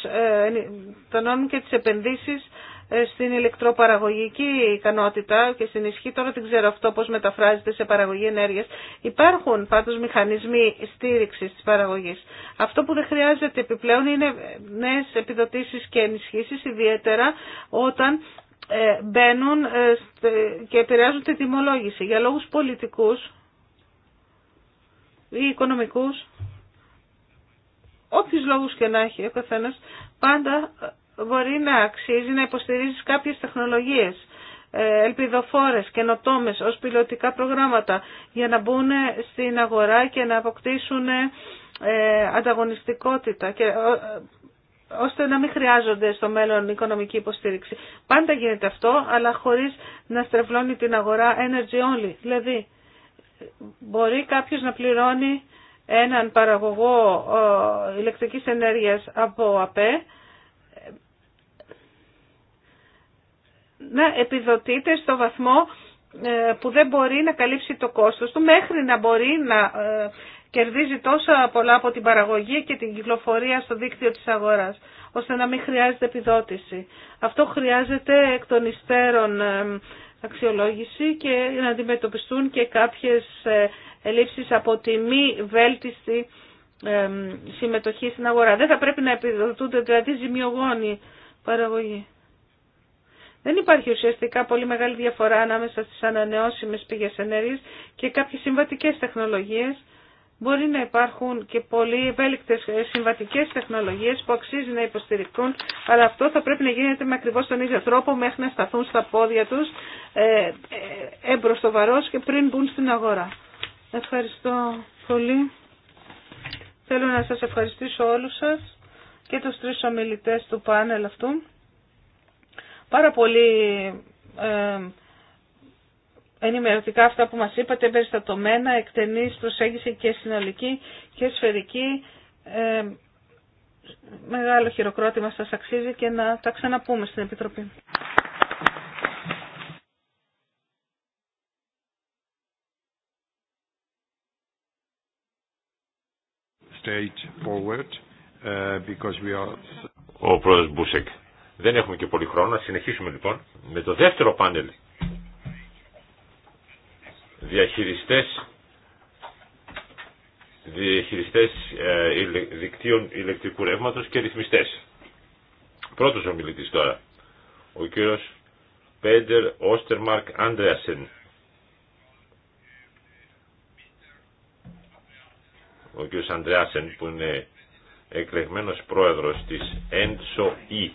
τονώνουν και τις επενδύσεις ε, στην ηλεκτροπαραγωγική ικανότητα και στην ισχύ, τώρα δεν ξέρω αυτό πώς μεταφράζεται σε παραγωγή ενέργειας, υπάρχουν πάντως μηχανισμοί στήριξης της παραγωγής. Αυτό που δεν χρειάζεται επιπλέον είναι νέες επιδοτήσεις και ενισχύσεις, ιδιαίτερα όταν ε, μπαίνουν ε, και επηρεάζουν τη τιμολόγηση. Για λόγους πολιτικούς ή οικονομικούς, όποιους λόγους και να έχει ο καθένας, πάντα μπορεί να αξίζει να υποστηρίζει κάποιες τεχνολογίες ε, ελπιδοφόρες, καινοτόμες ως πιλωτικά προγράμματα για να μπουν στην αγορά και να αποκτήσουν ε, ανταγωνιστικότητα και ε, ώστε να μην χρειάζονται στο μέλλον οικονομική υποστήριξη. Πάντα γίνεται αυτό, αλλά χωρίς να στρεβλώνει την αγορά energy only. Δηλαδή, μπορεί κάποιος να πληρώνει έναν παραγωγό ηλεκτρικής ενέργειας από ΑΠΕ, να επιδοτείται στο βαθμό ε, που δεν μπορεί να καλύψει το κόστος του μέχρι να μπορεί να ε, κερδίζει τόσα πολλά από την παραγωγή και την κυκλοφορία στο δίκτυο της αγοράς, ώστε να μην χρειάζεται επιδότηση. Αυτό χρειάζεται εκ των υστέρων ε, αξιολόγηση και να αντιμετωπιστούν και κάποιες ελλείψεις από τη μη βέλτιστη συμμετοχή στην αγορά. Δεν θα πρέπει να επιδοτούνται δηλαδή ζημιογόνοι παραγωγή. Δεν υπάρχει ουσιαστικά πολύ μεγάλη διαφορά ανάμεσα στις ανανεώσιμες πηγές ενέργειας και κάποιες συμβατικές τεχνολογίες. Μπορεί να υπάρχουν και πολύ ευέλικτε ε, συμβατικές τεχνολογίες που αξίζει να υποστηρικτούν, αλλά αυτό θα πρέπει να γίνεται με ακριβώ τον ίδιο τρόπο μέχρι να σταθούν στα πόδια του ε, ε, βαρός και πριν μπουν στην αγορά. Ευχαριστώ πολύ. Θέλω να σας ευχαριστήσω όλους σας και τους τρεις ομιλητές του πάνελ αυτού. Πάρα πολύ ε, ενημερωτικά αυτά που μας είπατε, περιστατωμένα, εκτενής προσέγγιση και συνολική και σφαιρική. Ε, μεγάλο χειροκρότημα σας αξίζει και να τα ξαναπούμε στην Επιτροπή. Uh, Ο πρόεδρος Μπούσεκ. Δεν έχουμε και πολύ χρόνο. Να συνεχίσουμε λοιπόν με το δεύτερο πάνελ. Διαχειριστές, διαχειριστές ε, δικτύων ηλεκτρικού ρεύματος και ρυθμιστές. Πρώτος ομιλητής τώρα, ο κύριος Πέντερ Όστερμαρκ Άντρεασεν. Ο κύριος Αντρεάσεν που είναι εκλεγμένος πρόεδρος της E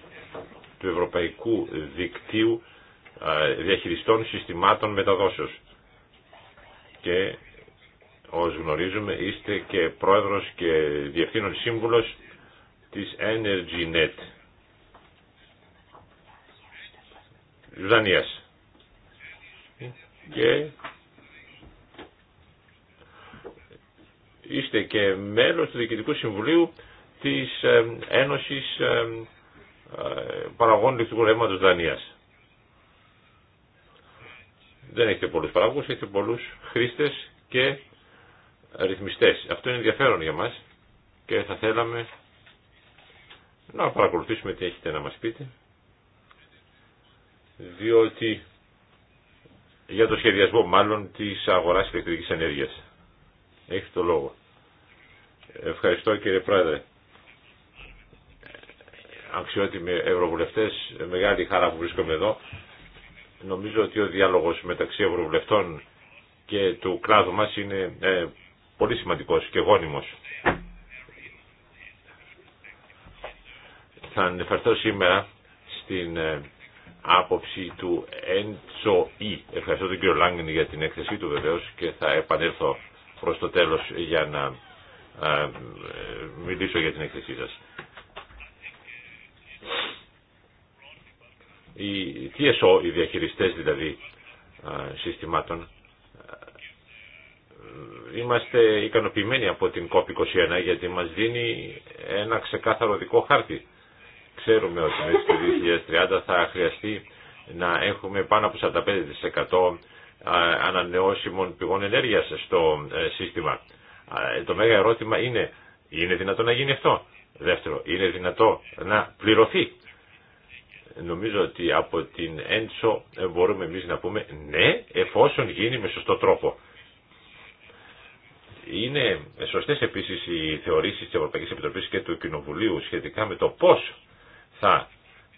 του Ευρωπαϊκού Δικτύου Διαχειριστών Συστημάτων Μεταδόσεως. Και ως γνωρίζουμε είστε και πρόεδρος και διευθύνων σύμβουλος της EnergyNet Ζουδανίας. Και είστε και μέλος του Διοικητικού Συμβουλίου της ε, Ένωσης ε, ε, παραγών του ρεύματος Δανία. Δεν έχετε πολλούς παραγωγού, έχετε πολλούς χρήστε και ρυθμιστές. Αυτό είναι ενδιαφέρον για μας και θα θέλαμε να παρακολουθήσουμε τι έχετε να μας πείτε. Διότι για το σχεδιασμό μάλλον τη αγορά ηλεκτρικής ενέργεια. Έχει το λόγο. Ευχαριστώ κύριε Πρόεδρε αξιότιμοι ευρωβουλευτές, μεγάλη χαρά που βρίσκομαι εδώ. Νομίζω ότι ο διάλογος μεταξύ ευρωβουλευτών και του κλάδου μας είναι ε, πολύ σημαντικός και γόνιμος. Θα ανεφερθώ σήμερα στην ε, άποψη του Έντσο Ι. Ευχαριστώ τον κύριο Λάγκεν για την έκθεσή του βεβαίως και θα επανέλθω προς το τέλος για να ε, μιλήσω για την έκθεσή σας. οι TSO, οι διαχειριστές δηλαδή συστημάτων, είμαστε ικανοποιημένοι από την COP21 γιατί μας δίνει ένα ξεκάθαρο δικό χάρτη. Ξέρουμε ότι μέχρι το 2030 θα χρειαστεί να έχουμε πάνω από 45% ανανεώσιμων πηγών ενέργειας στο ε, σύστημα. Το μέγα ερώτημα είναι, είναι δυνατό να γίνει αυτό. Δεύτερο, είναι δυνατό να πληρωθεί νομίζω ότι από την έντσο μπορούμε εμείς να πούμε ναι εφόσον γίνει με σωστό τρόπο. Είναι σωστές επίσης οι θεωρήσεις της Ευρωπαϊκής Επιτροπής και του Κοινοβουλίου σχετικά με το πώς θα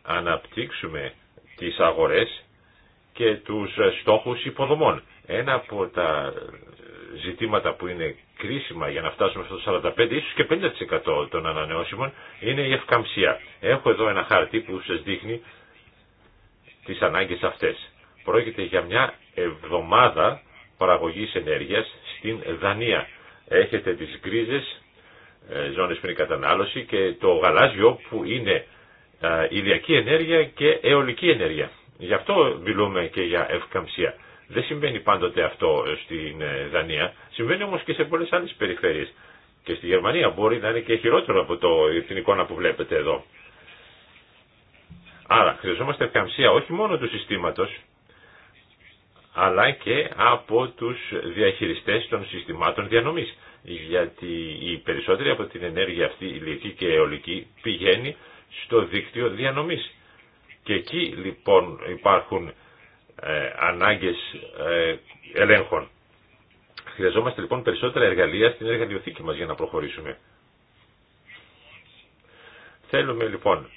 αναπτύξουμε τις αγορές και τους στόχους υποδομών. Ένα από τα ζητήματα που είναι κρίσιμα για να φτάσουμε στο 45% ίσως και 50% των ανανεώσιμων είναι η ευκαμψία. Έχω εδώ ένα χάρτη που σας δείχνει τις ανάγκες αυτές. Πρόκειται για μια εβδομάδα παραγωγής ενέργειας στην Δανία. Έχετε τις γκρίζες ε, ζώνες που κατανάλωση και το γαλάζιο που είναι ε, ηλιακή ενέργεια και αιωλική ενέργεια. Γι' αυτό μιλούμε και για ευκαμψία. Δεν συμβαίνει πάντοτε αυτό στην ε, Δανία, συμβαίνει όμως και σε πολλές άλλες περιφέρειες. Και στη Γερμανία μπορεί να είναι και χειρότερο από το, την εικόνα που βλέπετε εδώ. Άρα χρειαζόμαστε ευκαμψία όχι μόνο του συστήματος, αλλά και από τους διαχειριστές των συστημάτων διανομής. Γιατί η περισσότερη από την ενέργεια αυτή, ηλιακή και αιωλική, πηγαίνει στο δίκτυο διανομής. Και εκεί λοιπόν υπάρχουν ε, ανάγκες ε, ελέγχων. Χρειαζόμαστε λοιπόν περισσότερα εργαλεία στην εργαλειοθήκη μας για να προχωρήσουμε. Θέλουμε λοιπόν,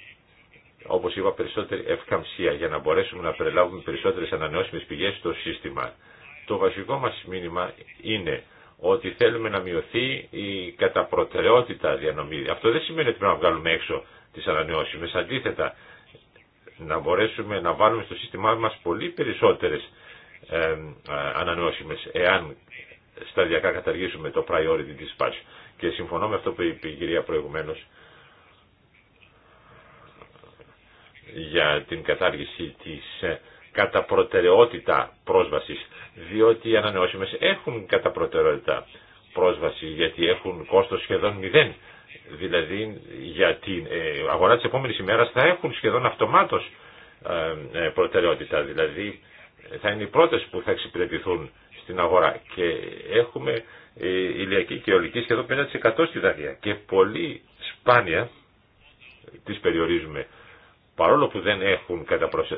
όπως είπα, περισσότερη ευκαμψία για να μπορέσουμε να περιλάβουμε περισσότερες ανανεώσιμες πηγές στο σύστημα. Το βασικό μας μήνυμα είναι ότι θέλουμε να μειωθεί η κατά διανομή. Αυτό δεν σημαίνει ότι πρέπει να βγάλουμε έξω τις ανανεώσιμες. Αντίθετα, να μπορέσουμε να βάλουμε στο σύστημά μας πολύ περισσότερες ε, ε, ανανεώσιμες εάν σταδιακά καταργήσουμε το priority dispatch. Και συμφωνώ με αυτό που είπε η κυρία προηγουμένως για την κατάργηση της ε, κατά προτεραιότητα πρόσβασης, διότι οι ανανεώσιμες έχουν κατά προτεραιότητα πρόσβαση γιατί έχουν κόστος σχεδόν μηδέν δηλαδή για την ε, αγορά της επόμενης ημέρας θα έχουν σχεδόν αυτομάτως ε, ε, προτεραιότητα. Δηλαδή θα είναι οι πρώτες που θα εξυπηρετηθούν στην αγορά και έχουμε ηλιακή και ολική σχεδόν 50% στη Δανία και πολύ σπάνια τις περιορίζουμε παρόλο που δεν έχουν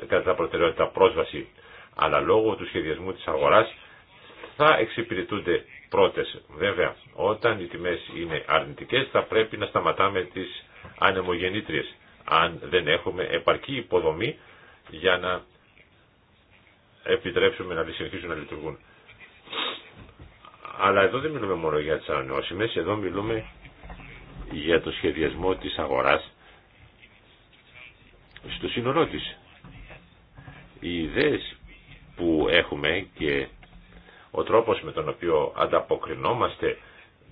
κατά προτεραιότητα πρόσβαση αλλά λόγω του σχεδιασμού της αγοράς θα εξυπηρετούνται πρώτες. Βέβαια, όταν οι τιμές είναι αρνητικές θα πρέπει να σταματάμε τις ανεμογεννήτριες αν δεν έχουμε επαρκή υποδομή για να επιτρέψουμε να συνεχίσουν να λειτουργούν. Αλλά εδώ δεν μιλούμε μόνο για τις ανανεώσιμες, εδώ μιλούμε για το σχεδιασμό της αγοράς στο σύνολό της. Οι ιδέες που έχουμε και ο τρόπος με τον οποίο ανταποκρινόμαστε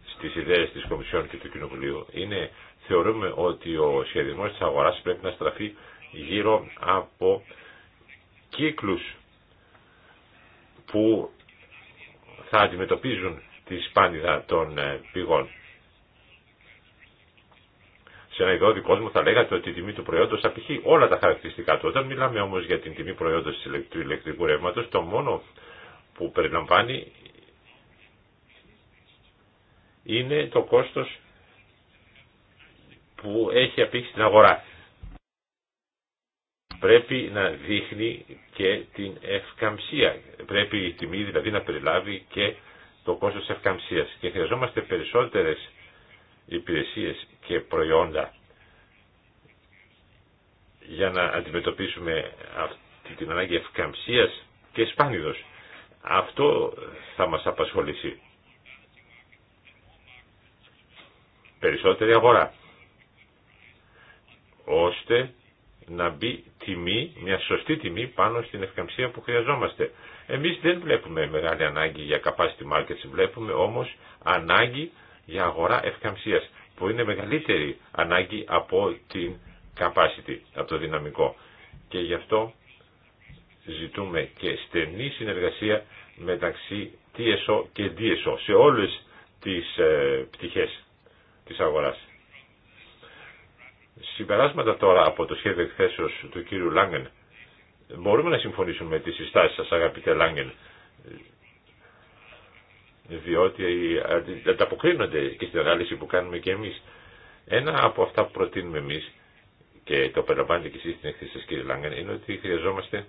στις ιδέες της Κομισιόν και του Κοινοβουλίου είναι θεωρούμε ότι ο σχεδιασμός της αγοράς πρέπει να στραφεί γύρω από κύκλους που θα αντιμετωπίζουν τη σπάνιδα των ε, πηγών. Σε ένα ειδόδι κόσμο θα λέγατε ότι η τιμή του προϊόντος απηχεί όλα τα χαρακτηριστικά του. Όταν μιλάμε όμως για την τιμή προϊόντος του ηλεκτρικού ρεύματος, το μόνο που περιλαμβάνει είναι το κόστος που έχει απήξει την αγορά. Πρέπει να δείχνει και την ευκαμψία. Πρέπει η τιμή δηλαδή να περιλάβει και το κόστος ευκαμψίας. Και χρειαζόμαστε περισσότερες υπηρεσίες και προϊόντα για να αντιμετωπίσουμε την ανάγκη ευκαμψίας και σπάνιδος. Αυτό θα μας απασχολήσει. Περισσότερη αγορά. Ώστε να μπει τιμή, μια σωστή τιμή πάνω στην ευκαμψία που χρειαζόμαστε. Εμείς δεν βλέπουμε μεγάλη ανάγκη για capacity markets, βλέπουμε όμως ανάγκη για αγορά ευκαμψίας που είναι μεγαλύτερη ανάγκη από την capacity, από το δυναμικό. Και γι' αυτό ζητούμε και στενή συνεργασία μεταξύ TSO και DSO σε όλες τις ε, πτυχές της αγοράς. Συμπεράσματα τώρα από το σχέδιο εκθέσεως του κύριου Λάγκεν. Μπορούμε να συμφωνήσουμε με τις συστάσεις σας αγαπητέ Λάγκεν διότι ανταποκρίνονται και στην ανάλυση που κάνουμε και εμείς. Ένα από αυτά που προτείνουμε εμείς και το περιλαμβάνετε και εσείς στην εκθέση σας κύριε Λάγκεν είναι ότι χρειαζόμαστε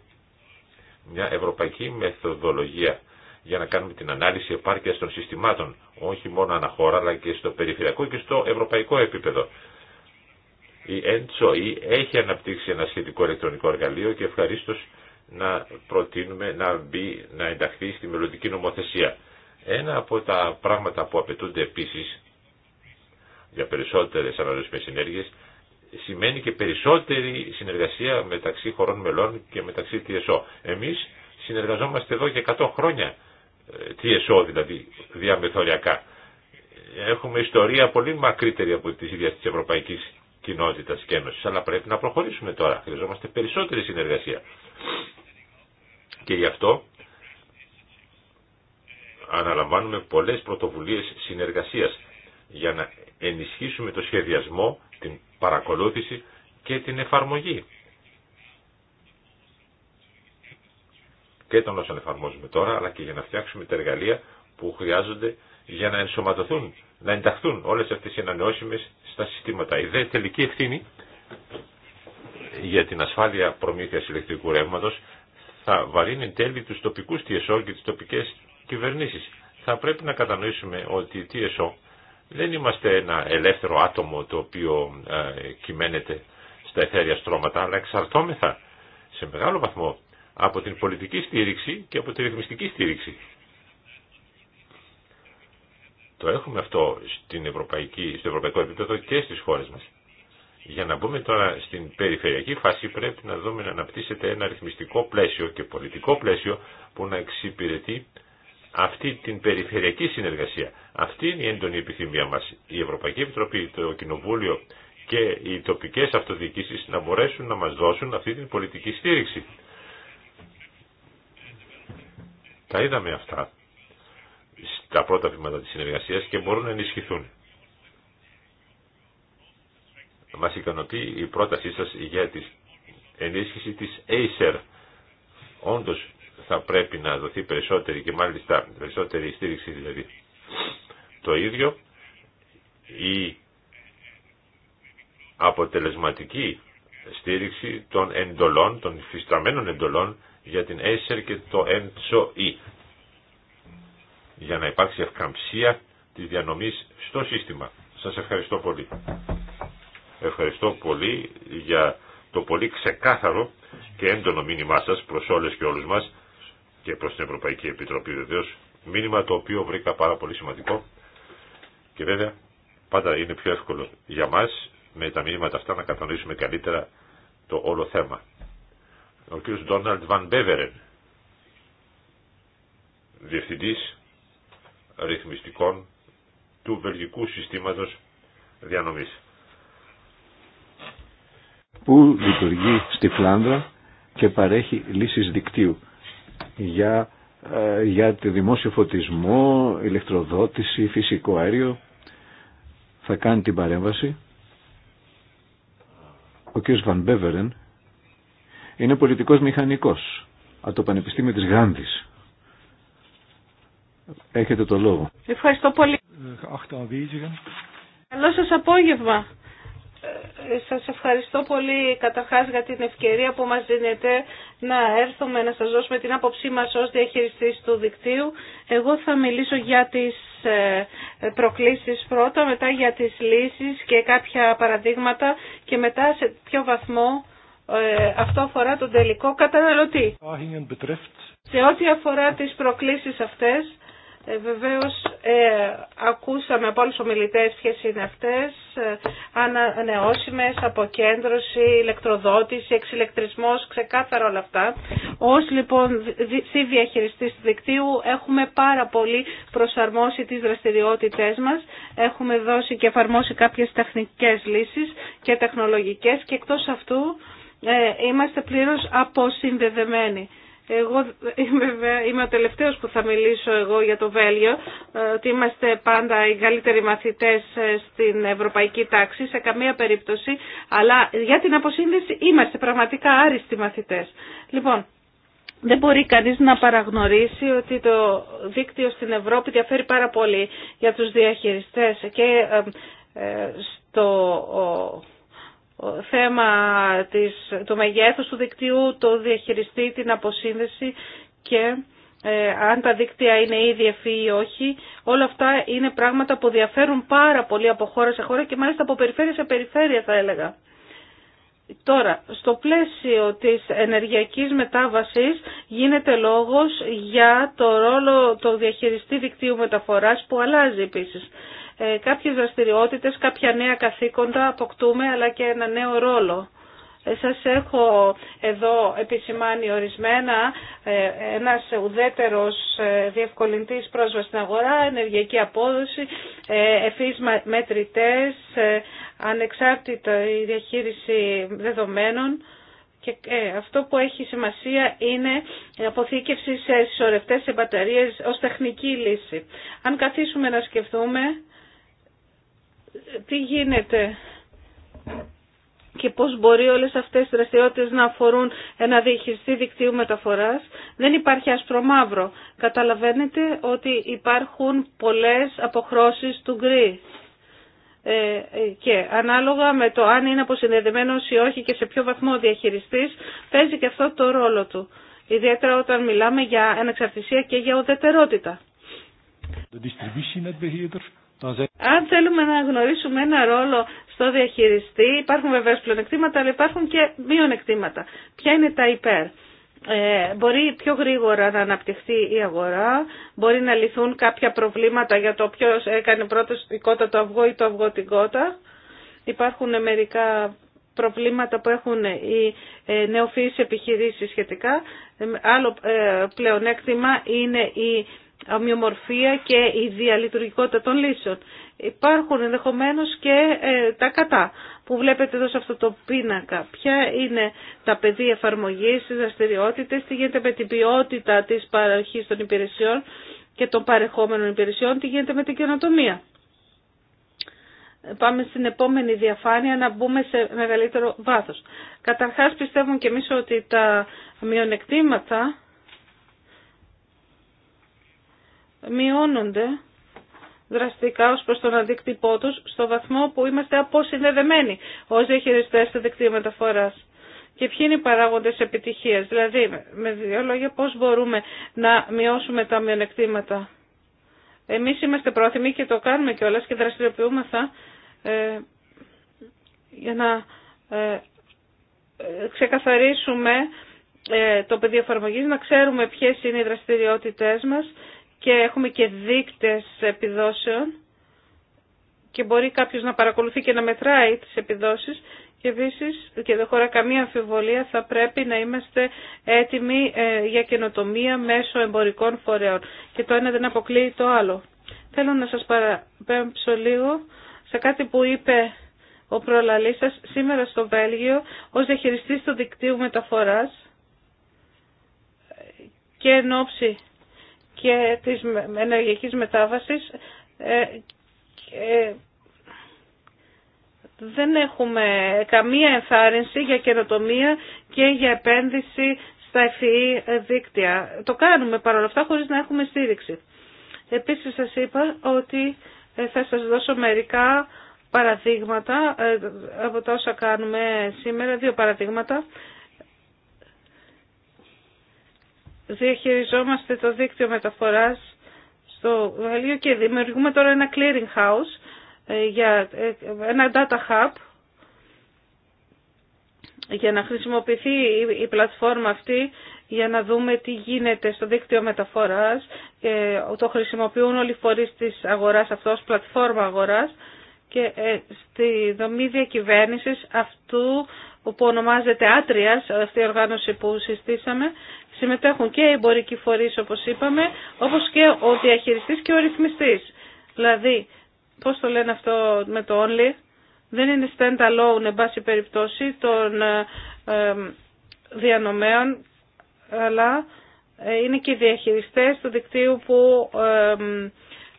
μια ευρωπαϊκή μεθοδολογία για να κάνουμε την ανάλυση επάρκειας των συστημάτων, όχι μόνο αναχώρα, αλλά και στο περιφερειακό και στο ευρωπαϊκό επίπεδο. Η ΕΝΤΣΟΗ έχει αναπτύξει ένα σχετικό ηλεκτρονικό εργαλείο και ευχαρίστω να προτείνουμε να μπει, να ενταχθεί στη μελλοντική νομοθεσία. Ένα από τα πράγματα που απαιτούνται επίσης για περισσότερες αναλογισμένες ενέργειες σημαίνει και περισσότερη συνεργασία μεταξύ χωρών μελών και μεταξύ TSO. Εμείς συνεργαζόμαστε εδώ και 100 χρόνια, ε, TSO δηλαδή, διαμεθοριακά. Έχουμε ιστορία πολύ μακρύτερη από τη ίδια της Ευρωπαϊκής Κοινότητας και Ένωσης, αλλά πρέπει να προχωρήσουμε τώρα. Χρειαζόμαστε περισσότερη συνεργασία. Και γι' αυτό αναλαμβάνουμε πολλές πρωτοβουλίες συνεργασίας για να ενισχύσουμε το σχεδιασμό, την παρακολούθηση και την εφαρμογή. Και των όσων εφαρμόζουμε τώρα, αλλά και για να φτιάξουμε τα εργαλεία που χρειάζονται για να ενσωματωθούν, να ενταχθούν όλες αυτές οι ανανεώσιμες στα συστήματα. Η δε τελική ευθύνη για την ασφάλεια προμήθειας ηλεκτρικού ρεύματος θα βαρύνει εν τέλει τους τοπικούς TSO και τις τοπικές κυβερνήσεις. Θα πρέπει να κατανοήσουμε ότι η TSO δεν είμαστε ένα ελεύθερο άτομο το οποίο ε, κυμαίνεται στα εθέρια στρώματα, αλλά εξαρτώμεθα σε μεγάλο βαθμό από την πολιτική στήριξη και από τη ρυθμιστική στήριξη. Το έχουμε αυτό στην ευρωπαϊκή, στο ευρωπαϊκό επίπεδο και στις χώρες μας. Για να μπούμε τώρα στην περιφερειακή φάση πρέπει να δούμε να αναπτύσσεται ένα ρυθμιστικό πλαίσιο και πολιτικό πλαίσιο που να εξυπηρετεί αυτή την περιφερειακή συνεργασία. Αυτή είναι η έντονη επιθυμία μας. Η Ευρωπαϊκή Επιτροπή, το Κοινοβούλιο και οι τοπικές αυτοδιοίκησεις να μπορέσουν να μας δώσουν αυτή την πολιτική στήριξη. Τα είδαμε αυτά στα πρώτα βήματα της συνεργασίας και μπορούν να ενισχυθούν. Μας ικανοποιεί η πρότασή σας για την ενίσχυση της Acer. Όντως θα πρέπει να δοθεί περισσότερη και μάλιστα περισσότερη στήριξη δηλαδή. Το ίδιο η αποτελεσματική στήριξη των εντολών, των φυστραμένων εντολών για την ΕΣΕΡ και το ΕΝΤΣΟΗ e, για να υπάρξει ευκαμψία της διανομής στο σύστημα. Σας ευχαριστώ πολύ. Ευχαριστώ πολύ για το πολύ ξεκάθαρο και έντονο μήνυμά σας προς όλες και όλους μας και προς την Ευρωπαϊκή Επιτροπή βεβαίως. Μήνυμα το οποίο βρήκα πάρα πολύ σημαντικό και βέβαια πάντα είναι πιο εύκολο για μας με τα μήνυματα αυτά να κατανοήσουμε καλύτερα το όλο θέμα. Ο κ. Ντόναλντ Βαν Μπέβερεν, διευθυντής ρυθμιστικών του βελγικού συστήματος διανομής. Που λειτουργεί στη Φλάνδρα και παρέχει λύσεις δικτύου για, ε, για τη δημόσιο φωτισμό, ηλεκτροδότηση, φυσικό αέριο. Θα κάνει την παρέμβαση. Ο κ. Βαν Μπέβερεν είναι πολιτικός μηχανικός από το Πανεπιστήμιο της Γάνδης. Έχετε το λόγο. Ευχαριστώ πολύ. Ε, Καλό σας απόγευμα. Σας ευχαριστώ πολύ καταρχάς για την ευκαιρία που μας δίνετε να έρθουμε να σας δώσουμε την άποψή μας ως διαχειριστής του δικτύου. Εγώ θα μιλήσω για τις ε, προκλήσεις πρώτα, μετά για τις λύσεις και κάποια παραδείγματα και μετά σε ποιο βαθμό ε, αυτό αφορά τον τελικό καταναλωτή. Σε ό,τι αφορά τις προκλήσεις αυτές, ε, βεβαίως ε, ακούσαμε από όλους τους ομιλητές ποιες είναι αυτές, ε, ανανεώσιμες, αποκέντρωση, ηλεκτροδότηση, εξηλεκτρισμός, ξεκάθαρα όλα αυτά. Ως λοιπόν δι, διαχειριστής του δικτύου έχουμε πάρα πολύ προσαρμόσει τις δραστηριότητές μας, έχουμε δώσει και εφαρμόσει κάποιες τεχνικές λύσεις και τεχνολογικές και εκτός αυτού ε, είμαστε πλήρως αποσυνδεδεμένοι. Εγώ βέβαια είμαι ο τελευταίος που θα μιλήσω εγώ για το Βέλγιο, ε, ότι είμαστε πάντα οι καλύτεροι μαθητές ε, στην ευρωπαϊκή τάξη, σε καμία περίπτωση, αλλά για την αποσύνδεση είμαστε πραγματικά άριστοι μαθητές. Λοιπόν, δεν μπορεί κανείς να παραγνωρίσει ότι το δίκτυο στην Ευρώπη διαφέρει πάρα πολύ για τους διαχειριστές και ε, στο θέμα της, του μεγέθους του δικτύου, το διαχειριστή, την αποσύνδεση και ε, αν τα δίκτυα είναι ήδη ευφύ ή όχι. Όλα αυτά είναι πράγματα που διαφέρουν πάρα πολύ από χώρα σε χώρα και μάλιστα από περιφέρεια σε περιφέρεια θα έλεγα. Τώρα, στο πλαίσιο της ενεργειακής μετάβασης γίνεται λόγος για το ρόλο του διαχειριστή δικτύου μεταφοράς που αλλάζει επίσης. Ε, κάποιες δραστηριότητες, κάποια νέα καθήκοντα αποκτούμε, αλλά και ένα νέο ρόλο. Ε, σας έχω εδώ επισημάνει ορισμένα ε, ένας ουδέτερος διευκολυντής πρόσβαση στην αγορά, ενεργειακή απόδοση, εφείς μετρητές, η διαχείριση δεδομένων. Και αυτό που έχει σημασία είναι η αποθήκευση σε συσσωρευτές, σε μπαταρίες ως τεχνική λύση. Αν καθίσουμε να σκεφτούμε τι γίνεται και πώς μπορεί όλες αυτές οι δραστηριότητες να αφορούν ένα διαχειριστή δικτύου μεταφοράς. Δεν υπάρχει άσπρο μαύρο. Καταλαβαίνετε ότι υπάρχουν πολλές αποχρώσεις του γκρι. Ε, και ανάλογα με το αν είναι αποσυνδεδεμένος ή όχι και σε ποιο βαθμό διαχειριστής, παίζει και αυτό το ρόλο του. Ιδιαίτερα όταν μιλάμε για ανεξαρτησία και για ουδετερότητα. Αν θέλουμε να γνωρίσουμε ένα ρόλο στο διαχειριστή, υπάρχουν βεβαίως πλεονεκτήματα, αλλά υπάρχουν και μειονεκτήματα. Ποια είναι τα υπέρ. Ε, μπορεί πιο γρήγορα να αναπτυχθεί η αγορά, μπορεί να λυθούν κάποια προβλήματα για το ποιο έκανε πρώτο η κότα το αυγό ή το αυγό την κότα. Υπάρχουν μερικά προβλήματα που έχουν οι ε, νεοφύης επιχειρήσεις σχετικά. Ε, άλλο πλεονέκτημα είναι η ομοιομορφία και η διαλειτουργικότητα των λύσεων. Υπάρχουν ενδεχομένως και ε, τα κατά που βλέπετε εδώ σε αυτό το πίνακα. Ποια είναι τα πεδία εφαρμογής, τις δραστηριότητε, τι γίνεται με την ποιότητα της παροχής των υπηρεσιών και των παρεχόμενων υπηρεσιών, τι γίνεται με την καινοτομία. Πάμε στην επόμενη διαφάνεια να μπούμε σε μεγαλύτερο βάθος. Καταρχάς πιστεύουμε και εμείς ότι τα μειονεκτήματα μειώνονται δραστικά ως προς τον αντίκτυπό τους στο βαθμό που είμαστε αποσυνδεδεμένοι ως διαχειριστές του δικτύου μεταφοράς. Και ποιοι είναι οι παράγοντες επιτυχίας, δηλαδή με δύο λόγια πώς μπορούμε να μειώσουμε τα μειονεκτήματα. Εμείς είμαστε πρόθυμοι και το κάνουμε κιόλα και δραστηριοποιούμεθα ε, για να ε, ε ξεκαθαρίσουμε ε, το πεδίο εφαρμογή, να ξέρουμε ποιες είναι οι δραστηριότητές μας και έχουμε και δείκτες επιδόσεων και μπορεί κάποιος να παρακολουθεί και να μετράει τις επιδόσεις και επίση, και δεν χωρά καμία αμφιβολία, θα πρέπει να είμαστε έτοιμοι ε, για καινοτομία μέσω εμπορικών φορέων. Και το ένα δεν αποκλείει το άλλο. Θέλω να σας παραπέμψω λίγο σε κάτι που είπε ο προλαλής σας σήμερα στο Βέλγιο ως διαχειριστής του δικτύου μεταφοράς και εν και της ενεργειακής μετάβασης ε, δεν έχουμε καμία ενθάρρυνση για καινοτομία και για επένδυση στα ευφυή e δίκτυα. Το κάνουμε παρόλα αυτά χωρίς να έχουμε στήριξη. Επίσης σας είπα ότι ε, θα σας δώσω μερικά παραδείγματα ε, από τα όσα κάνουμε σήμερα, δύο παραδείγματα διαχειριζόμαστε το δίκτυο μεταφοράς στο Γαλλίο και δημιουργούμε τώρα ένα clearing house, ε, για ε, ένα data hub για να χρησιμοποιηθεί η πλατφόρμα αυτή για να δούμε τι γίνεται στο δίκτυο μεταφοράς. Το χρησιμοποιούν όλοι οι φορείς της αγοράς αυτό πλατφόρμα αγοράς και ε, στη δομή διακυβέρνησης αυτού που ονομάζεται Άτριας, αυτή η οργάνωση που συστήσαμε, συμμετέχουν και οι εμπορικοί φορείς όπως είπαμε, όπως και ο διαχειριστής και ο ρυθμιστής. Δηλαδή, πώς το λένε αυτό με το only, δεν είναι stand alone εν πάση περιπτώσει των ε, διανομέων, αλλά ε, είναι και οι διαχειριστές του δικτύου που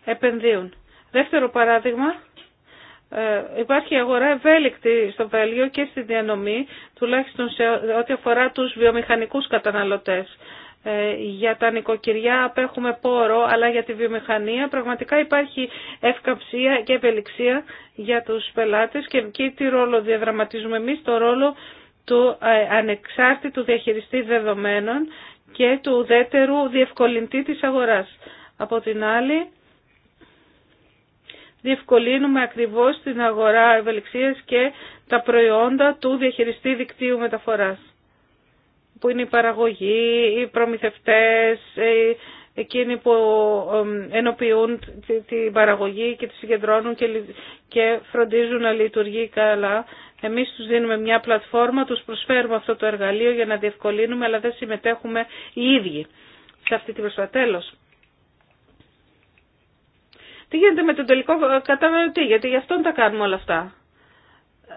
επενδύουν. Δεύτερο παράδειγμα, ε, υπάρχει αγορά ευέλικτη στο Βέλγιο και στη διανομή, τουλάχιστον σε ό,τι αφορά τους βιομηχανικούς καταναλωτές. Ε, για τα νοικοκυριά απέχουμε πόρο, αλλά για τη βιομηχανία πραγματικά υπάρχει ευκαψία και ευελιξία για τους πελάτες και τι ρόλο διαδραματίζουμε εμείς, το ρόλο του ε, ανεξάρτητου διαχειριστή δεδομένων και του ουδέτερου διευκολυντή της αγοράς. Από την άλλη, διευκολύνουμε ακριβώς την αγορά ευελιξίας και τα προϊόντα του διαχειριστή δικτύου μεταφοράς που είναι η παραγωγή, οι προμηθευτές, ε, εκείνοι που ενοποιούν την παραγωγή και τη συγκεντρώνουν και φροντίζουν να λειτουργεί καλά. Εμείς τους δίνουμε μια πλατφόρμα, τους προσφέρουμε αυτό το εργαλείο για να διευκολύνουμε, αλλά δεν συμμετέχουμε οι ίδιοι σε αυτή την προσπατέλωση. Τι γίνεται με τον τελικό καταναλωτή, γιατί γι' αυτόν τα κάνουμε όλα αυτά.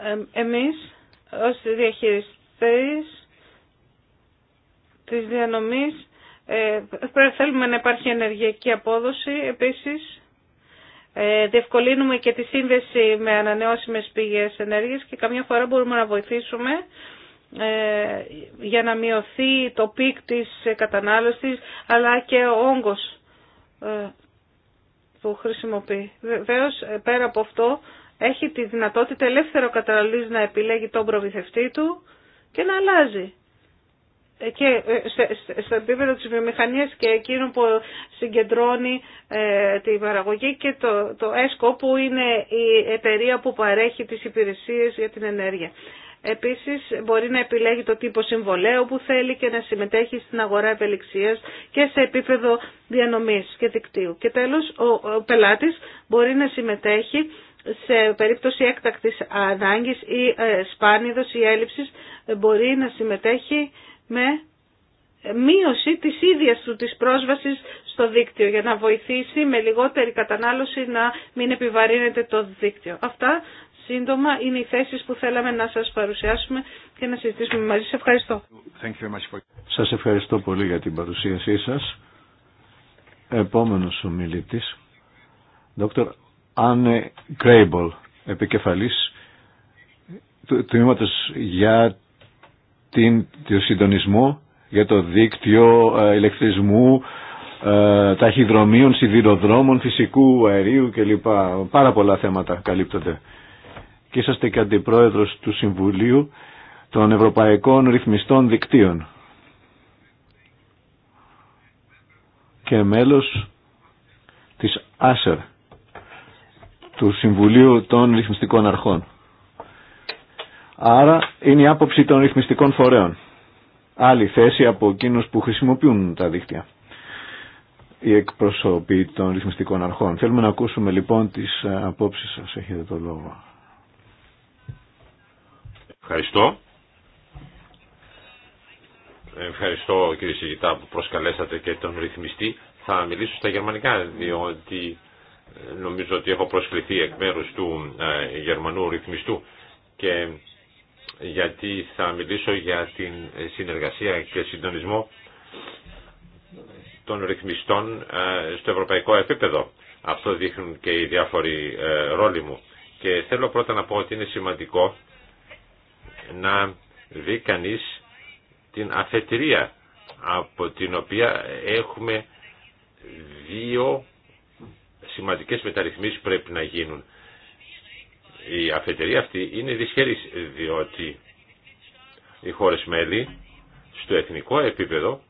Ε, εμείς ως διαχειριστές της διανομής ε, θέλουμε να υπάρχει ενεργειακή απόδοση επίσης. Ε, διευκολύνουμε και τη σύνδεση με ανανεώσιμες πηγές ενέργειας και καμιά φορά μπορούμε να βοηθήσουμε ε, για να μειωθεί το πικ της κατανάλωσης αλλά και ο όγκος ε, που χρησιμοποιεί. Βεβαίω, πέρα από αυτό, έχει τη δυνατότητα ελεύθερο καταναλωτή να επιλέγει τον προμηθευτή του και να αλλάζει. Ε, και ε, στο επίπεδο της βιομηχανίας και εκείνο που συγκεντρώνει ε, τη παραγωγή και το, το ΕΣΚΟ που είναι η εταιρεία που παρέχει τις υπηρεσίες για την ενέργεια. Επίσης μπορεί να επιλέγει το τύπο συμβολέου που θέλει και να συμμετέχει στην αγορά ευελιξίας και σε επίπεδο διανομής και δικτύου. Και τέλος ο πελάτης μπορεί να συμμετέχει σε περίπτωση έκτακτης ανάγκης ή ε, σπάνιδος ή έλλειψης μπορεί να συμμετέχει με μείωση της ίδιας του της πρόσβασης στο δίκτυο για να βοηθήσει με λιγότερη κατανάλωση να μην επιβαρύνεται το δίκτυο. Αυτά σύντομα είναι οι θέσεις που θέλαμε να σας παρουσιάσουμε και να συζητήσουμε μαζί. Σας ευχαριστώ. Σας ευχαριστώ πολύ για την παρουσίασή σας. Επόμενος ομιλητής, Dr. Anne Grable, επικεφαλής του τμήματος για την, το συντονισμό για το δίκτυο ε, ηλεκτρισμού ε, ταχυδρομείων, σιδηροδρόμων, φυσικού αερίου κλπ. Πάρα πολλά θέματα καλύπτονται και είσαστε και αντιπρόεδρος του Συμβουλίου των Ευρωπαϊκών Ρυθμιστών Δικτύων και μέλος της ΆΣΕΡ του Συμβουλίου των Ρυθμιστικών Αρχών. Άρα είναι η άποψη των ρυθμιστικών φορέων. Άλλη θέση από εκείνους που χρησιμοποιούν τα δίκτυα. Οι εκπροσωπή των ρυθμιστικών αρχών. Θέλουμε να ακούσουμε λοιπόν τις ε, απόψεις σας. Έχετε το λόγο. Ευχαριστώ. Ευχαριστώ κύριε Σιγητά που προσκαλέσατε και τον ρυθμιστή. Θα μιλήσω στα γερμανικά διότι ε, νομίζω ότι έχω προσκληθεί εκ μέρους του ε, γερμανού ρυθμιστού και γιατί θα μιλήσω για την συνεργασία και συντονισμό των ρυθμιστών ε, στο ευρωπαϊκό επίπεδο. Αυτό δείχνουν και οι διάφοροι ρόλοι μου. Και θέλω πρώτα να πω ότι είναι σημαντικό να δει κανείς την αφετηρία από την οποία έχουμε δύο σημαντικές μεταρρυθμίσεις πρέπει να γίνουν. Η αφετηρία αυτή είναι δυσχερής διότι οι χώρες μέλη στο εθνικό επίπεδο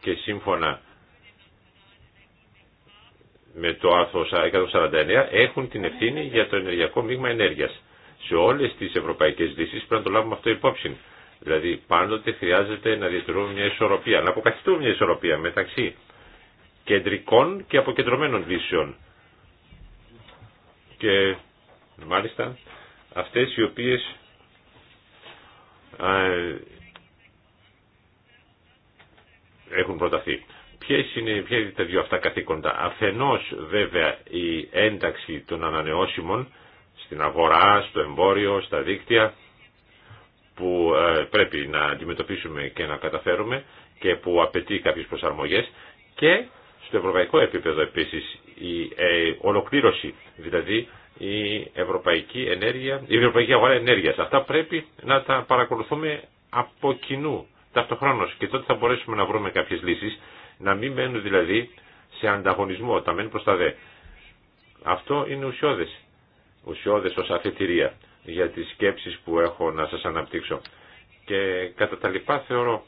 και σύμφωνα με το άρθρο 149 έχουν την ευθύνη για το ενεργειακό μείγμα ενέργειας σε όλε τις ευρωπαϊκές λύσει πρέπει να το λάβουμε αυτό υπόψη. Δηλαδή πάντοτε χρειάζεται να διατηρούμε μια ισορροπία, να αποκαθιστούμε μια ισορροπία μεταξύ κεντρικών και αποκεντρωμένων λύσεων. Και μάλιστα αυτές οι οποίες έχουν προταθεί. ποιε είναι, είναι τα δύο αυτά καθήκοντα. Αφενός βέβαια η ένταξη των ανανεώσιμων στην αγορά, στο εμπόριο, στα δίκτυα που ε, πρέπει να αντιμετωπίσουμε και να καταφέρουμε και που απαιτεί κάποιες προσαρμογές και στο ευρωπαϊκό επίπεδο επίσης η ε, ολοκλήρωση, δηλαδή η ευρωπαϊκή, ενέργεια, η ευρωπαϊκή αγορά ενέργειας. Αυτά πρέπει να τα παρακολουθούμε από κοινού ταυτοχρόνως και τότε θα μπορέσουμε να βρούμε κάποιες λύσεις, να μην μένουν δηλαδή σε ανταγωνισμό, τα μένουν προς τα δε. Αυτό είναι ουσιώδες ουσιώδες ως αφετηρία για τις σκέψεις που έχω να σας αναπτύξω. Και κατά τα λοιπά θεωρώ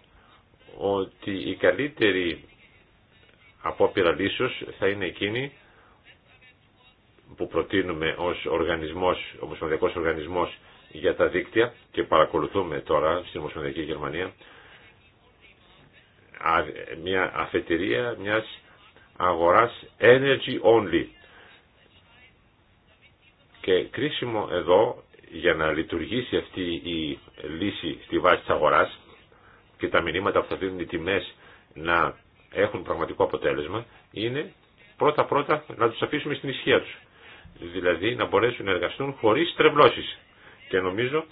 ότι η καλύτερη απόπειρα λύσεως θα είναι εκείνη που προτείνουμε ως οργανισμός, ομοσπονδιακός οργανισμός για τα δίκτυα και παρακολουθούμε τώρα στην Ομοσπονδιακή Γερμανία μια αφετηρία μιας αγοράς energy only και κρίσιμο εδώ για να λειτουργήσει αυτή η λύση στη βάση της αγοράς και τα μηνύματα που θα δίνουν οι τιμές να έχουν πραγματικό αποτέλεσμα είναι πρώτα-πρώτα να τους αφήσουμε στην ισχύα τους. Δηλαδή να μπορέσουν να εργαστούν χωρίς τρευλώσεις. Και νομίζω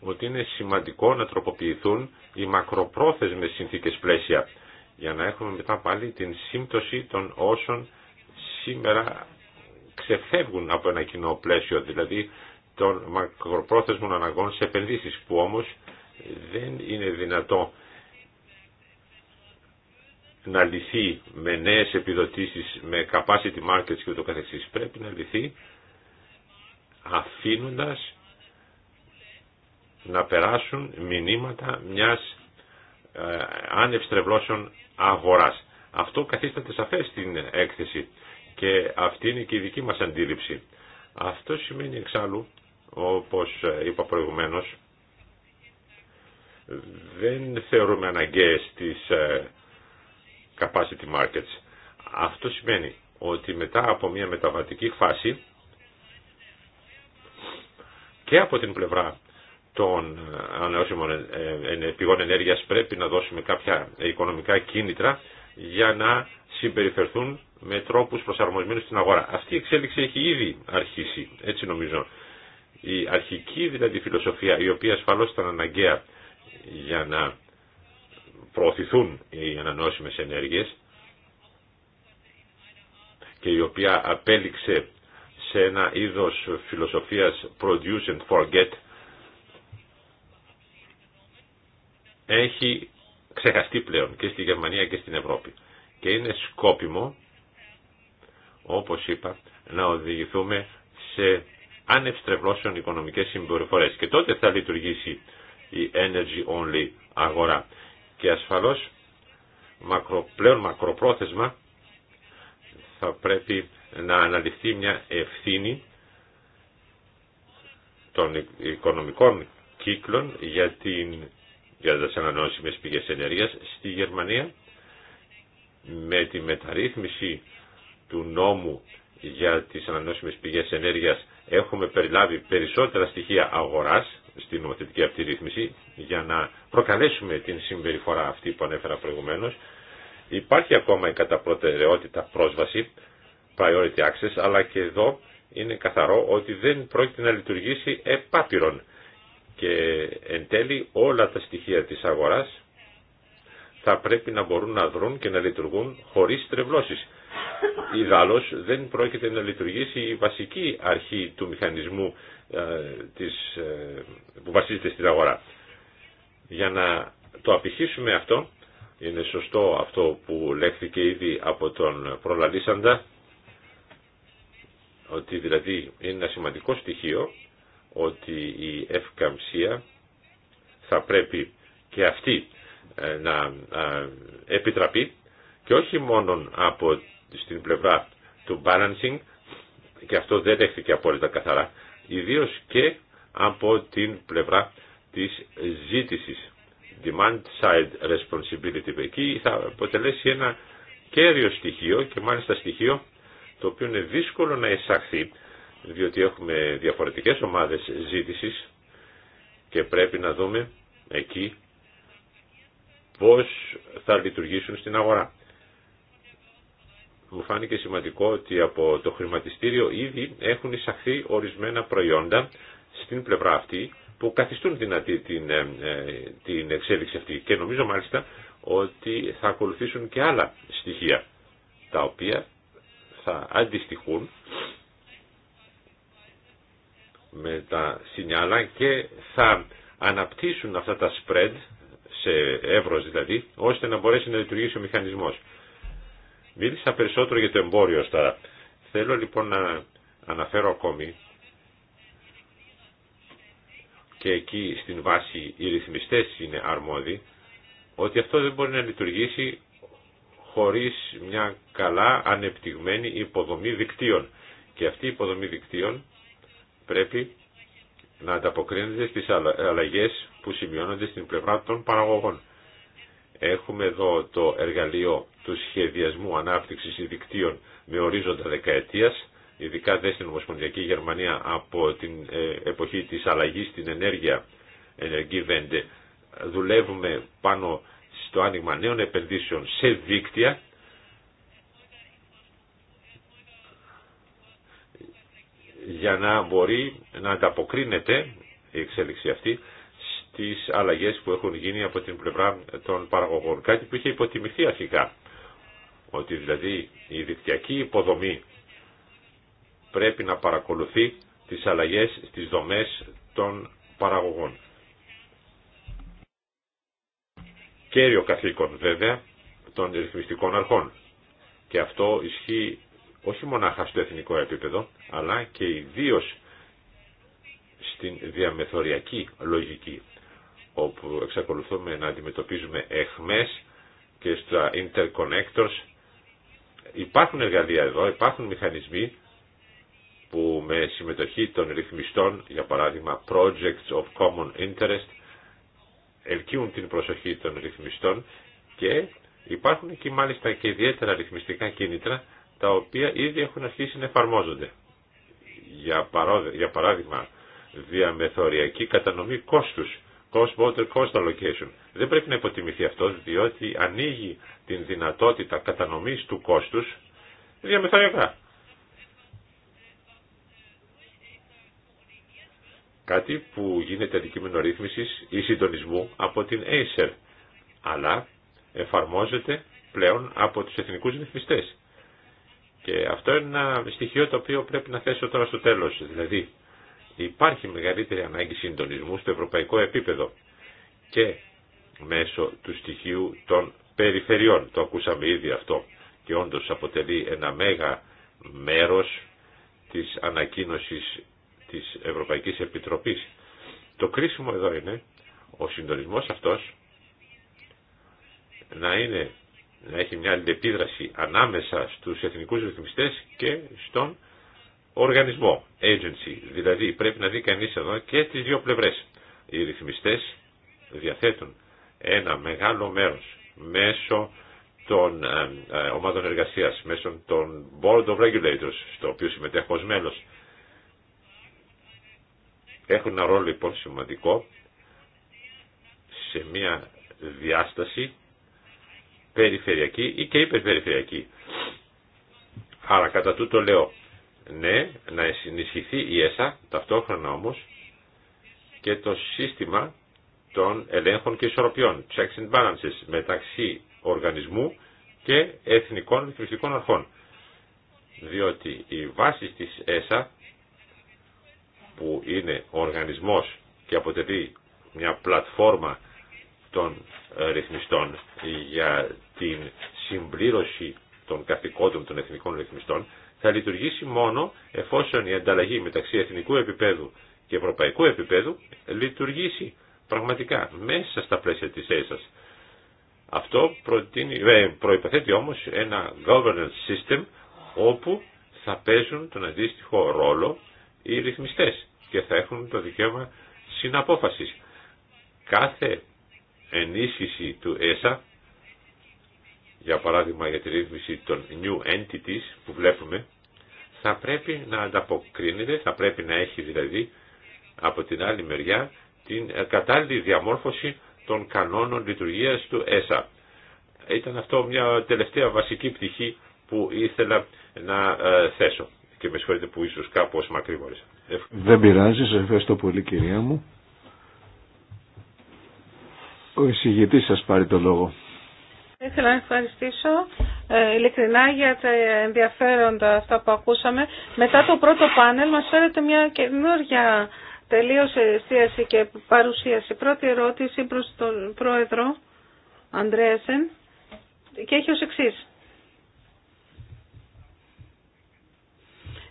ότι είναι σημαντικό να τροποποιηθούν οι μακροπρόθεσμες συνθήκες πλαίσια για να έχουμε μετά πάλι την σύμπτωση των όσων σήμερα ξεφεύγουν από ένα κοινό πλαίσιο, δηλαδή των μακροπρόθεσμων αναγκών σε επενδύσεις που όμως δεν είναι δυνατό να λυθεί με νέες επιδοτήσεις, με capacity markets και το καθεξής. Πρέπει να λυθεί αφήνοντας να περάσουν μηνύματα μιας ε, άνευστρεβλώσεων αγοράς. Αυτό καθίσταται σαφές στην έκθεση και αυτή είναι και η δική μας αντίληψη. Αυτό σημαίνει εξάλλου, όπως είπα προηγουμένως, δεν θεωρούμε αναγκαίες τις ε, capacity markets. Αυτό σημαίνει ότι μετά από μια μεταβατική φάση και από την πλευρά των ε, ανανεώσιμων ε, πηγών ενέργειας πρέπει να δώσουμε κάποια οικονομικά κίνητρα για να συμπεριφερθούν με τρόπους προσαρμοσμένους στην αγορά. Αυτή η εξέλιξη έχει ήδη αρχίσει, έτσι νομίζω. Η αρχική δηλαδή φιλοσοφία, η οποία ασφαλώς ήταν αναγκαία για να προωθηθούν οι ανανεώσιμες ενέργειες και η οποία απέληξε σε ένα είδος φιλοσοφίας produce and forget έχει ξεχαστεί πλέον και στη Γερμανία και στην Ευρώπη. Και είναι σκόπιμο, όπως είπα, να οδηγηθούμε σε ανευστρεβλώσεων οικονομικές συμπεριφορές. Και τότε θα λειτουργήσει η energy only αγορά. Και ασφαλώς πλέον μακροπρόθεσμα θα πρέπει να αναλυφθεί μια ευθύνη των οικονομικών κύκλων για την για τις ανανεώσιμες πηγές ενέργειας στη Γερμανία με τη μεταρρύθμιση του νόμου για τις ανανεώσιμες πηγές ενέργειας έχουμε περιλάβει περισσότερα στοιχεία αγοράς στη νομοθετική αυτή ρύθμιση για να προκαλέσουμε την συμπεριφορά αυτή που ανέφερα προηγουμένως. Υπάρχει ακόμα η κατά πρόσβαση, priority access, αλλά και εδώ είναι καθαρό ότι δεν πρόκειται να λειτουργήσει επάπειρον. Και εν τέλει όλα τα στοιχεία της αγοράς θα πρέπει να μπορούν να δρουν και να λειτουργούν χωρίς τρευλώσεις. Ιδάλλως δεν πρόκειται να λειτουργήσει η βασική αρχή του μηχανισμού ε, της, ε, που βασίζεται στην αγορά. Για να το απηχήσουμε αυτό, είναι σωστό αυτό που λέχθηκε ήδη από τον προλαλήσαντα, ότι δηλαδή είναι ένα σημαντικό στοιχείο ότι η ευκαμψία θα πρέπει και αυτή ε, να ε, επιτραπεί και όχι μόνο από στην πλευρά του balancing και αυτό δεν δέχθηκε απόλυτα καθαρά ιδίως και από την πλευρά της ζήτησης demand side responsibility εκεί θα αποτελέσει ένα κέριο στοιχείο και μάλιστα στοιχείο το οποίο είναι δύσκολο να εισαχθεί διότι έχουμε διαφορετικές ομάδες ζήτησης και πρέπει να δούμε εκεί πώς θα λειτουργήσουν στην αγορά. Μου φάνηκε σημαντικό ότι από το χρηματιστήριο ήδη έχουν εισαχθεί ορισμένα προϊόντα στην πλευρά αυτή που καθιστούν δυνατή την, ε, ε, την εξέλιξη αυτή και νομίζω μάλιστα ότι θα ακολουθήσουν και άλλα στοιχεία τα οποία θα αντιστοιχούν με τα σινιάλα και θα αναπτύσσουν αυτά τα spread, σε εύρος δηλαδή, ώστε να μπορέσει να λειτουργήσει ο μηχανισμός. Μίλησα περισσότερο για το εμπόριο τώρα. Θέλω λοιπόν να αναφέρω ακόμη και εκεί στην βάση οι ρυθμιστές είναι αρμόδιοι, ότι αυτό δεν μπορεί να λειτουργήσει χωρίς μια καλά ανεπτυγμένη υποδομή δικτύων. Και αυτή η υποδομή δικτύων πρέπει να ανταποκρίνεται στις αλλαγές που σημειώνονται στην πλευρά των παραγωγών. Έχουμε εδώ το εργαλείο του σχεδιασμού ανάπτυξης δικτύων με ορίζοντα δεκαετίας, ειδικά δε στην Ομοσπονδιακή Γερμανία από την ε, εποχή της αλλαγής στην ενέργεια, ενεργή Δουλεύουμε πάνω στο άνοιγμα νέων επενδύσεων σε δίκτυα για να μπορεί να ανταποκρίνεται η εξέλιξη αυτή στις αλλαγές που έχουν γίνει από την πλευρά των παραγωγών. Κάτι που είχε υποτιμηθεί αρχικά, ότι δηλαδή η δικτυακή υποδομή πρέπει να παρακολουθεί τις αλλαγές στις δομές των παραγωγών. Κέριο καθήκον βέβαια των ρυθμιστικών αρχών. Και αυτό ισχύει όχι μονάχα στο εθνικό επίπεδο, αλλά και ιδίω στην διαμεθοριακή λογική, όπου εξακολουθούμε να αντιμετωπίζουμε εχμές και στα interconnectors. Υπάρχουν εργαλεία εδώ, υπάρχουν μηχανισμοί που με συμμετοχή των ρυθμιστών, για παράδειγμα projects of common interest, ελκύουν την προσοχή των ρυθμιστών και υπάρχουν εκεί μάλιστα και ιδιαίτερα ρυθμιστικά κίνητρα τα οποία ήδη έχουν αρχίσει να εφαρμόζονται. Για παράδειγμα, διαμεθοριακή κατανομή κόστους, cost water cost allocation. Δεν πρέπει να υποτιμηθεί αυτό, διότι ανοίγει την δυνατότητα κατανομής του κόστους διαμεθοριακά. Κάτι που γίνεται αντικείμενο ρύθμισης ή συντονισμού από την Acer, αλλά εφαρμόζεται πλέον από τους εθνικούς ρυθμιστές. Και αυτό είναι ένα στοιχείο το οποίο πρέπει να θέσω τώρα στο τέλος. Δηλαδή υπάρχει μεγαλύτερη ανάγκη συντονισμού στο ευρωπαϊκό επίπεδο και μέσω του στοιχείου των περιφερειών. Το ακούσαμε ήδη αυτό και όντως αποτελεί ένα μέγα μέρος της ανακοίνωσης της Ευρωπαϊκής Επιτροπής. Το κρίσιμο εδώ είναι ο συντονισμός αυτός να είναι να έχει μια αλληλεπίδραση ανάμεσα στους εθνικούς ρυθμιστές και στον οργανισμό, agency. Δηλαδή πρέπει να δει κανείς εδώ και τις δύο πλευρές. Οι ρυθμιστές διαθέτουν ένα μεγάλο μέρος μέσω των ε, ε, ομάδων εργασίας, μέσω των Board of Regulators, στο οποίο συμμετέχω ως μέλος. Έχουν ένα ρόλο λοιπόν σημαντικό σε μια διάσταση περιφερειακή ή και υπερπεριφερειακή. Άρα κατά τούτο λέω ναι, να ενισχυθεί η ΕΣΑ, ταυτόχρονα όμως και το σύστημα των ελέγχων και ισορροπιών, checks and balances, μεταξύ οργανισμού και εθνικών ρυθμιστικών αρχών. Διότι η βάση της ΕΣΑ, που είναι ο οργανισμός και αποτελεί μια πλατφόρμα των ρυθμιστών για την συμπλήρωση των καθηκόντων των εθνικών ρυθμιστών θα λειτουργήσει μόνο εφόσον η ανταλλαγή μεταξύ εθνικού επίπεδου και ευρωπαϊκού επίπεδου λειτουργήσει πραγματικά μέσα στα πλαίσια της ΕΣΑ. ΕΕ Αυτό προτείνει, ε, προϋποθέτει όμως ένα governance system όπου θα παίζουν τον αντίστοιχο ρόλο οι ρυθμιστές και θα έχουν το δικαίωμα συναπόφασης. Κάθε ενίσχυση του ΕΣΑ για παράδειγμα για τη ρύθμιση των new entities που βλέπουμε, θα πρέπει να ανταποκρίνεται, θα πρέπει να έχει δηλαδή από την άλλη μεριά την ε, κατάλληλη διαμόρφωση των κανόνων λειτουργίας του ΕΣΑ. Ήταν αυτό μια τελευταία βασική πτυχή που ήθελα να ε, θέσω και με συγχωρείτε που ίσως κάπως μακρύβωρησα. Δεν πειράζει, σε ευχαριστώ πολύ κυρία μου. Ο εισηγητής σας πάρει το λόγο. Ήθελα να ευχαριστήσω ε, ειλικρινά για τα ενδιαφέροντα αυτά που ακούσαμε. Μετά το πρώτο πάνελ μας φέρετε μια καινούργια τελείως εστίαση και παρουσίαση. Πρώτη ερώτηση προς τον πρόεδρο Ανδρέασεν και έχει ως εξής.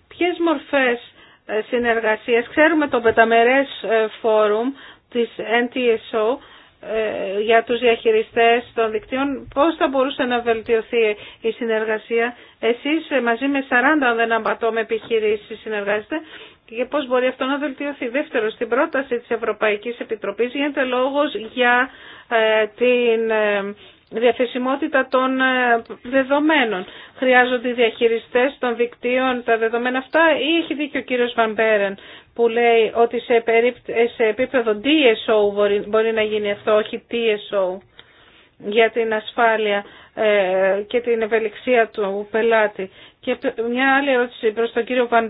Ποιες μορφές ε, συνεργασίας, ξέρουμε το πεταμερές ε, φόρουμ της NTSO, ε, για τους διαχειριστές των δικτύων, πώς θα μπορούσε να βελτιωθεί η συνεργασία. Εσείς ε, μαζί με 40, αν δεν απατώ με επιχειρήσει συνεργάζεστε και πώς μπορεί αυτό να βελτιωθεί. δεύτερο, στην πρόταση της Ευρωπαϊκής Επιτροπής γίνεται λόγος για ε, την διαθεσιμότητα των ε, δεδομένων. Χρειάζονται οι διαχειριστές των δικτύων τα δεδομένα αυτά ή έχει δίκιο ο κύριος Βαμπέρεν που λέει ότι σε, επίπεδο DSO μπορεί, μπορεί να γίνει αυτό, όχι TSO για την ασφάλεια ε, και την ευελιξία του πελάτη. Και μια άλλη ερώτηση προς τον κύριο Βαν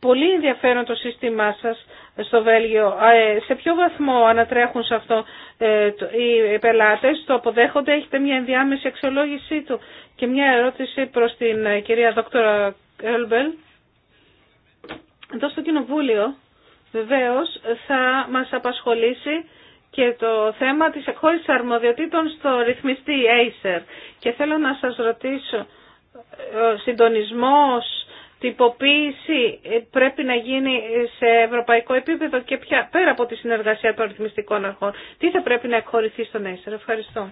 Πολύ ενδιαφέρον το σύστημά σας στο Βέλγιο. Ε, σε ποιο βαθμό ανατρέχουν σε αυτό ε, οι πελάτες, το αποδέχονται, έχετε μια ενδιάμεση αξιολόγησή του. Και μια ερώτηση προς την ε, κυρία δόκτωρα Κέλμπελ. Εδώ στο Κοινοβούλιο βεβαίως θα μας απασχολήσει και το θέμα της εκχώρησης αρμοδιοτήτων στο ρυθμιστή Acer. Και θέλω να σας ρωτήσω, συντονισμός τυποποίηση ε, πρέπει να γίνει σε ευρωπαϊκό επίπεδο και πια, πέρα από τη συνεργασία των ρυθμιστικών αρχών. Τι θα πρέπει να εκχωρηθεί στον ΕΣΕΡ. Ευχαριστώ.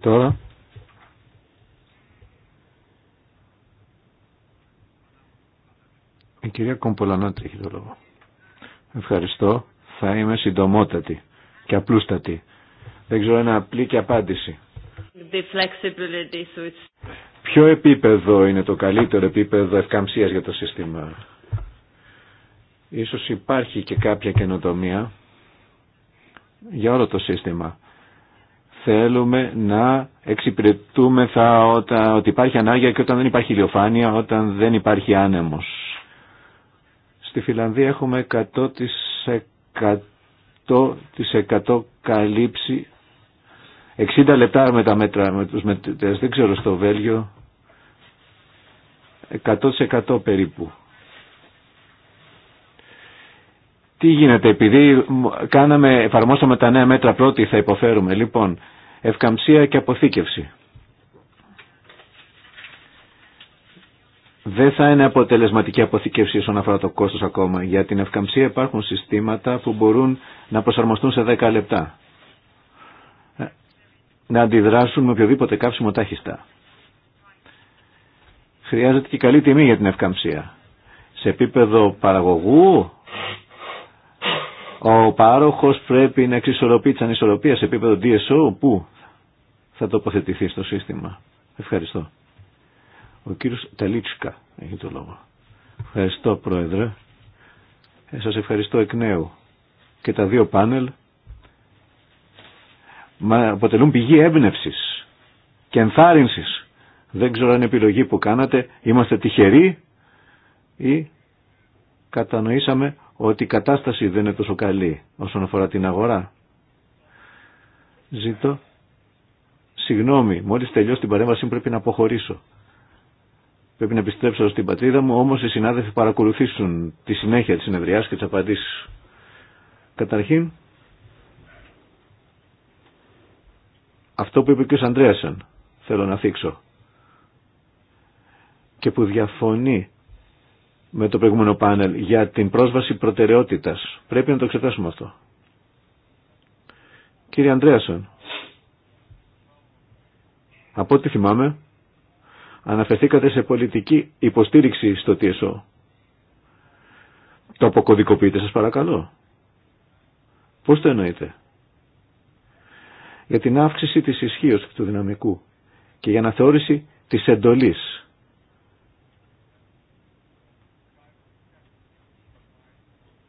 Τώρα. Η κυρία Κομπολανάτη έχει το λόγο. Ευχαριστώ. Θα είμαι συντομότατη και απλούστατη. Δεν ξέρω ένα απλή και απάντηση. Ποιο επίπεδο είναι το καλύτερο επίπεδο ευκαμψίας για το σύστημα. Ίσως υπάρχει και κάποια καινοτομία για όλο το σύστημα. Θέλουμε να εξυπηρετούμε θα όταν, ότι υπάρχει ανάγκη και όταν δεν υπάρχει ηλιοφάνεια, όταν δεν υπάρχει άνεμος. Στη Φιλανδία έχουμε 100%, καλύψη 60 λεπτά με τα μέτρα με τους μετρητές, δεν ξέρω στο Βέλγιο 100% περίπου. Τι γίνεται, επειδή κάναμε, εφαρμόσαμε τα νέα μέτρα πρώτη θα υποφέρουμε. Λοιπόν, ευκαμψία και αποθήκευση. Δεν θα είναι αποτελεσματική αποθήκευση όσον αφορά το κόστος ακόμα. Για την ευκαμψία υπάρχουν συστήματα που μπορούν να προσαρμοστούν σε 10 λεπτά. Ε, να αντιδράσουν με οποιοδήποτε κάψιμο τάχιστα χρειάζεται και καλή τιμή για την ευκαμψία. Σε επίπεδο παραγωγού, ο πάροχος πρέπει να εξισορροπεί τις ανισορροπίες σε επίπεδο DSO που θα τοποθετηθεί στο σύστημα. Ευχαριστώ. Ο κύριος Ταλίτσκα έχει το λόγο. Ευχαριστώ Πρόεδρε. Ε, σας ευχαριστώ εκ νέου. Και τα δύο πάνελ μα αποτελούν πηγή έμπνευσης και ενθάρρυνσης δεν ξέρω αν είναι επιλογή που κάνατε. Είμαστε τυχεροί ή κατανοήσαμε ότι η κατάσταση δεν είναι τόσο καλή όσον αφορά την αγορά. Ζήτω. Συγγνώμη, μόλις τελειώσει την παρέμβαση πρέπει να αποχωρήσω. Πρέπει να επιστρέψω στην πατρίδα μου, όμως οι συνάδελφοι παρακολουθήσουν τη συνέχεια της συνεδριάς και τις απαντήσεις. Καταρχήν, αυτό που είπε και ο Σαντρέασεν θέλω να θίξω και που διαφωνεί με το προηγούμενο πάνελ για την πρόσβαση προτεραιότητας. Πρέπει να το εξετάσουμε αυτό. Κύριε Αντρέασον, από ό,τι θυμάμαι, αναφερθήκατε σε πολιτική υποστήριξη στο TSO. Το αποκωδικοποιείτε σας παρακαλώ. Πώς το εννοείτε. Για την αύξηση της ισχύω του δυναμικού και για αναθεώρηση της εντολής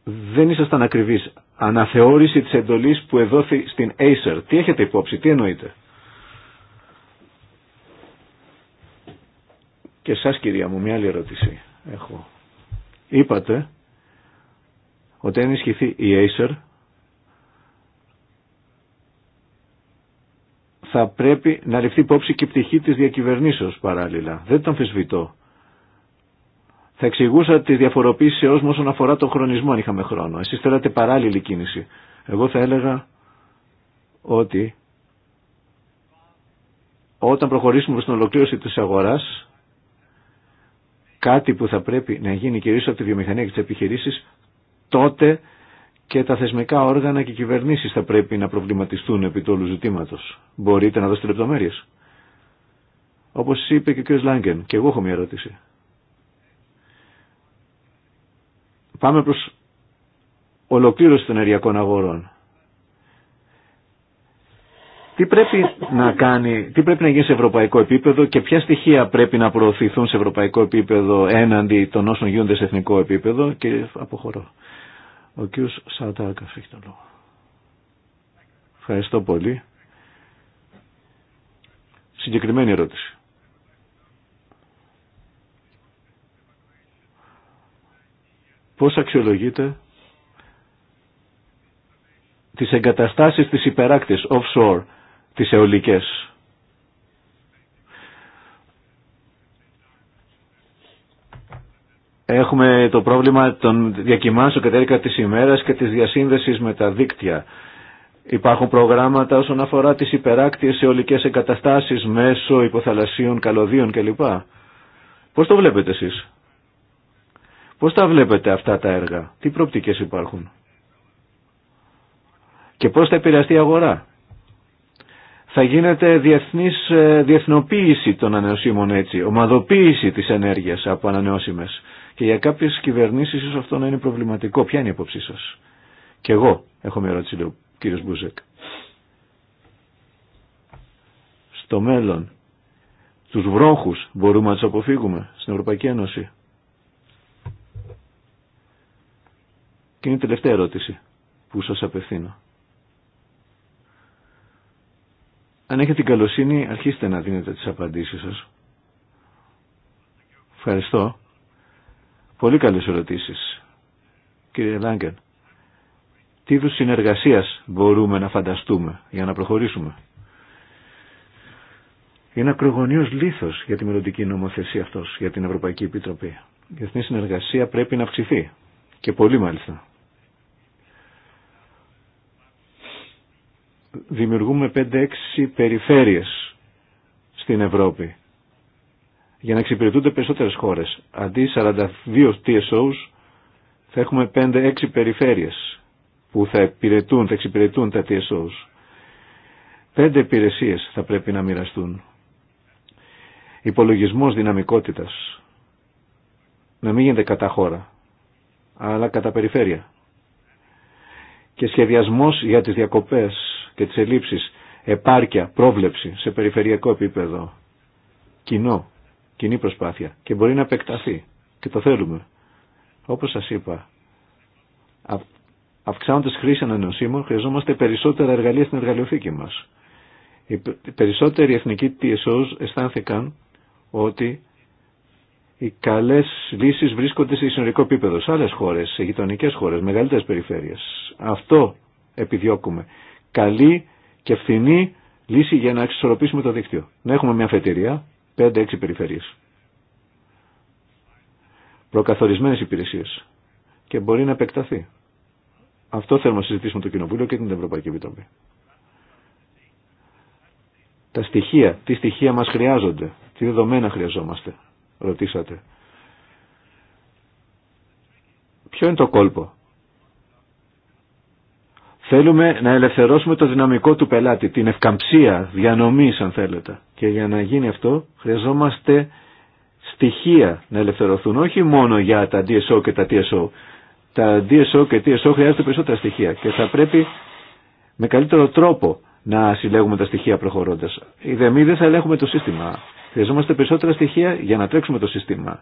δεν ήσασταν ακριβείς. Αναθεώρηση της εντολής που εδόθη στην Acer. Τι έχετε υπόψη, τι εννοείτε. Και σας κυρία μου, μια άλλη ερώτηση έχω. Είπατε ότι αν ισχυθεί η Acer θα πρέπει να ληφθεί υπόψη και η πτυχή της διακυβερνήσεως παράλληλα. Δεν το αμφισβητώ. Θα εξηγούσα τη διαφοροποίησή ω όσον αφορά τον χρονισμό, αν είχαμε χρόνο. Εσείς θέλατε παράλληλη κίνηση. Εγώ θα έλεγα ότι όταν προχωρήσουμε στην ολοκλήρωση της αγοράς, κάτι που θα πρέπει να γίνει κυρίως από τη βιομηχανία και τις επιχειρήσεις, τότε και τα θεσμικά όργανα και οι κυβερνήσεις θα πρέπει να προβληματιστούν επί του όλου ζητήματος. Μπορείτε να δώσετε λεπτομέρειες. Όπως είπε και ο κ. Λάγκεν, και εγώ έχω μια ερώτηση. πάμε προς ολοκλήρωση των ενεργειακών αγορών. Τι πρέπει να κάνει, τι πρέπει να γίνει σε ευρωπαϊκό επίπεδο και ποια στοιχεία πρέπει να προωθηθούν σε ευρωπαϊκό επίπεδο έναντι των όσων γίνονται σε εθνικό επίπεδο και αποχωρώ. Ο κ. Σαουτάκας έχει το λόγο. Ευχαριστώ πολύ. Συγκεκριμένη ερώτηση. Πώς αξιολογείτε τις εγκαταστάσεις της υπεράκτης offshore, τις αιωλικές. Έχουμε το πρόβλημα των διακυμάνσεων κατέρικα της ημέρας και της διασύνδεσης με τα δίκτυα. Υπάρχουν προγράμματα όσον αφορά τις υπεράκτιες αιωλικές εγκαταστάσεις μέσω υποθαλασσίων καλωδίων κλπ. Πώς το βλέπετε εσείς. Πώς τα βλέπετε αυτά τα έργα, τι πρόπτικες υπάρχουν και πώς θα επηρεαστεί η αγορά. Θα γίνεται διεθνής, ε, διεθνοποίηση των ανανεωσίμων έτσι, ομαδοποίηση της ενέργειας από ανανεώσιμες. Και για κάποιες κυβερνήσεις ίσως αυτό να είναι προβληματικό. Ποια είναι η απόψη σας. Και εγώ έχω μια ερώτηση, λέω κύριος Μπούζεκ. Στο μέλλον, τους βρόχους μπορούμε να τους αποφύγουμε στην Ευρωπαϊκή Ένωση. Και είναι η τελευταία ερώτηση που σας απευθύνω. Αν έχετε την καλοσύνη, αρχίστε να δίνετε τις απαντήσεις σας. Ευχαριστώ. Πολύ καλές ερωτήσεις. Κύριε Λάγκεν, τι είδους συνεργασίας μπορούμε να φανταστούμε για να προχωρήσουμε. Είναι ακρογωνίως λίθος για τη μελλοντική νομοθεσία αυτός, για την Ευρωπαϊκή Επιτροπή. Η εθνική συνεργασία πρέπει να αυξηθεί. Και πολύ μάλιστα. δημιουργούμε 5-6 περιφέρειες στην Ευρώπη για να εξυπηρετούνται περισσότερες χώρες. Αντί 42 TSOs θα έχουμε 5-6 περιφέρειες που θα υπηρετούν, θα εξυπηρετούν τα TSOs. 5 υπηρεσίε θα πρέπει να μοιραστούν. Υπολογισμός δυναμικότητας. Να μην γίνεται κατά χώρα, αλλά κατά περιφέρεια. Και σχεδιασμός για τις διακοπές και τις ελλείψεις, επάρκεια, πρόβλεψη σε περιφερειακό επίπεδο, κοινό, κοινή προσπάθεια και μπορεί να επεκταθεί και το θέλουμε. Όπως σας είπα, αυξάνοντας χρήση ανανεωσίμων χρειαζόμαστε περισσότερα εργαλεία στην εργαλειοθήκη μας. Οι περισσότεροι εθνικοί TSOs αισθάνθηκαν ότι οι καλέ λύσει βρίσκονται σε συνολικό επίπεδο, σε άλλε χώρε, σε γειτονικέ χώρε, μεγαλύτερε περιφέρειες. Αυτό επιδιώκουμε καλή και φθηνή λύση για να εξισορροπήσουμε το δίκτυο. Να έχουμε μια φετηρία, 5-6 περιφέρειες. Προκαθορισμένες υπηρεσίες. Και μπορεί να επεκταθεί. Αυτό θέλουμε να συζητήσουμε το Κοινοβούλιο και την Ευρωπαϊκή Επιτροπή. Τα στοιχεία, τι στοιχεία μας χρειάζονται, τι δεδομένα χρειαζόμαστε, ρωτήσατε. Ποιο είναι το κόλπο. Θέλουμε να ελευθερώσουμε το δυναμικό του πελάτη, την ευκαμψία διανομής αν θέλετε. Και για να γίνει αυτό χρειαζόμαστε στοιχεία να ελευθερωθούν, όχι μόνο για τα DSO και τα TSO. Τα DSO και TSO χρειάζονται περισσότερα στοιχεία και θα πρέπει με καλύτερο τρόπο να συλλέγουμε τα στοιχεία προχωρώντας. Οι δεμοί δεν θα ελέγχουμε το σύστημα. Χρειαζόμαστε περισσότερα στοιχεία για να τρέξουμε το σύστημα.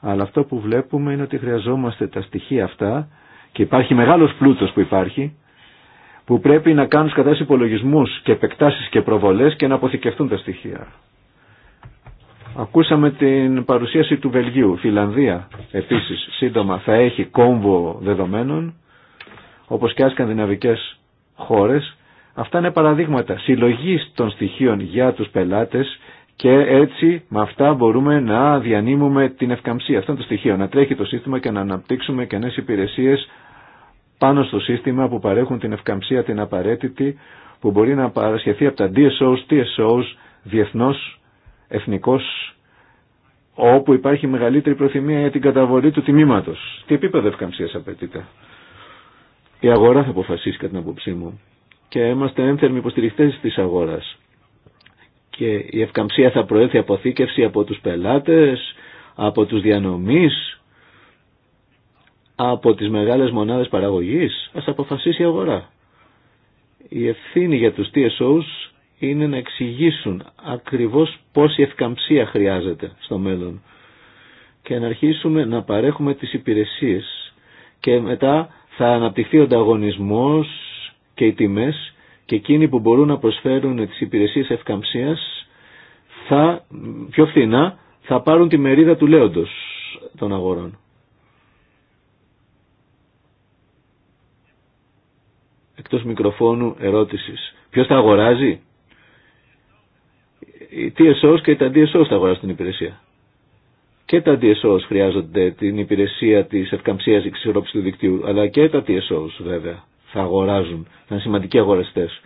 Αλλά αυτό που βλέπουμε είναι ότι χρειαζόμαστε τα στοιχεία αυτά και υπάρχει μεγάλος πλούτος που υπάρχει που πρέπει να κάνουν κατά υπολογισμούς και επεκτάσεις και προβολές και να αποθηκευτούν τα στοιχεία. Ακούσαμε την παρουσίαση του Βελγίου. Φιλανδία επίσης σύντομα θα έχει κόμβο δεδομένων όπως και ασκανδιναβικές χώρες. Αυτά είναι παραδείγματα συλλογή των στοιχείων για τους πελάτες και έτσι με αυτά μπορούμε να διανύμουμε την ευκαμψία αυτών των στοιχείων, να τρέχει το σύστημα και να αναπτύξουμε και νέες υπηρεσίες πάνω στο σύστημα που παρέχουν την ευκαμψία την απαραίτητη που μπορεί να παρασχεθεί από τα DSOs, TSOs, διεθνώς, εθνικός, όπου υπάρχει μεγαλύτερη προθυμία για την καταβολή του τιμήματος. Τι επίπεδο ευκαμψίας απαιτείται. Η αγορά θα αποφασίσει κατά την απόψή μου. Και είμαστε ένθερμοι υποστηριχτές της αγοράς. Και η ευκαμψία θα προέλθει αποθήκευση από τους πελάτες, από τους διανομείς, από τις μεγάλες μονάδες παραγωγής, ας αποφασίσει η αγορά. Η ευθύνη για τους TSOs είναι να εξηγήσουν ακριβώς πόση ευκαμψία χρειάζεται στο μέλλον και να αρχίσουμε να παρέχουμε τις υπηρεσίες και μετά θα αναπτυχθεί ο ανταγωνισμός και οι τιμές και εκείνοι που μπορούν να προσφέρουν τις υπηρεσίες ευκαμψίας θα, πιο φθηνά θα πάρουν τη μερίδα του λέοντος των αγορών. εκτός μικροφώνου ερώτησης. Ποιος τα αγοράζει? Οι TSOs και τα DSOs τα αγοράζουν την υπηρεσία. Και τα DSOs χρειάζονται την υπηρεσία της ευκαμψίας εξισορρόπησης του δικτύου, αλλά και τα TSOs βέβαια θα αγοράζουν, θα είναι σημαντικοί αγοραστές.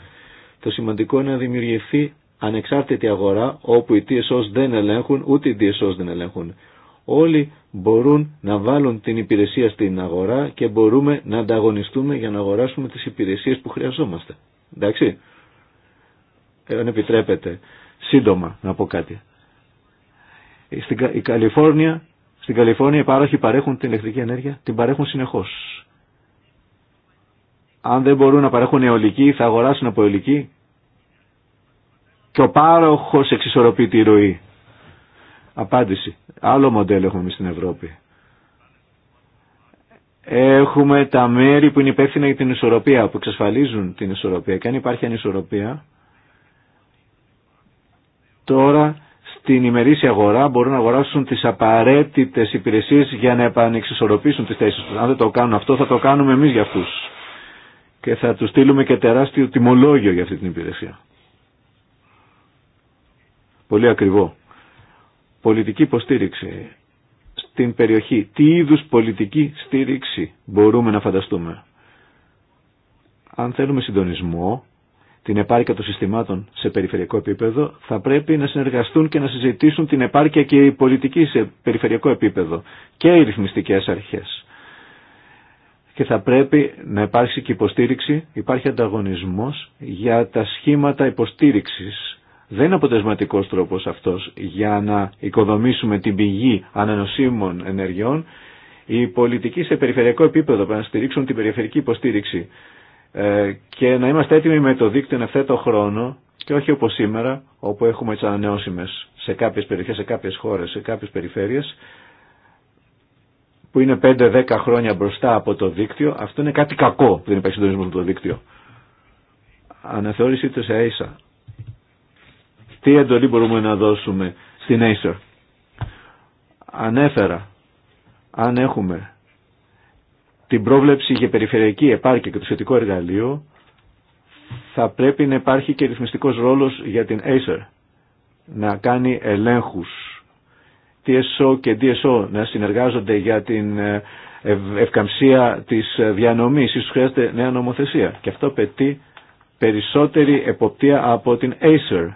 Το σημαντικό είναι να δημιουργηθεί ανεξάρτητη αγορά όπου οι TSOs δεν ελέγχουν, ούτε οι DSOs δεν ελέγχουν. Όλοι μπορούν να βάλουν την υπηρεσία στην αγορά και μπορούμε να ανταγωνιστούμε για να αγοράσουμε τις υπηρεσίες που χρειαζόμαστε. Εντάξει. Δεν επιτρέπετε, σύντομα να πω κάτι. Στην, η Καλιφόρνια, στην Καλιφόρνια οι πάροχοι παρέχουν την ηλεκτρική ενέργεια, την παρέχουν συνεχώς. Αν δεν μπορούν να παρέχουν αιωλική, θα αγοράσουν από αιωλική. Και ο πάροχος εξισορροπεί τη ροή. Απάντηση. Άλλο μοντέλο έχουμε εμείς στην Ευρώπη. Έχουμε τα μέρη που είναι υπεύθυνα για την ισορροπία, που εξασφαλίζουν την ισορροπία. Και αν υπάρχει ανισορροπία, τώρα στην ημερήσια αγορά μπορούν να αγοράσουν τις απαραίτητες υπηρεσίες για να επανεξισορροπήσουν τις θέσεις τους. Αν δεν το κάνουν αυτό θα το κάνουμε εμείς για αυτούς. Και θα τους στείλουμε και τεράστιο τιμολόγιο για αυτή την υπηρεσία. Πολύ ακριβό πολιτική υποστήριξη στην περιοχή. Τι είδους πολιτική στήριξη μπορούμε να φανταστούμε. Αν θέλουμε συντονισμό, την επάρκεια των συστημάτων σε περιφερειακό επίπεδο, θα πρέπει να συνεργαστούν και να συζητήσουν την επάρκεια και η πολιτική σε περιφερειακό επίπεδο και οι ρυθμιστικές αρχές. Και θα πρέπει να υπάρξει και υποστήριξη, υπάρχει ανταγωνισμός για τα σχήματα υποστήριξης δεν είναι αποτελεσματικός τρόπος αυτός για να οικοδομήσουμε την πηγή ανανοσίμων ενεργειών. Οι πολιτικοί σε περιφερειακό επίπεδο πρέπει να στηρίξουν την περιφερική υποστήριξη ε, και να είμαστε έτοιμοι με το δίκτυο εν ευθέτω χρόνο και όχι όπως σήμερα όπου έχουμε τις ανανεώσιμες σε κάποιες περιοχές, σε κάποιες χώρες, σε κάποιες περιφέρειες που είναι 5-10 χρόνια μπροστά από το δίκτυο, αυτό είναι κάτι κακό που δεν υπάρχει συντονισμό με το δίκτυο. Αναθεώρηση σε ΑΕΣΑ. Τι εντολή μπορούμε να δώσουμε στην Acer. Ανέφερα, αν έχουμε την πρόβλεψη για περιφερειακή επάρκεια και το σχετικό εργαλείο, θα πρέπει να υπάρχει και ρυθμιστικός ρόλος για την Acer να κάνει ελέγχους TSO και DSO να συνεργάζονται για την ε, ευκαμψία της ε, διανομής ίσως χρειάζεται νέα νομοθεσία και αυτό απαιτεί περισσότερη εποπτεία από την Acer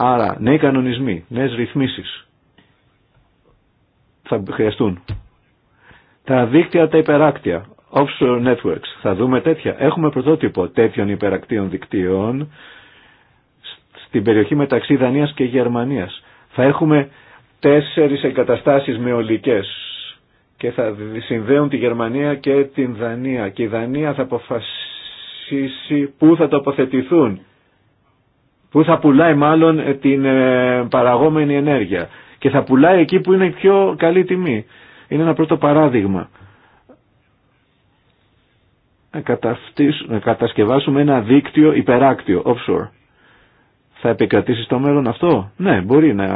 Άρα νέοι κανονισμοί, νέες ρυθμίσεις θα χρειαστούν. Τα δίκτυα τα υπεράκτια, offshore networks, θα δούμε τέτοια. Έχουμε πρωτότυπο τέτοιων υπερακτίων δικτύων στην περιοχή μεταξύ Δανίας και Γερμανίας. Θα έχουμε τέσσερις εγκαταστάσεις ολικές και θα συνδέουν τη Γερμανία και την Δανία. Και η Δανία θα αποφασίσει πού θα τοποθετηθούν που θα πουλάει μάλλον ε, την ε, παραγόμενη ενέργεια και θα πουλάει εκεί που είναι πιο καλή τιμή. Είναι ένα πρώτο παράδειγμα. Να κατασκευάσουμε ένα δίκτυο υπεράκτιο, offshore. Θα επικρατήσει στο μέλλον αυτό. Ναι, μπορεί να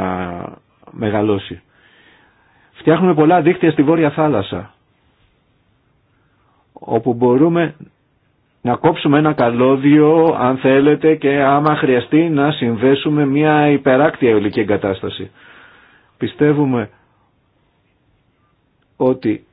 μεγαλώσει. Φτιάχνουμε πολλά δίκτυα στη Βόρεια Θάλασσα όπου μπορούμε να κόψουμε ένα καλώδιο αν θέλετε και άμα χρειαστεί να συνδέσουμε μια υπεράκτια ολική εγκατάσταση. Πιστεύουμε ότι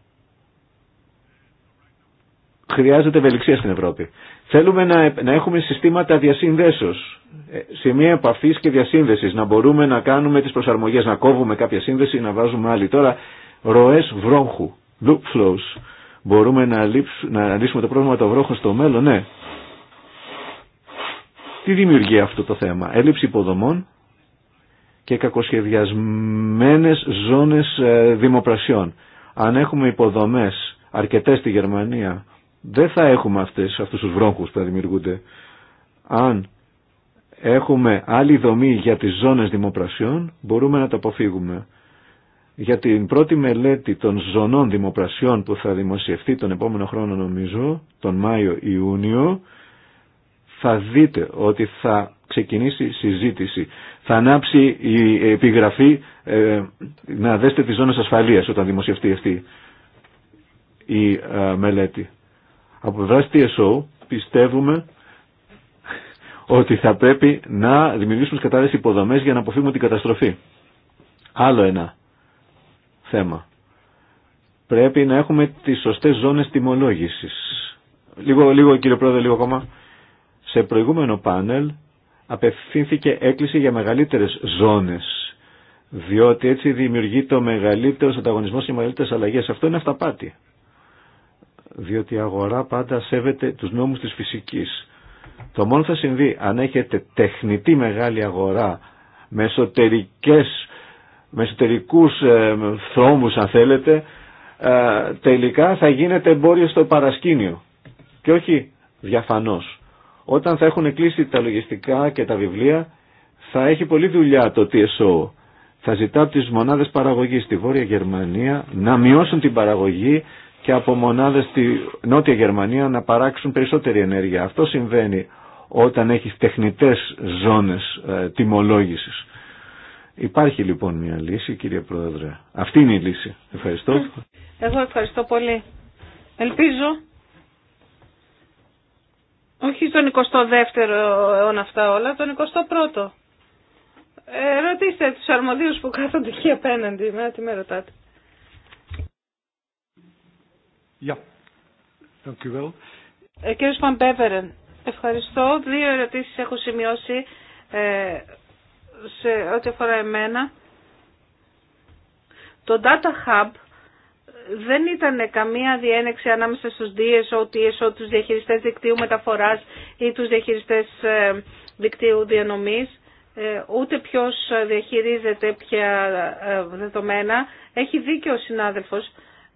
χρειάζεται ευελιξία στην Ευρώπη. Θέλουμε να, να έχουμε συστήματα διασύνδεσεως, ε, σημεία επαφής και διασύνδεσης, να μπορούμε να κάνουμε τις προσαρμογές, να κόβουμε κάποια σύνδεση, να βάζουμε άλλη. Τώρα, ροές βρόχου, loop flows, Μπορούμε να, να λύσουμε το πρόβλημα των βρόχων στο μέλλον, ναι. Τι δημιουργεί αυτό το θέμα. Έλλειψη υποδομών και κακοσχεδιασμένες ζώνες ε, δημοπρασιών. Αν έχουμε υποδομές αρκετές στη Γερμανία, δεν θα έχουμε αυτές, αυτούς τους βρόχους που θα δημιουργούνται. Αν έχουμε άλλη δομή για τις ζώνες δημοπρασιών, μπορούμε να το αποφύγουμε για την πρώτη μελέτη των ζωνών δημοπρασιών που θα δημοσιευτεί τον επόμενο χρόνο νομίζω, τον Μάιο-Ιούνιο, θα δείτε ότι θα ξεκινήσει συζήτηση. Θα ανάψει η επιγραφή ε, να δέστε τις ζώνες ασφαλείας όταν δημοσιευτεί αυτή η ε, μελέτη. Από πλευράς TSO πιστεύουμε ότι θα πρέπει να δημιουργήσουμε κατάλληλες υποδομές για να αποφύγουμε την καταστροφή. Άλλο ένα θέμα. Πρέπει να έχουμε τις σωστές ζώνες τιμολόγησης. Λίγο, λίγο κύριε Πρόεδρε, λίγο ακόμα. Σε προηγούμενο πάνελ απευθύνθηκε έκκληση για μεγαλύτερες ζώνες. Διότι έτσι δημιουργεί το μεγαλύτερο ανταγωνισμό και μεγαλύτερε αλλαγέ. Αυτό είναι αυταπάτη. Διότι η αγορά πάντα σέβεται τους νόμου τη φυσική. Το μόνο θα συμβεί αν έχετε τεχνητή μεγάλη αγορά με εσωτερικές με εσωτερικούς ε, αν θέλετε, ε, τελικά θα γίνεται εμπόριο στο παρασκήνιο και όχι διαφανώς. Όταν θα έχουν κλείσει τα λογιστικά και τα βιβλία θα έχει πολλή δουλειά το TSO. Θα ζητά από τις μονάδες παραγωγής στη Βόρεια Γερμανία να μειώσουν την παραγωγή και από μονάδες στη Νότια Γερμανία να παράξουν περισσότερη ενέργεια. Αυτό συμβαίνει όταν έχεις τεχνητές ζώνες ε, τιμολόγησης. Υπάρχει λοιπόν μια λύση, κύριε Πρόεδρε. Αυτή είναι η λύση. Ευχαριστώ. Εγώ ευχαριστώ πολύ. Ελπίζω. Όχι στον 22ο αιώνα αυτά όλα, τον 21ο. Ε, ρωτήστε τους αρμοδίους που κάθονται εκεί απέναντι. Με τι με ρωτάτε. Yeah. Ε, κύριος ευχαριστώ. Δύο ερωτήσεις έχω σημειώσει. Ε, σε ό,τι αφορά εμένα, το Data Hub δεν ήταν καμία διένεξη ανάμεσα στους DSO, TSO, τους διαχειριστές δικτύου μεταφοράς ή τους διαχειριστές ε, δικτύου διανομής, ε, ούτε ποιος διαχειρίζεται ποια ε, δεδομένα. Έχει δίκιο ο συνάδελφος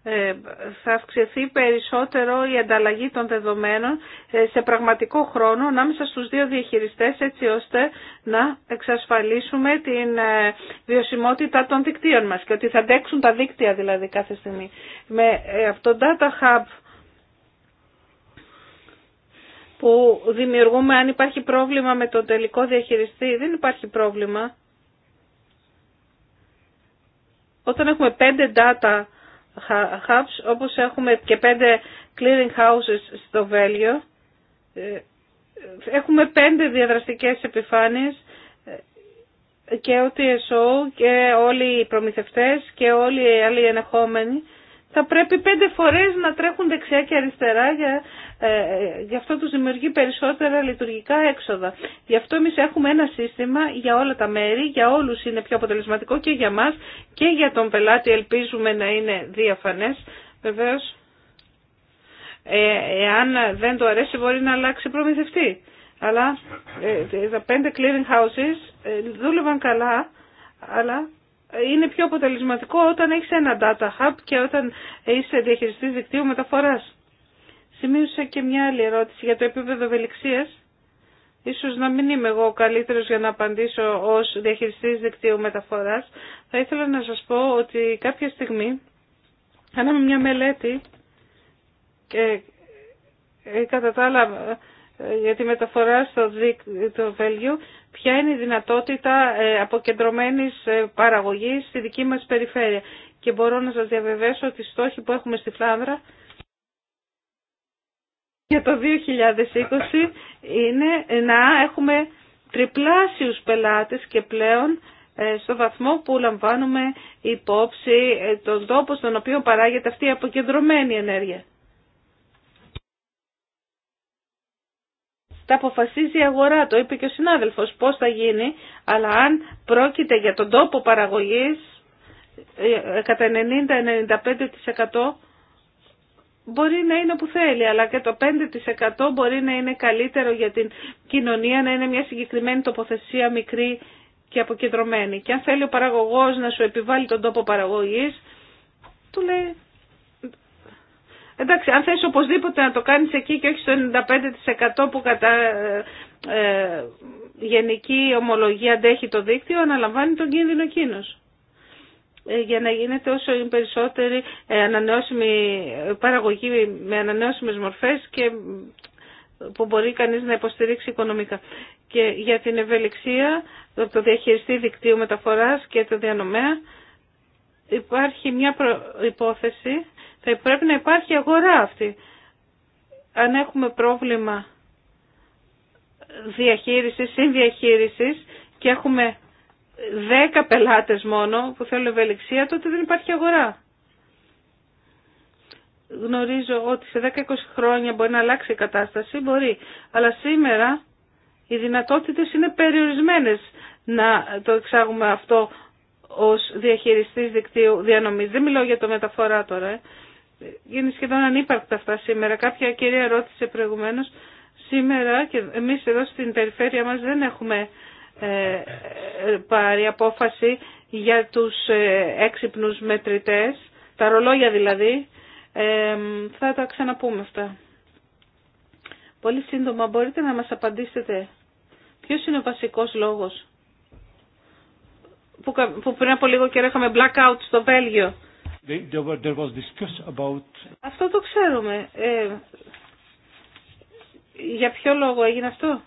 ε, θα αυξηθεί περισσότερο η ανταλλαγή των δεδομένων ε, σε πραγματικό χρόνο ανάμεσα στους δύο διαχειριστές έτσι ώστε να εξασφαλίσουμε την ε, βιωσιμότητα των δικτύων μας και ότι θα αντέξουν τα δίκτυα δηλαδή κάθε στιγμή. Με αυτό το Data Hub που δημιουργούμε αν υπάρχει πρόβλημα με τον τελικό διαχειριστή, δεν υπάρχει πρόβλημα. Όταν έχουμε πέντε data hubs, όπως έχουμε και πέντε clearing houses στο Βέλιο. Ε, έχουμε πέντε διαδραστικές επιφάνειες ε, και ο TSO και όλοι οι προμηθευτές και όλοι οι άλλοι ενεχόμενοι θα πρέπει πέντε φορές να τρέχουν δεξιά και αριστερά για, ε, γι' αυτό τους δημιουργεί περισσότερα λειτουργικά έξοδα. Γι' αυτό εμείς έχουμε ένα σύστημα για όλα τα μέρη, για όλους είναι πιο αποτελεσματικό και για μας και για τον πελάτη ελπίζουμε να είναι διαφανές. Βεβαίως, ε, εάν δεν το αρέσει μπορεί να αλλάξει προμηθευτή. Αλλά ε, τα πέντε clearing houses ε, δούλευαν καλά, αλλά είναι πιο αποτελεσματικό όταν έχεις ένα data hub και όταν είσαι διαχειριστής δικτύου μεταφοράς. Σημείωσα και μια άλλη ερώτηση για το επίπεδο ευελιξίας. Ίσως να μην είμαι εγώ ο καλύτερος για να απαντήσω ως διαχειριστής δικτύου μεταφοράς. Θα ήθελα να σας πω ότι κάποια στιγμή κάναμε μια μελέτη και ε, κατά ε, για τη μεταφορά στο δίκτυο Βέλγιο ποια είναι η δυνατότητα ε, αποκεντρωμένης ε, παραγωγής στη δική μας περιφέρεια. Και μπορώ να σας διαβεβαιώσω ότι οι στόχοι που έχουμε στη Φλάνδρα για το 2020 είναι να έχουμε τριπλάσιους πελάτες και πλέον ε, στο βαθμό που λαμβάνουμε υπόψη τον τόπο στον οποίο παράγεται αυτή η αποκεντρωμένη ενέργεια. Τα αποφασίζει η αγορά, το είπε και ο συνάδελφος πώς θα γίνει, αλλά αν πρόκειται για τον τόπο παραγωγής ε, κατά 90-95% μπορεί να είναι όπου θέλει, αλλά και το 5% μπορεί να είναι καλύτερο για την κοινωνία, να είναι μια συγκεκριμένη τοποθεσία μικρή και αποκεντρωμένη. Και αν θέλει ο παραγωγός να σου επιβάλλει τον τόπο παραγωγής, του λέει Εντάξει, αν θες οπωσδήποτε να το κάνεις εκεί και όχι στο 95% που κατά ε, ε, γενική ομολογία αντέχει το δίκτυο, αναλαμβάνει τον κίνδυνο εκείνο. Ε, για να γίνεται όσο είναι περισσότερη ε, παραγωγή με ανανεώσιμες μορφές και που μπορεί κανείς να υποστηρίξει οικονομικά. Και για την ευελιξία, το διαχειριστή δικτύου μεταφοράς και το διανομέα, υπάρχει μια υπόθεση θα πρέπει να υπάρχει αγορά αυτή. Αν έχουμε πρόβλημα διαχείρισης, συνδιαχείρισης και έχουμε 10 πελάτες μόνο που θέλουν ευελιξία, τότε δεν υπάρχει αγορά. Γνωρίζω ότι σε 10-20 χρόνια μπορεί να αλλάξει η κατάσταση, μπορεί. Αλλά σήμερα οι δυνατότητες είναι περιορισμένες να το εξάγουμε αυτό ως διαχειριστής δικτύου διανομής. Δεν μιλάω για το μεταφορά τώρα. Ε είναι σχεδόν ανύπαρκτα αυτά σήμερα. Κάποια κυρία ρώτησε προηγουμένως, σήμερα και εμείς εδώ στην περιφέρεια μας δεν έχουμε ε, πάρει απόφαση για τους ε, έξυπνους μετρητές, τα ρολόγια δηλαδή, ε, θα τα ξαναπούμε αυτά. Πολύ σύντομα μπορείτε να μας απαντήσετε ποιος είναι ο βασικός λόγος που, που πριν από λίγο καιρό είχαμε blackout στο Βέλγιο αυτό το ξέρουμε. Ε, για ποιο λόγο έγινε αυτό.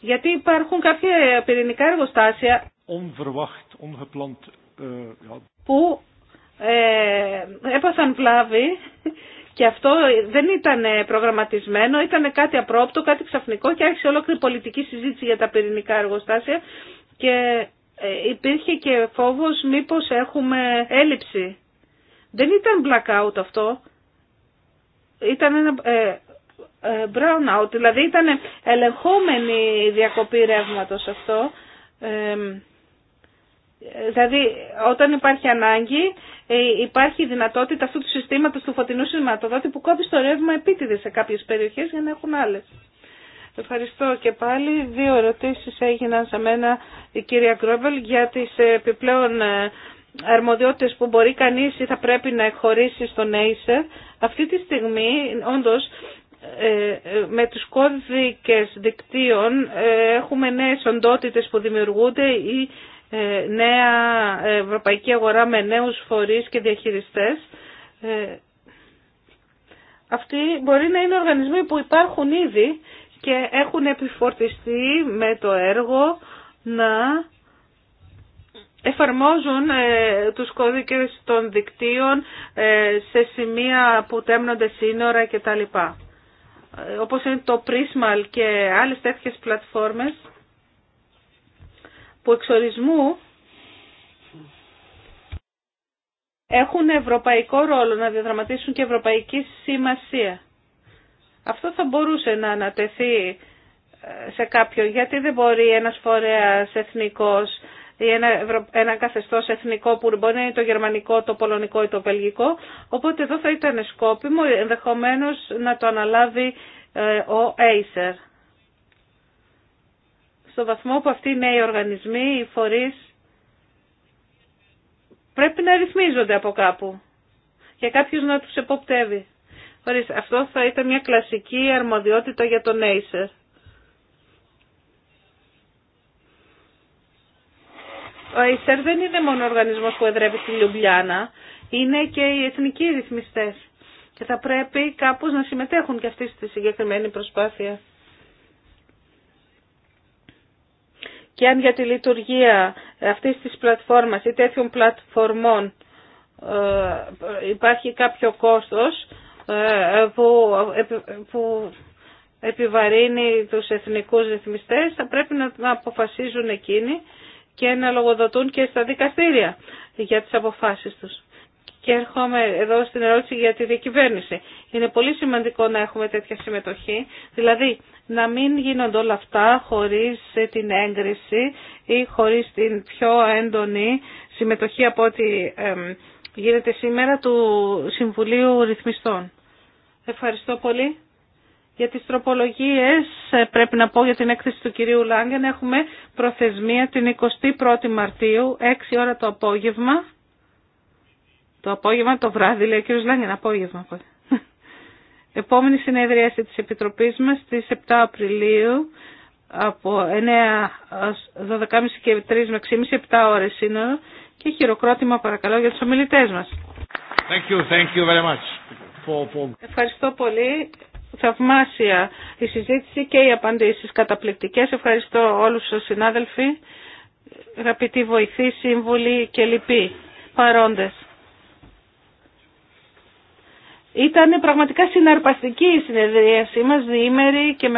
Γιατί υπάρχουν κάποια πυρηνικά εργοστάσια ε, που ε, έπαθαν βλάβη και αυτό δεν ήταν προγραμματισμένο, ήταν κάτι απρόπτο, κάτι ξαφνικό και άρχισε ολόκληρη πολιτική συζήτηση για τα πυρηνικά εργοστάσια και ε, υπήρχε και φόβος μήπως έχουμε έλλειψη δεν ήταν blackout αυτό. Ήταν ένα ε, ε, brownout, δηλαδή ήταν ελεγχόμενη η διακοπή ρεύματος αυτό. Ε, δηλαδή, όταν υπάρχει ανάγκη, υπάρχει δυνατότητα αυτού του συστήματος του φωτεινού σηματοδότη που κόβει στο ρεύμα επίτηδε σε κάποιες περιοχές για να έχουν άλλες. Ευχαριστώ και πάλι. Δύο ερωτήσεις έγιναν σε μένα η κυρία Κρόβελ για τις επιπλέον αρμοδιότητες που μπορεί κανείς ή θα πρέπει να εκχωρήσει στον Acer, αυτή τη στιγμή όντως ε, ε, με τους κώδικες δικτύων ε, έχουμε νέες οντότητες που δημιουργούνται ή νέα ευρωπαϊκή αγορά με νέους φορείς και διαχειριστές. Αυτοί μπορεί να είναι οργανισμοί που υπάρχουν ήδη και έχουν επιφορτιστεί με το έργο να εφαρμόζουν ε, τους κώδικες των δικτύων ε, σε σημεία που τέμνονται σύνορα κτλ. Ε, όπως είναι το Prismal και άλλες τέτοιες πλατφόρμες που εξορισμού έχουν ευρωπαϊκό ρόλο να διαδραματίσουν και ευρωπαϊκή σημασία. Αυτό θα μπορούσε να ανατεθεί σε κάποιον, γιατί δεν μπορεί ένας φορέας εθνικός ή ένα, ευρω... καθεστώς εθνικό που μπορεί να είναι το γερμανικό, το πολωνικό ή το βελγικό. Οπότε εδώ θα ήταν σκόπιμο ενδεχομένως να το αναλάβει ε, ο Acer. Στο βαθμό που αυτοί οι νέοι οργανισμοί, οι φορείς, πρέπει να ρυθμίζονται από κάπου και κάποιος να τους εποπτεύει. αυτό θα ήταν μια κλασική αρμοδιότητα για τον Acer. Ο ΑΙΣΕΡ δεν είναι μόνο ο οργανισμός που εδρεύει στη Λιουμπλιάνα, είναι και οι εθνικοί ρυθμιστές. Και θα πρέπει κάπως να συμμετέχουν και αυτοί στη συγκεκριμένη προσπάθεια. Και αν για τη λειτουργία αυτής της πλατφόρμας ή τέτοιων πλατφορμών ε, υπάρχει κάποιο κόστος ε, που επιβαρύνει τους εθνικούς ρυθμιστές, θα πρέπει να αποφασίζουν εκείνοι και να λογοδοτούν και στα δικαστήρια για τις αποφάσεις τους. Και έρχομαι εδώ στην ερώτηση για τη διακυβέρνηση. Είναι πολύ σημαντικό να έχουμε τέτοια συμμετοχή, δηλαδή να μην γίνονται όλα αυτά χωρίς την έγκριση ή χωρίς την πιο έντονη συμμετοχή από ό,τι γίνεται σήμερα του Συμβουλίου Ρυθμιστών. Ευχαριστώ πολύ. Για τις τροπολογίες ε, πρέπει να πω για την έκθεση του κυρίου Λάγκεν έχουμε προθεσμία την 21η Μαρτίου, 6 ώρα το απόγευμα. Το απόγευμα, το βράδυ λέει ο κύριος Λάγκεν, απόγευμα. Επόμενη συνεδρίαση της Επιτροπής μας στις 7 Απριλίου από 9, 12.30 και 3 με 6.30, 7 ώρες σύνορα και χειροκρότημα παρακαλώ για τους ομιλητές μας. Thank you, thank you very much. For, Ευχαριστώ πολύ θαυμάσια η συζήτηση και οι απαντήσεις καταπληκτικές. Ευχαριστώ όλους τους συνάδελφοι, αγαπητοί βοηθοί, σύμβουλοι και λοιποί παρόντες. Ήταν πραγματικά συναρπαστική η συνεδρίασή μας διήμερη και με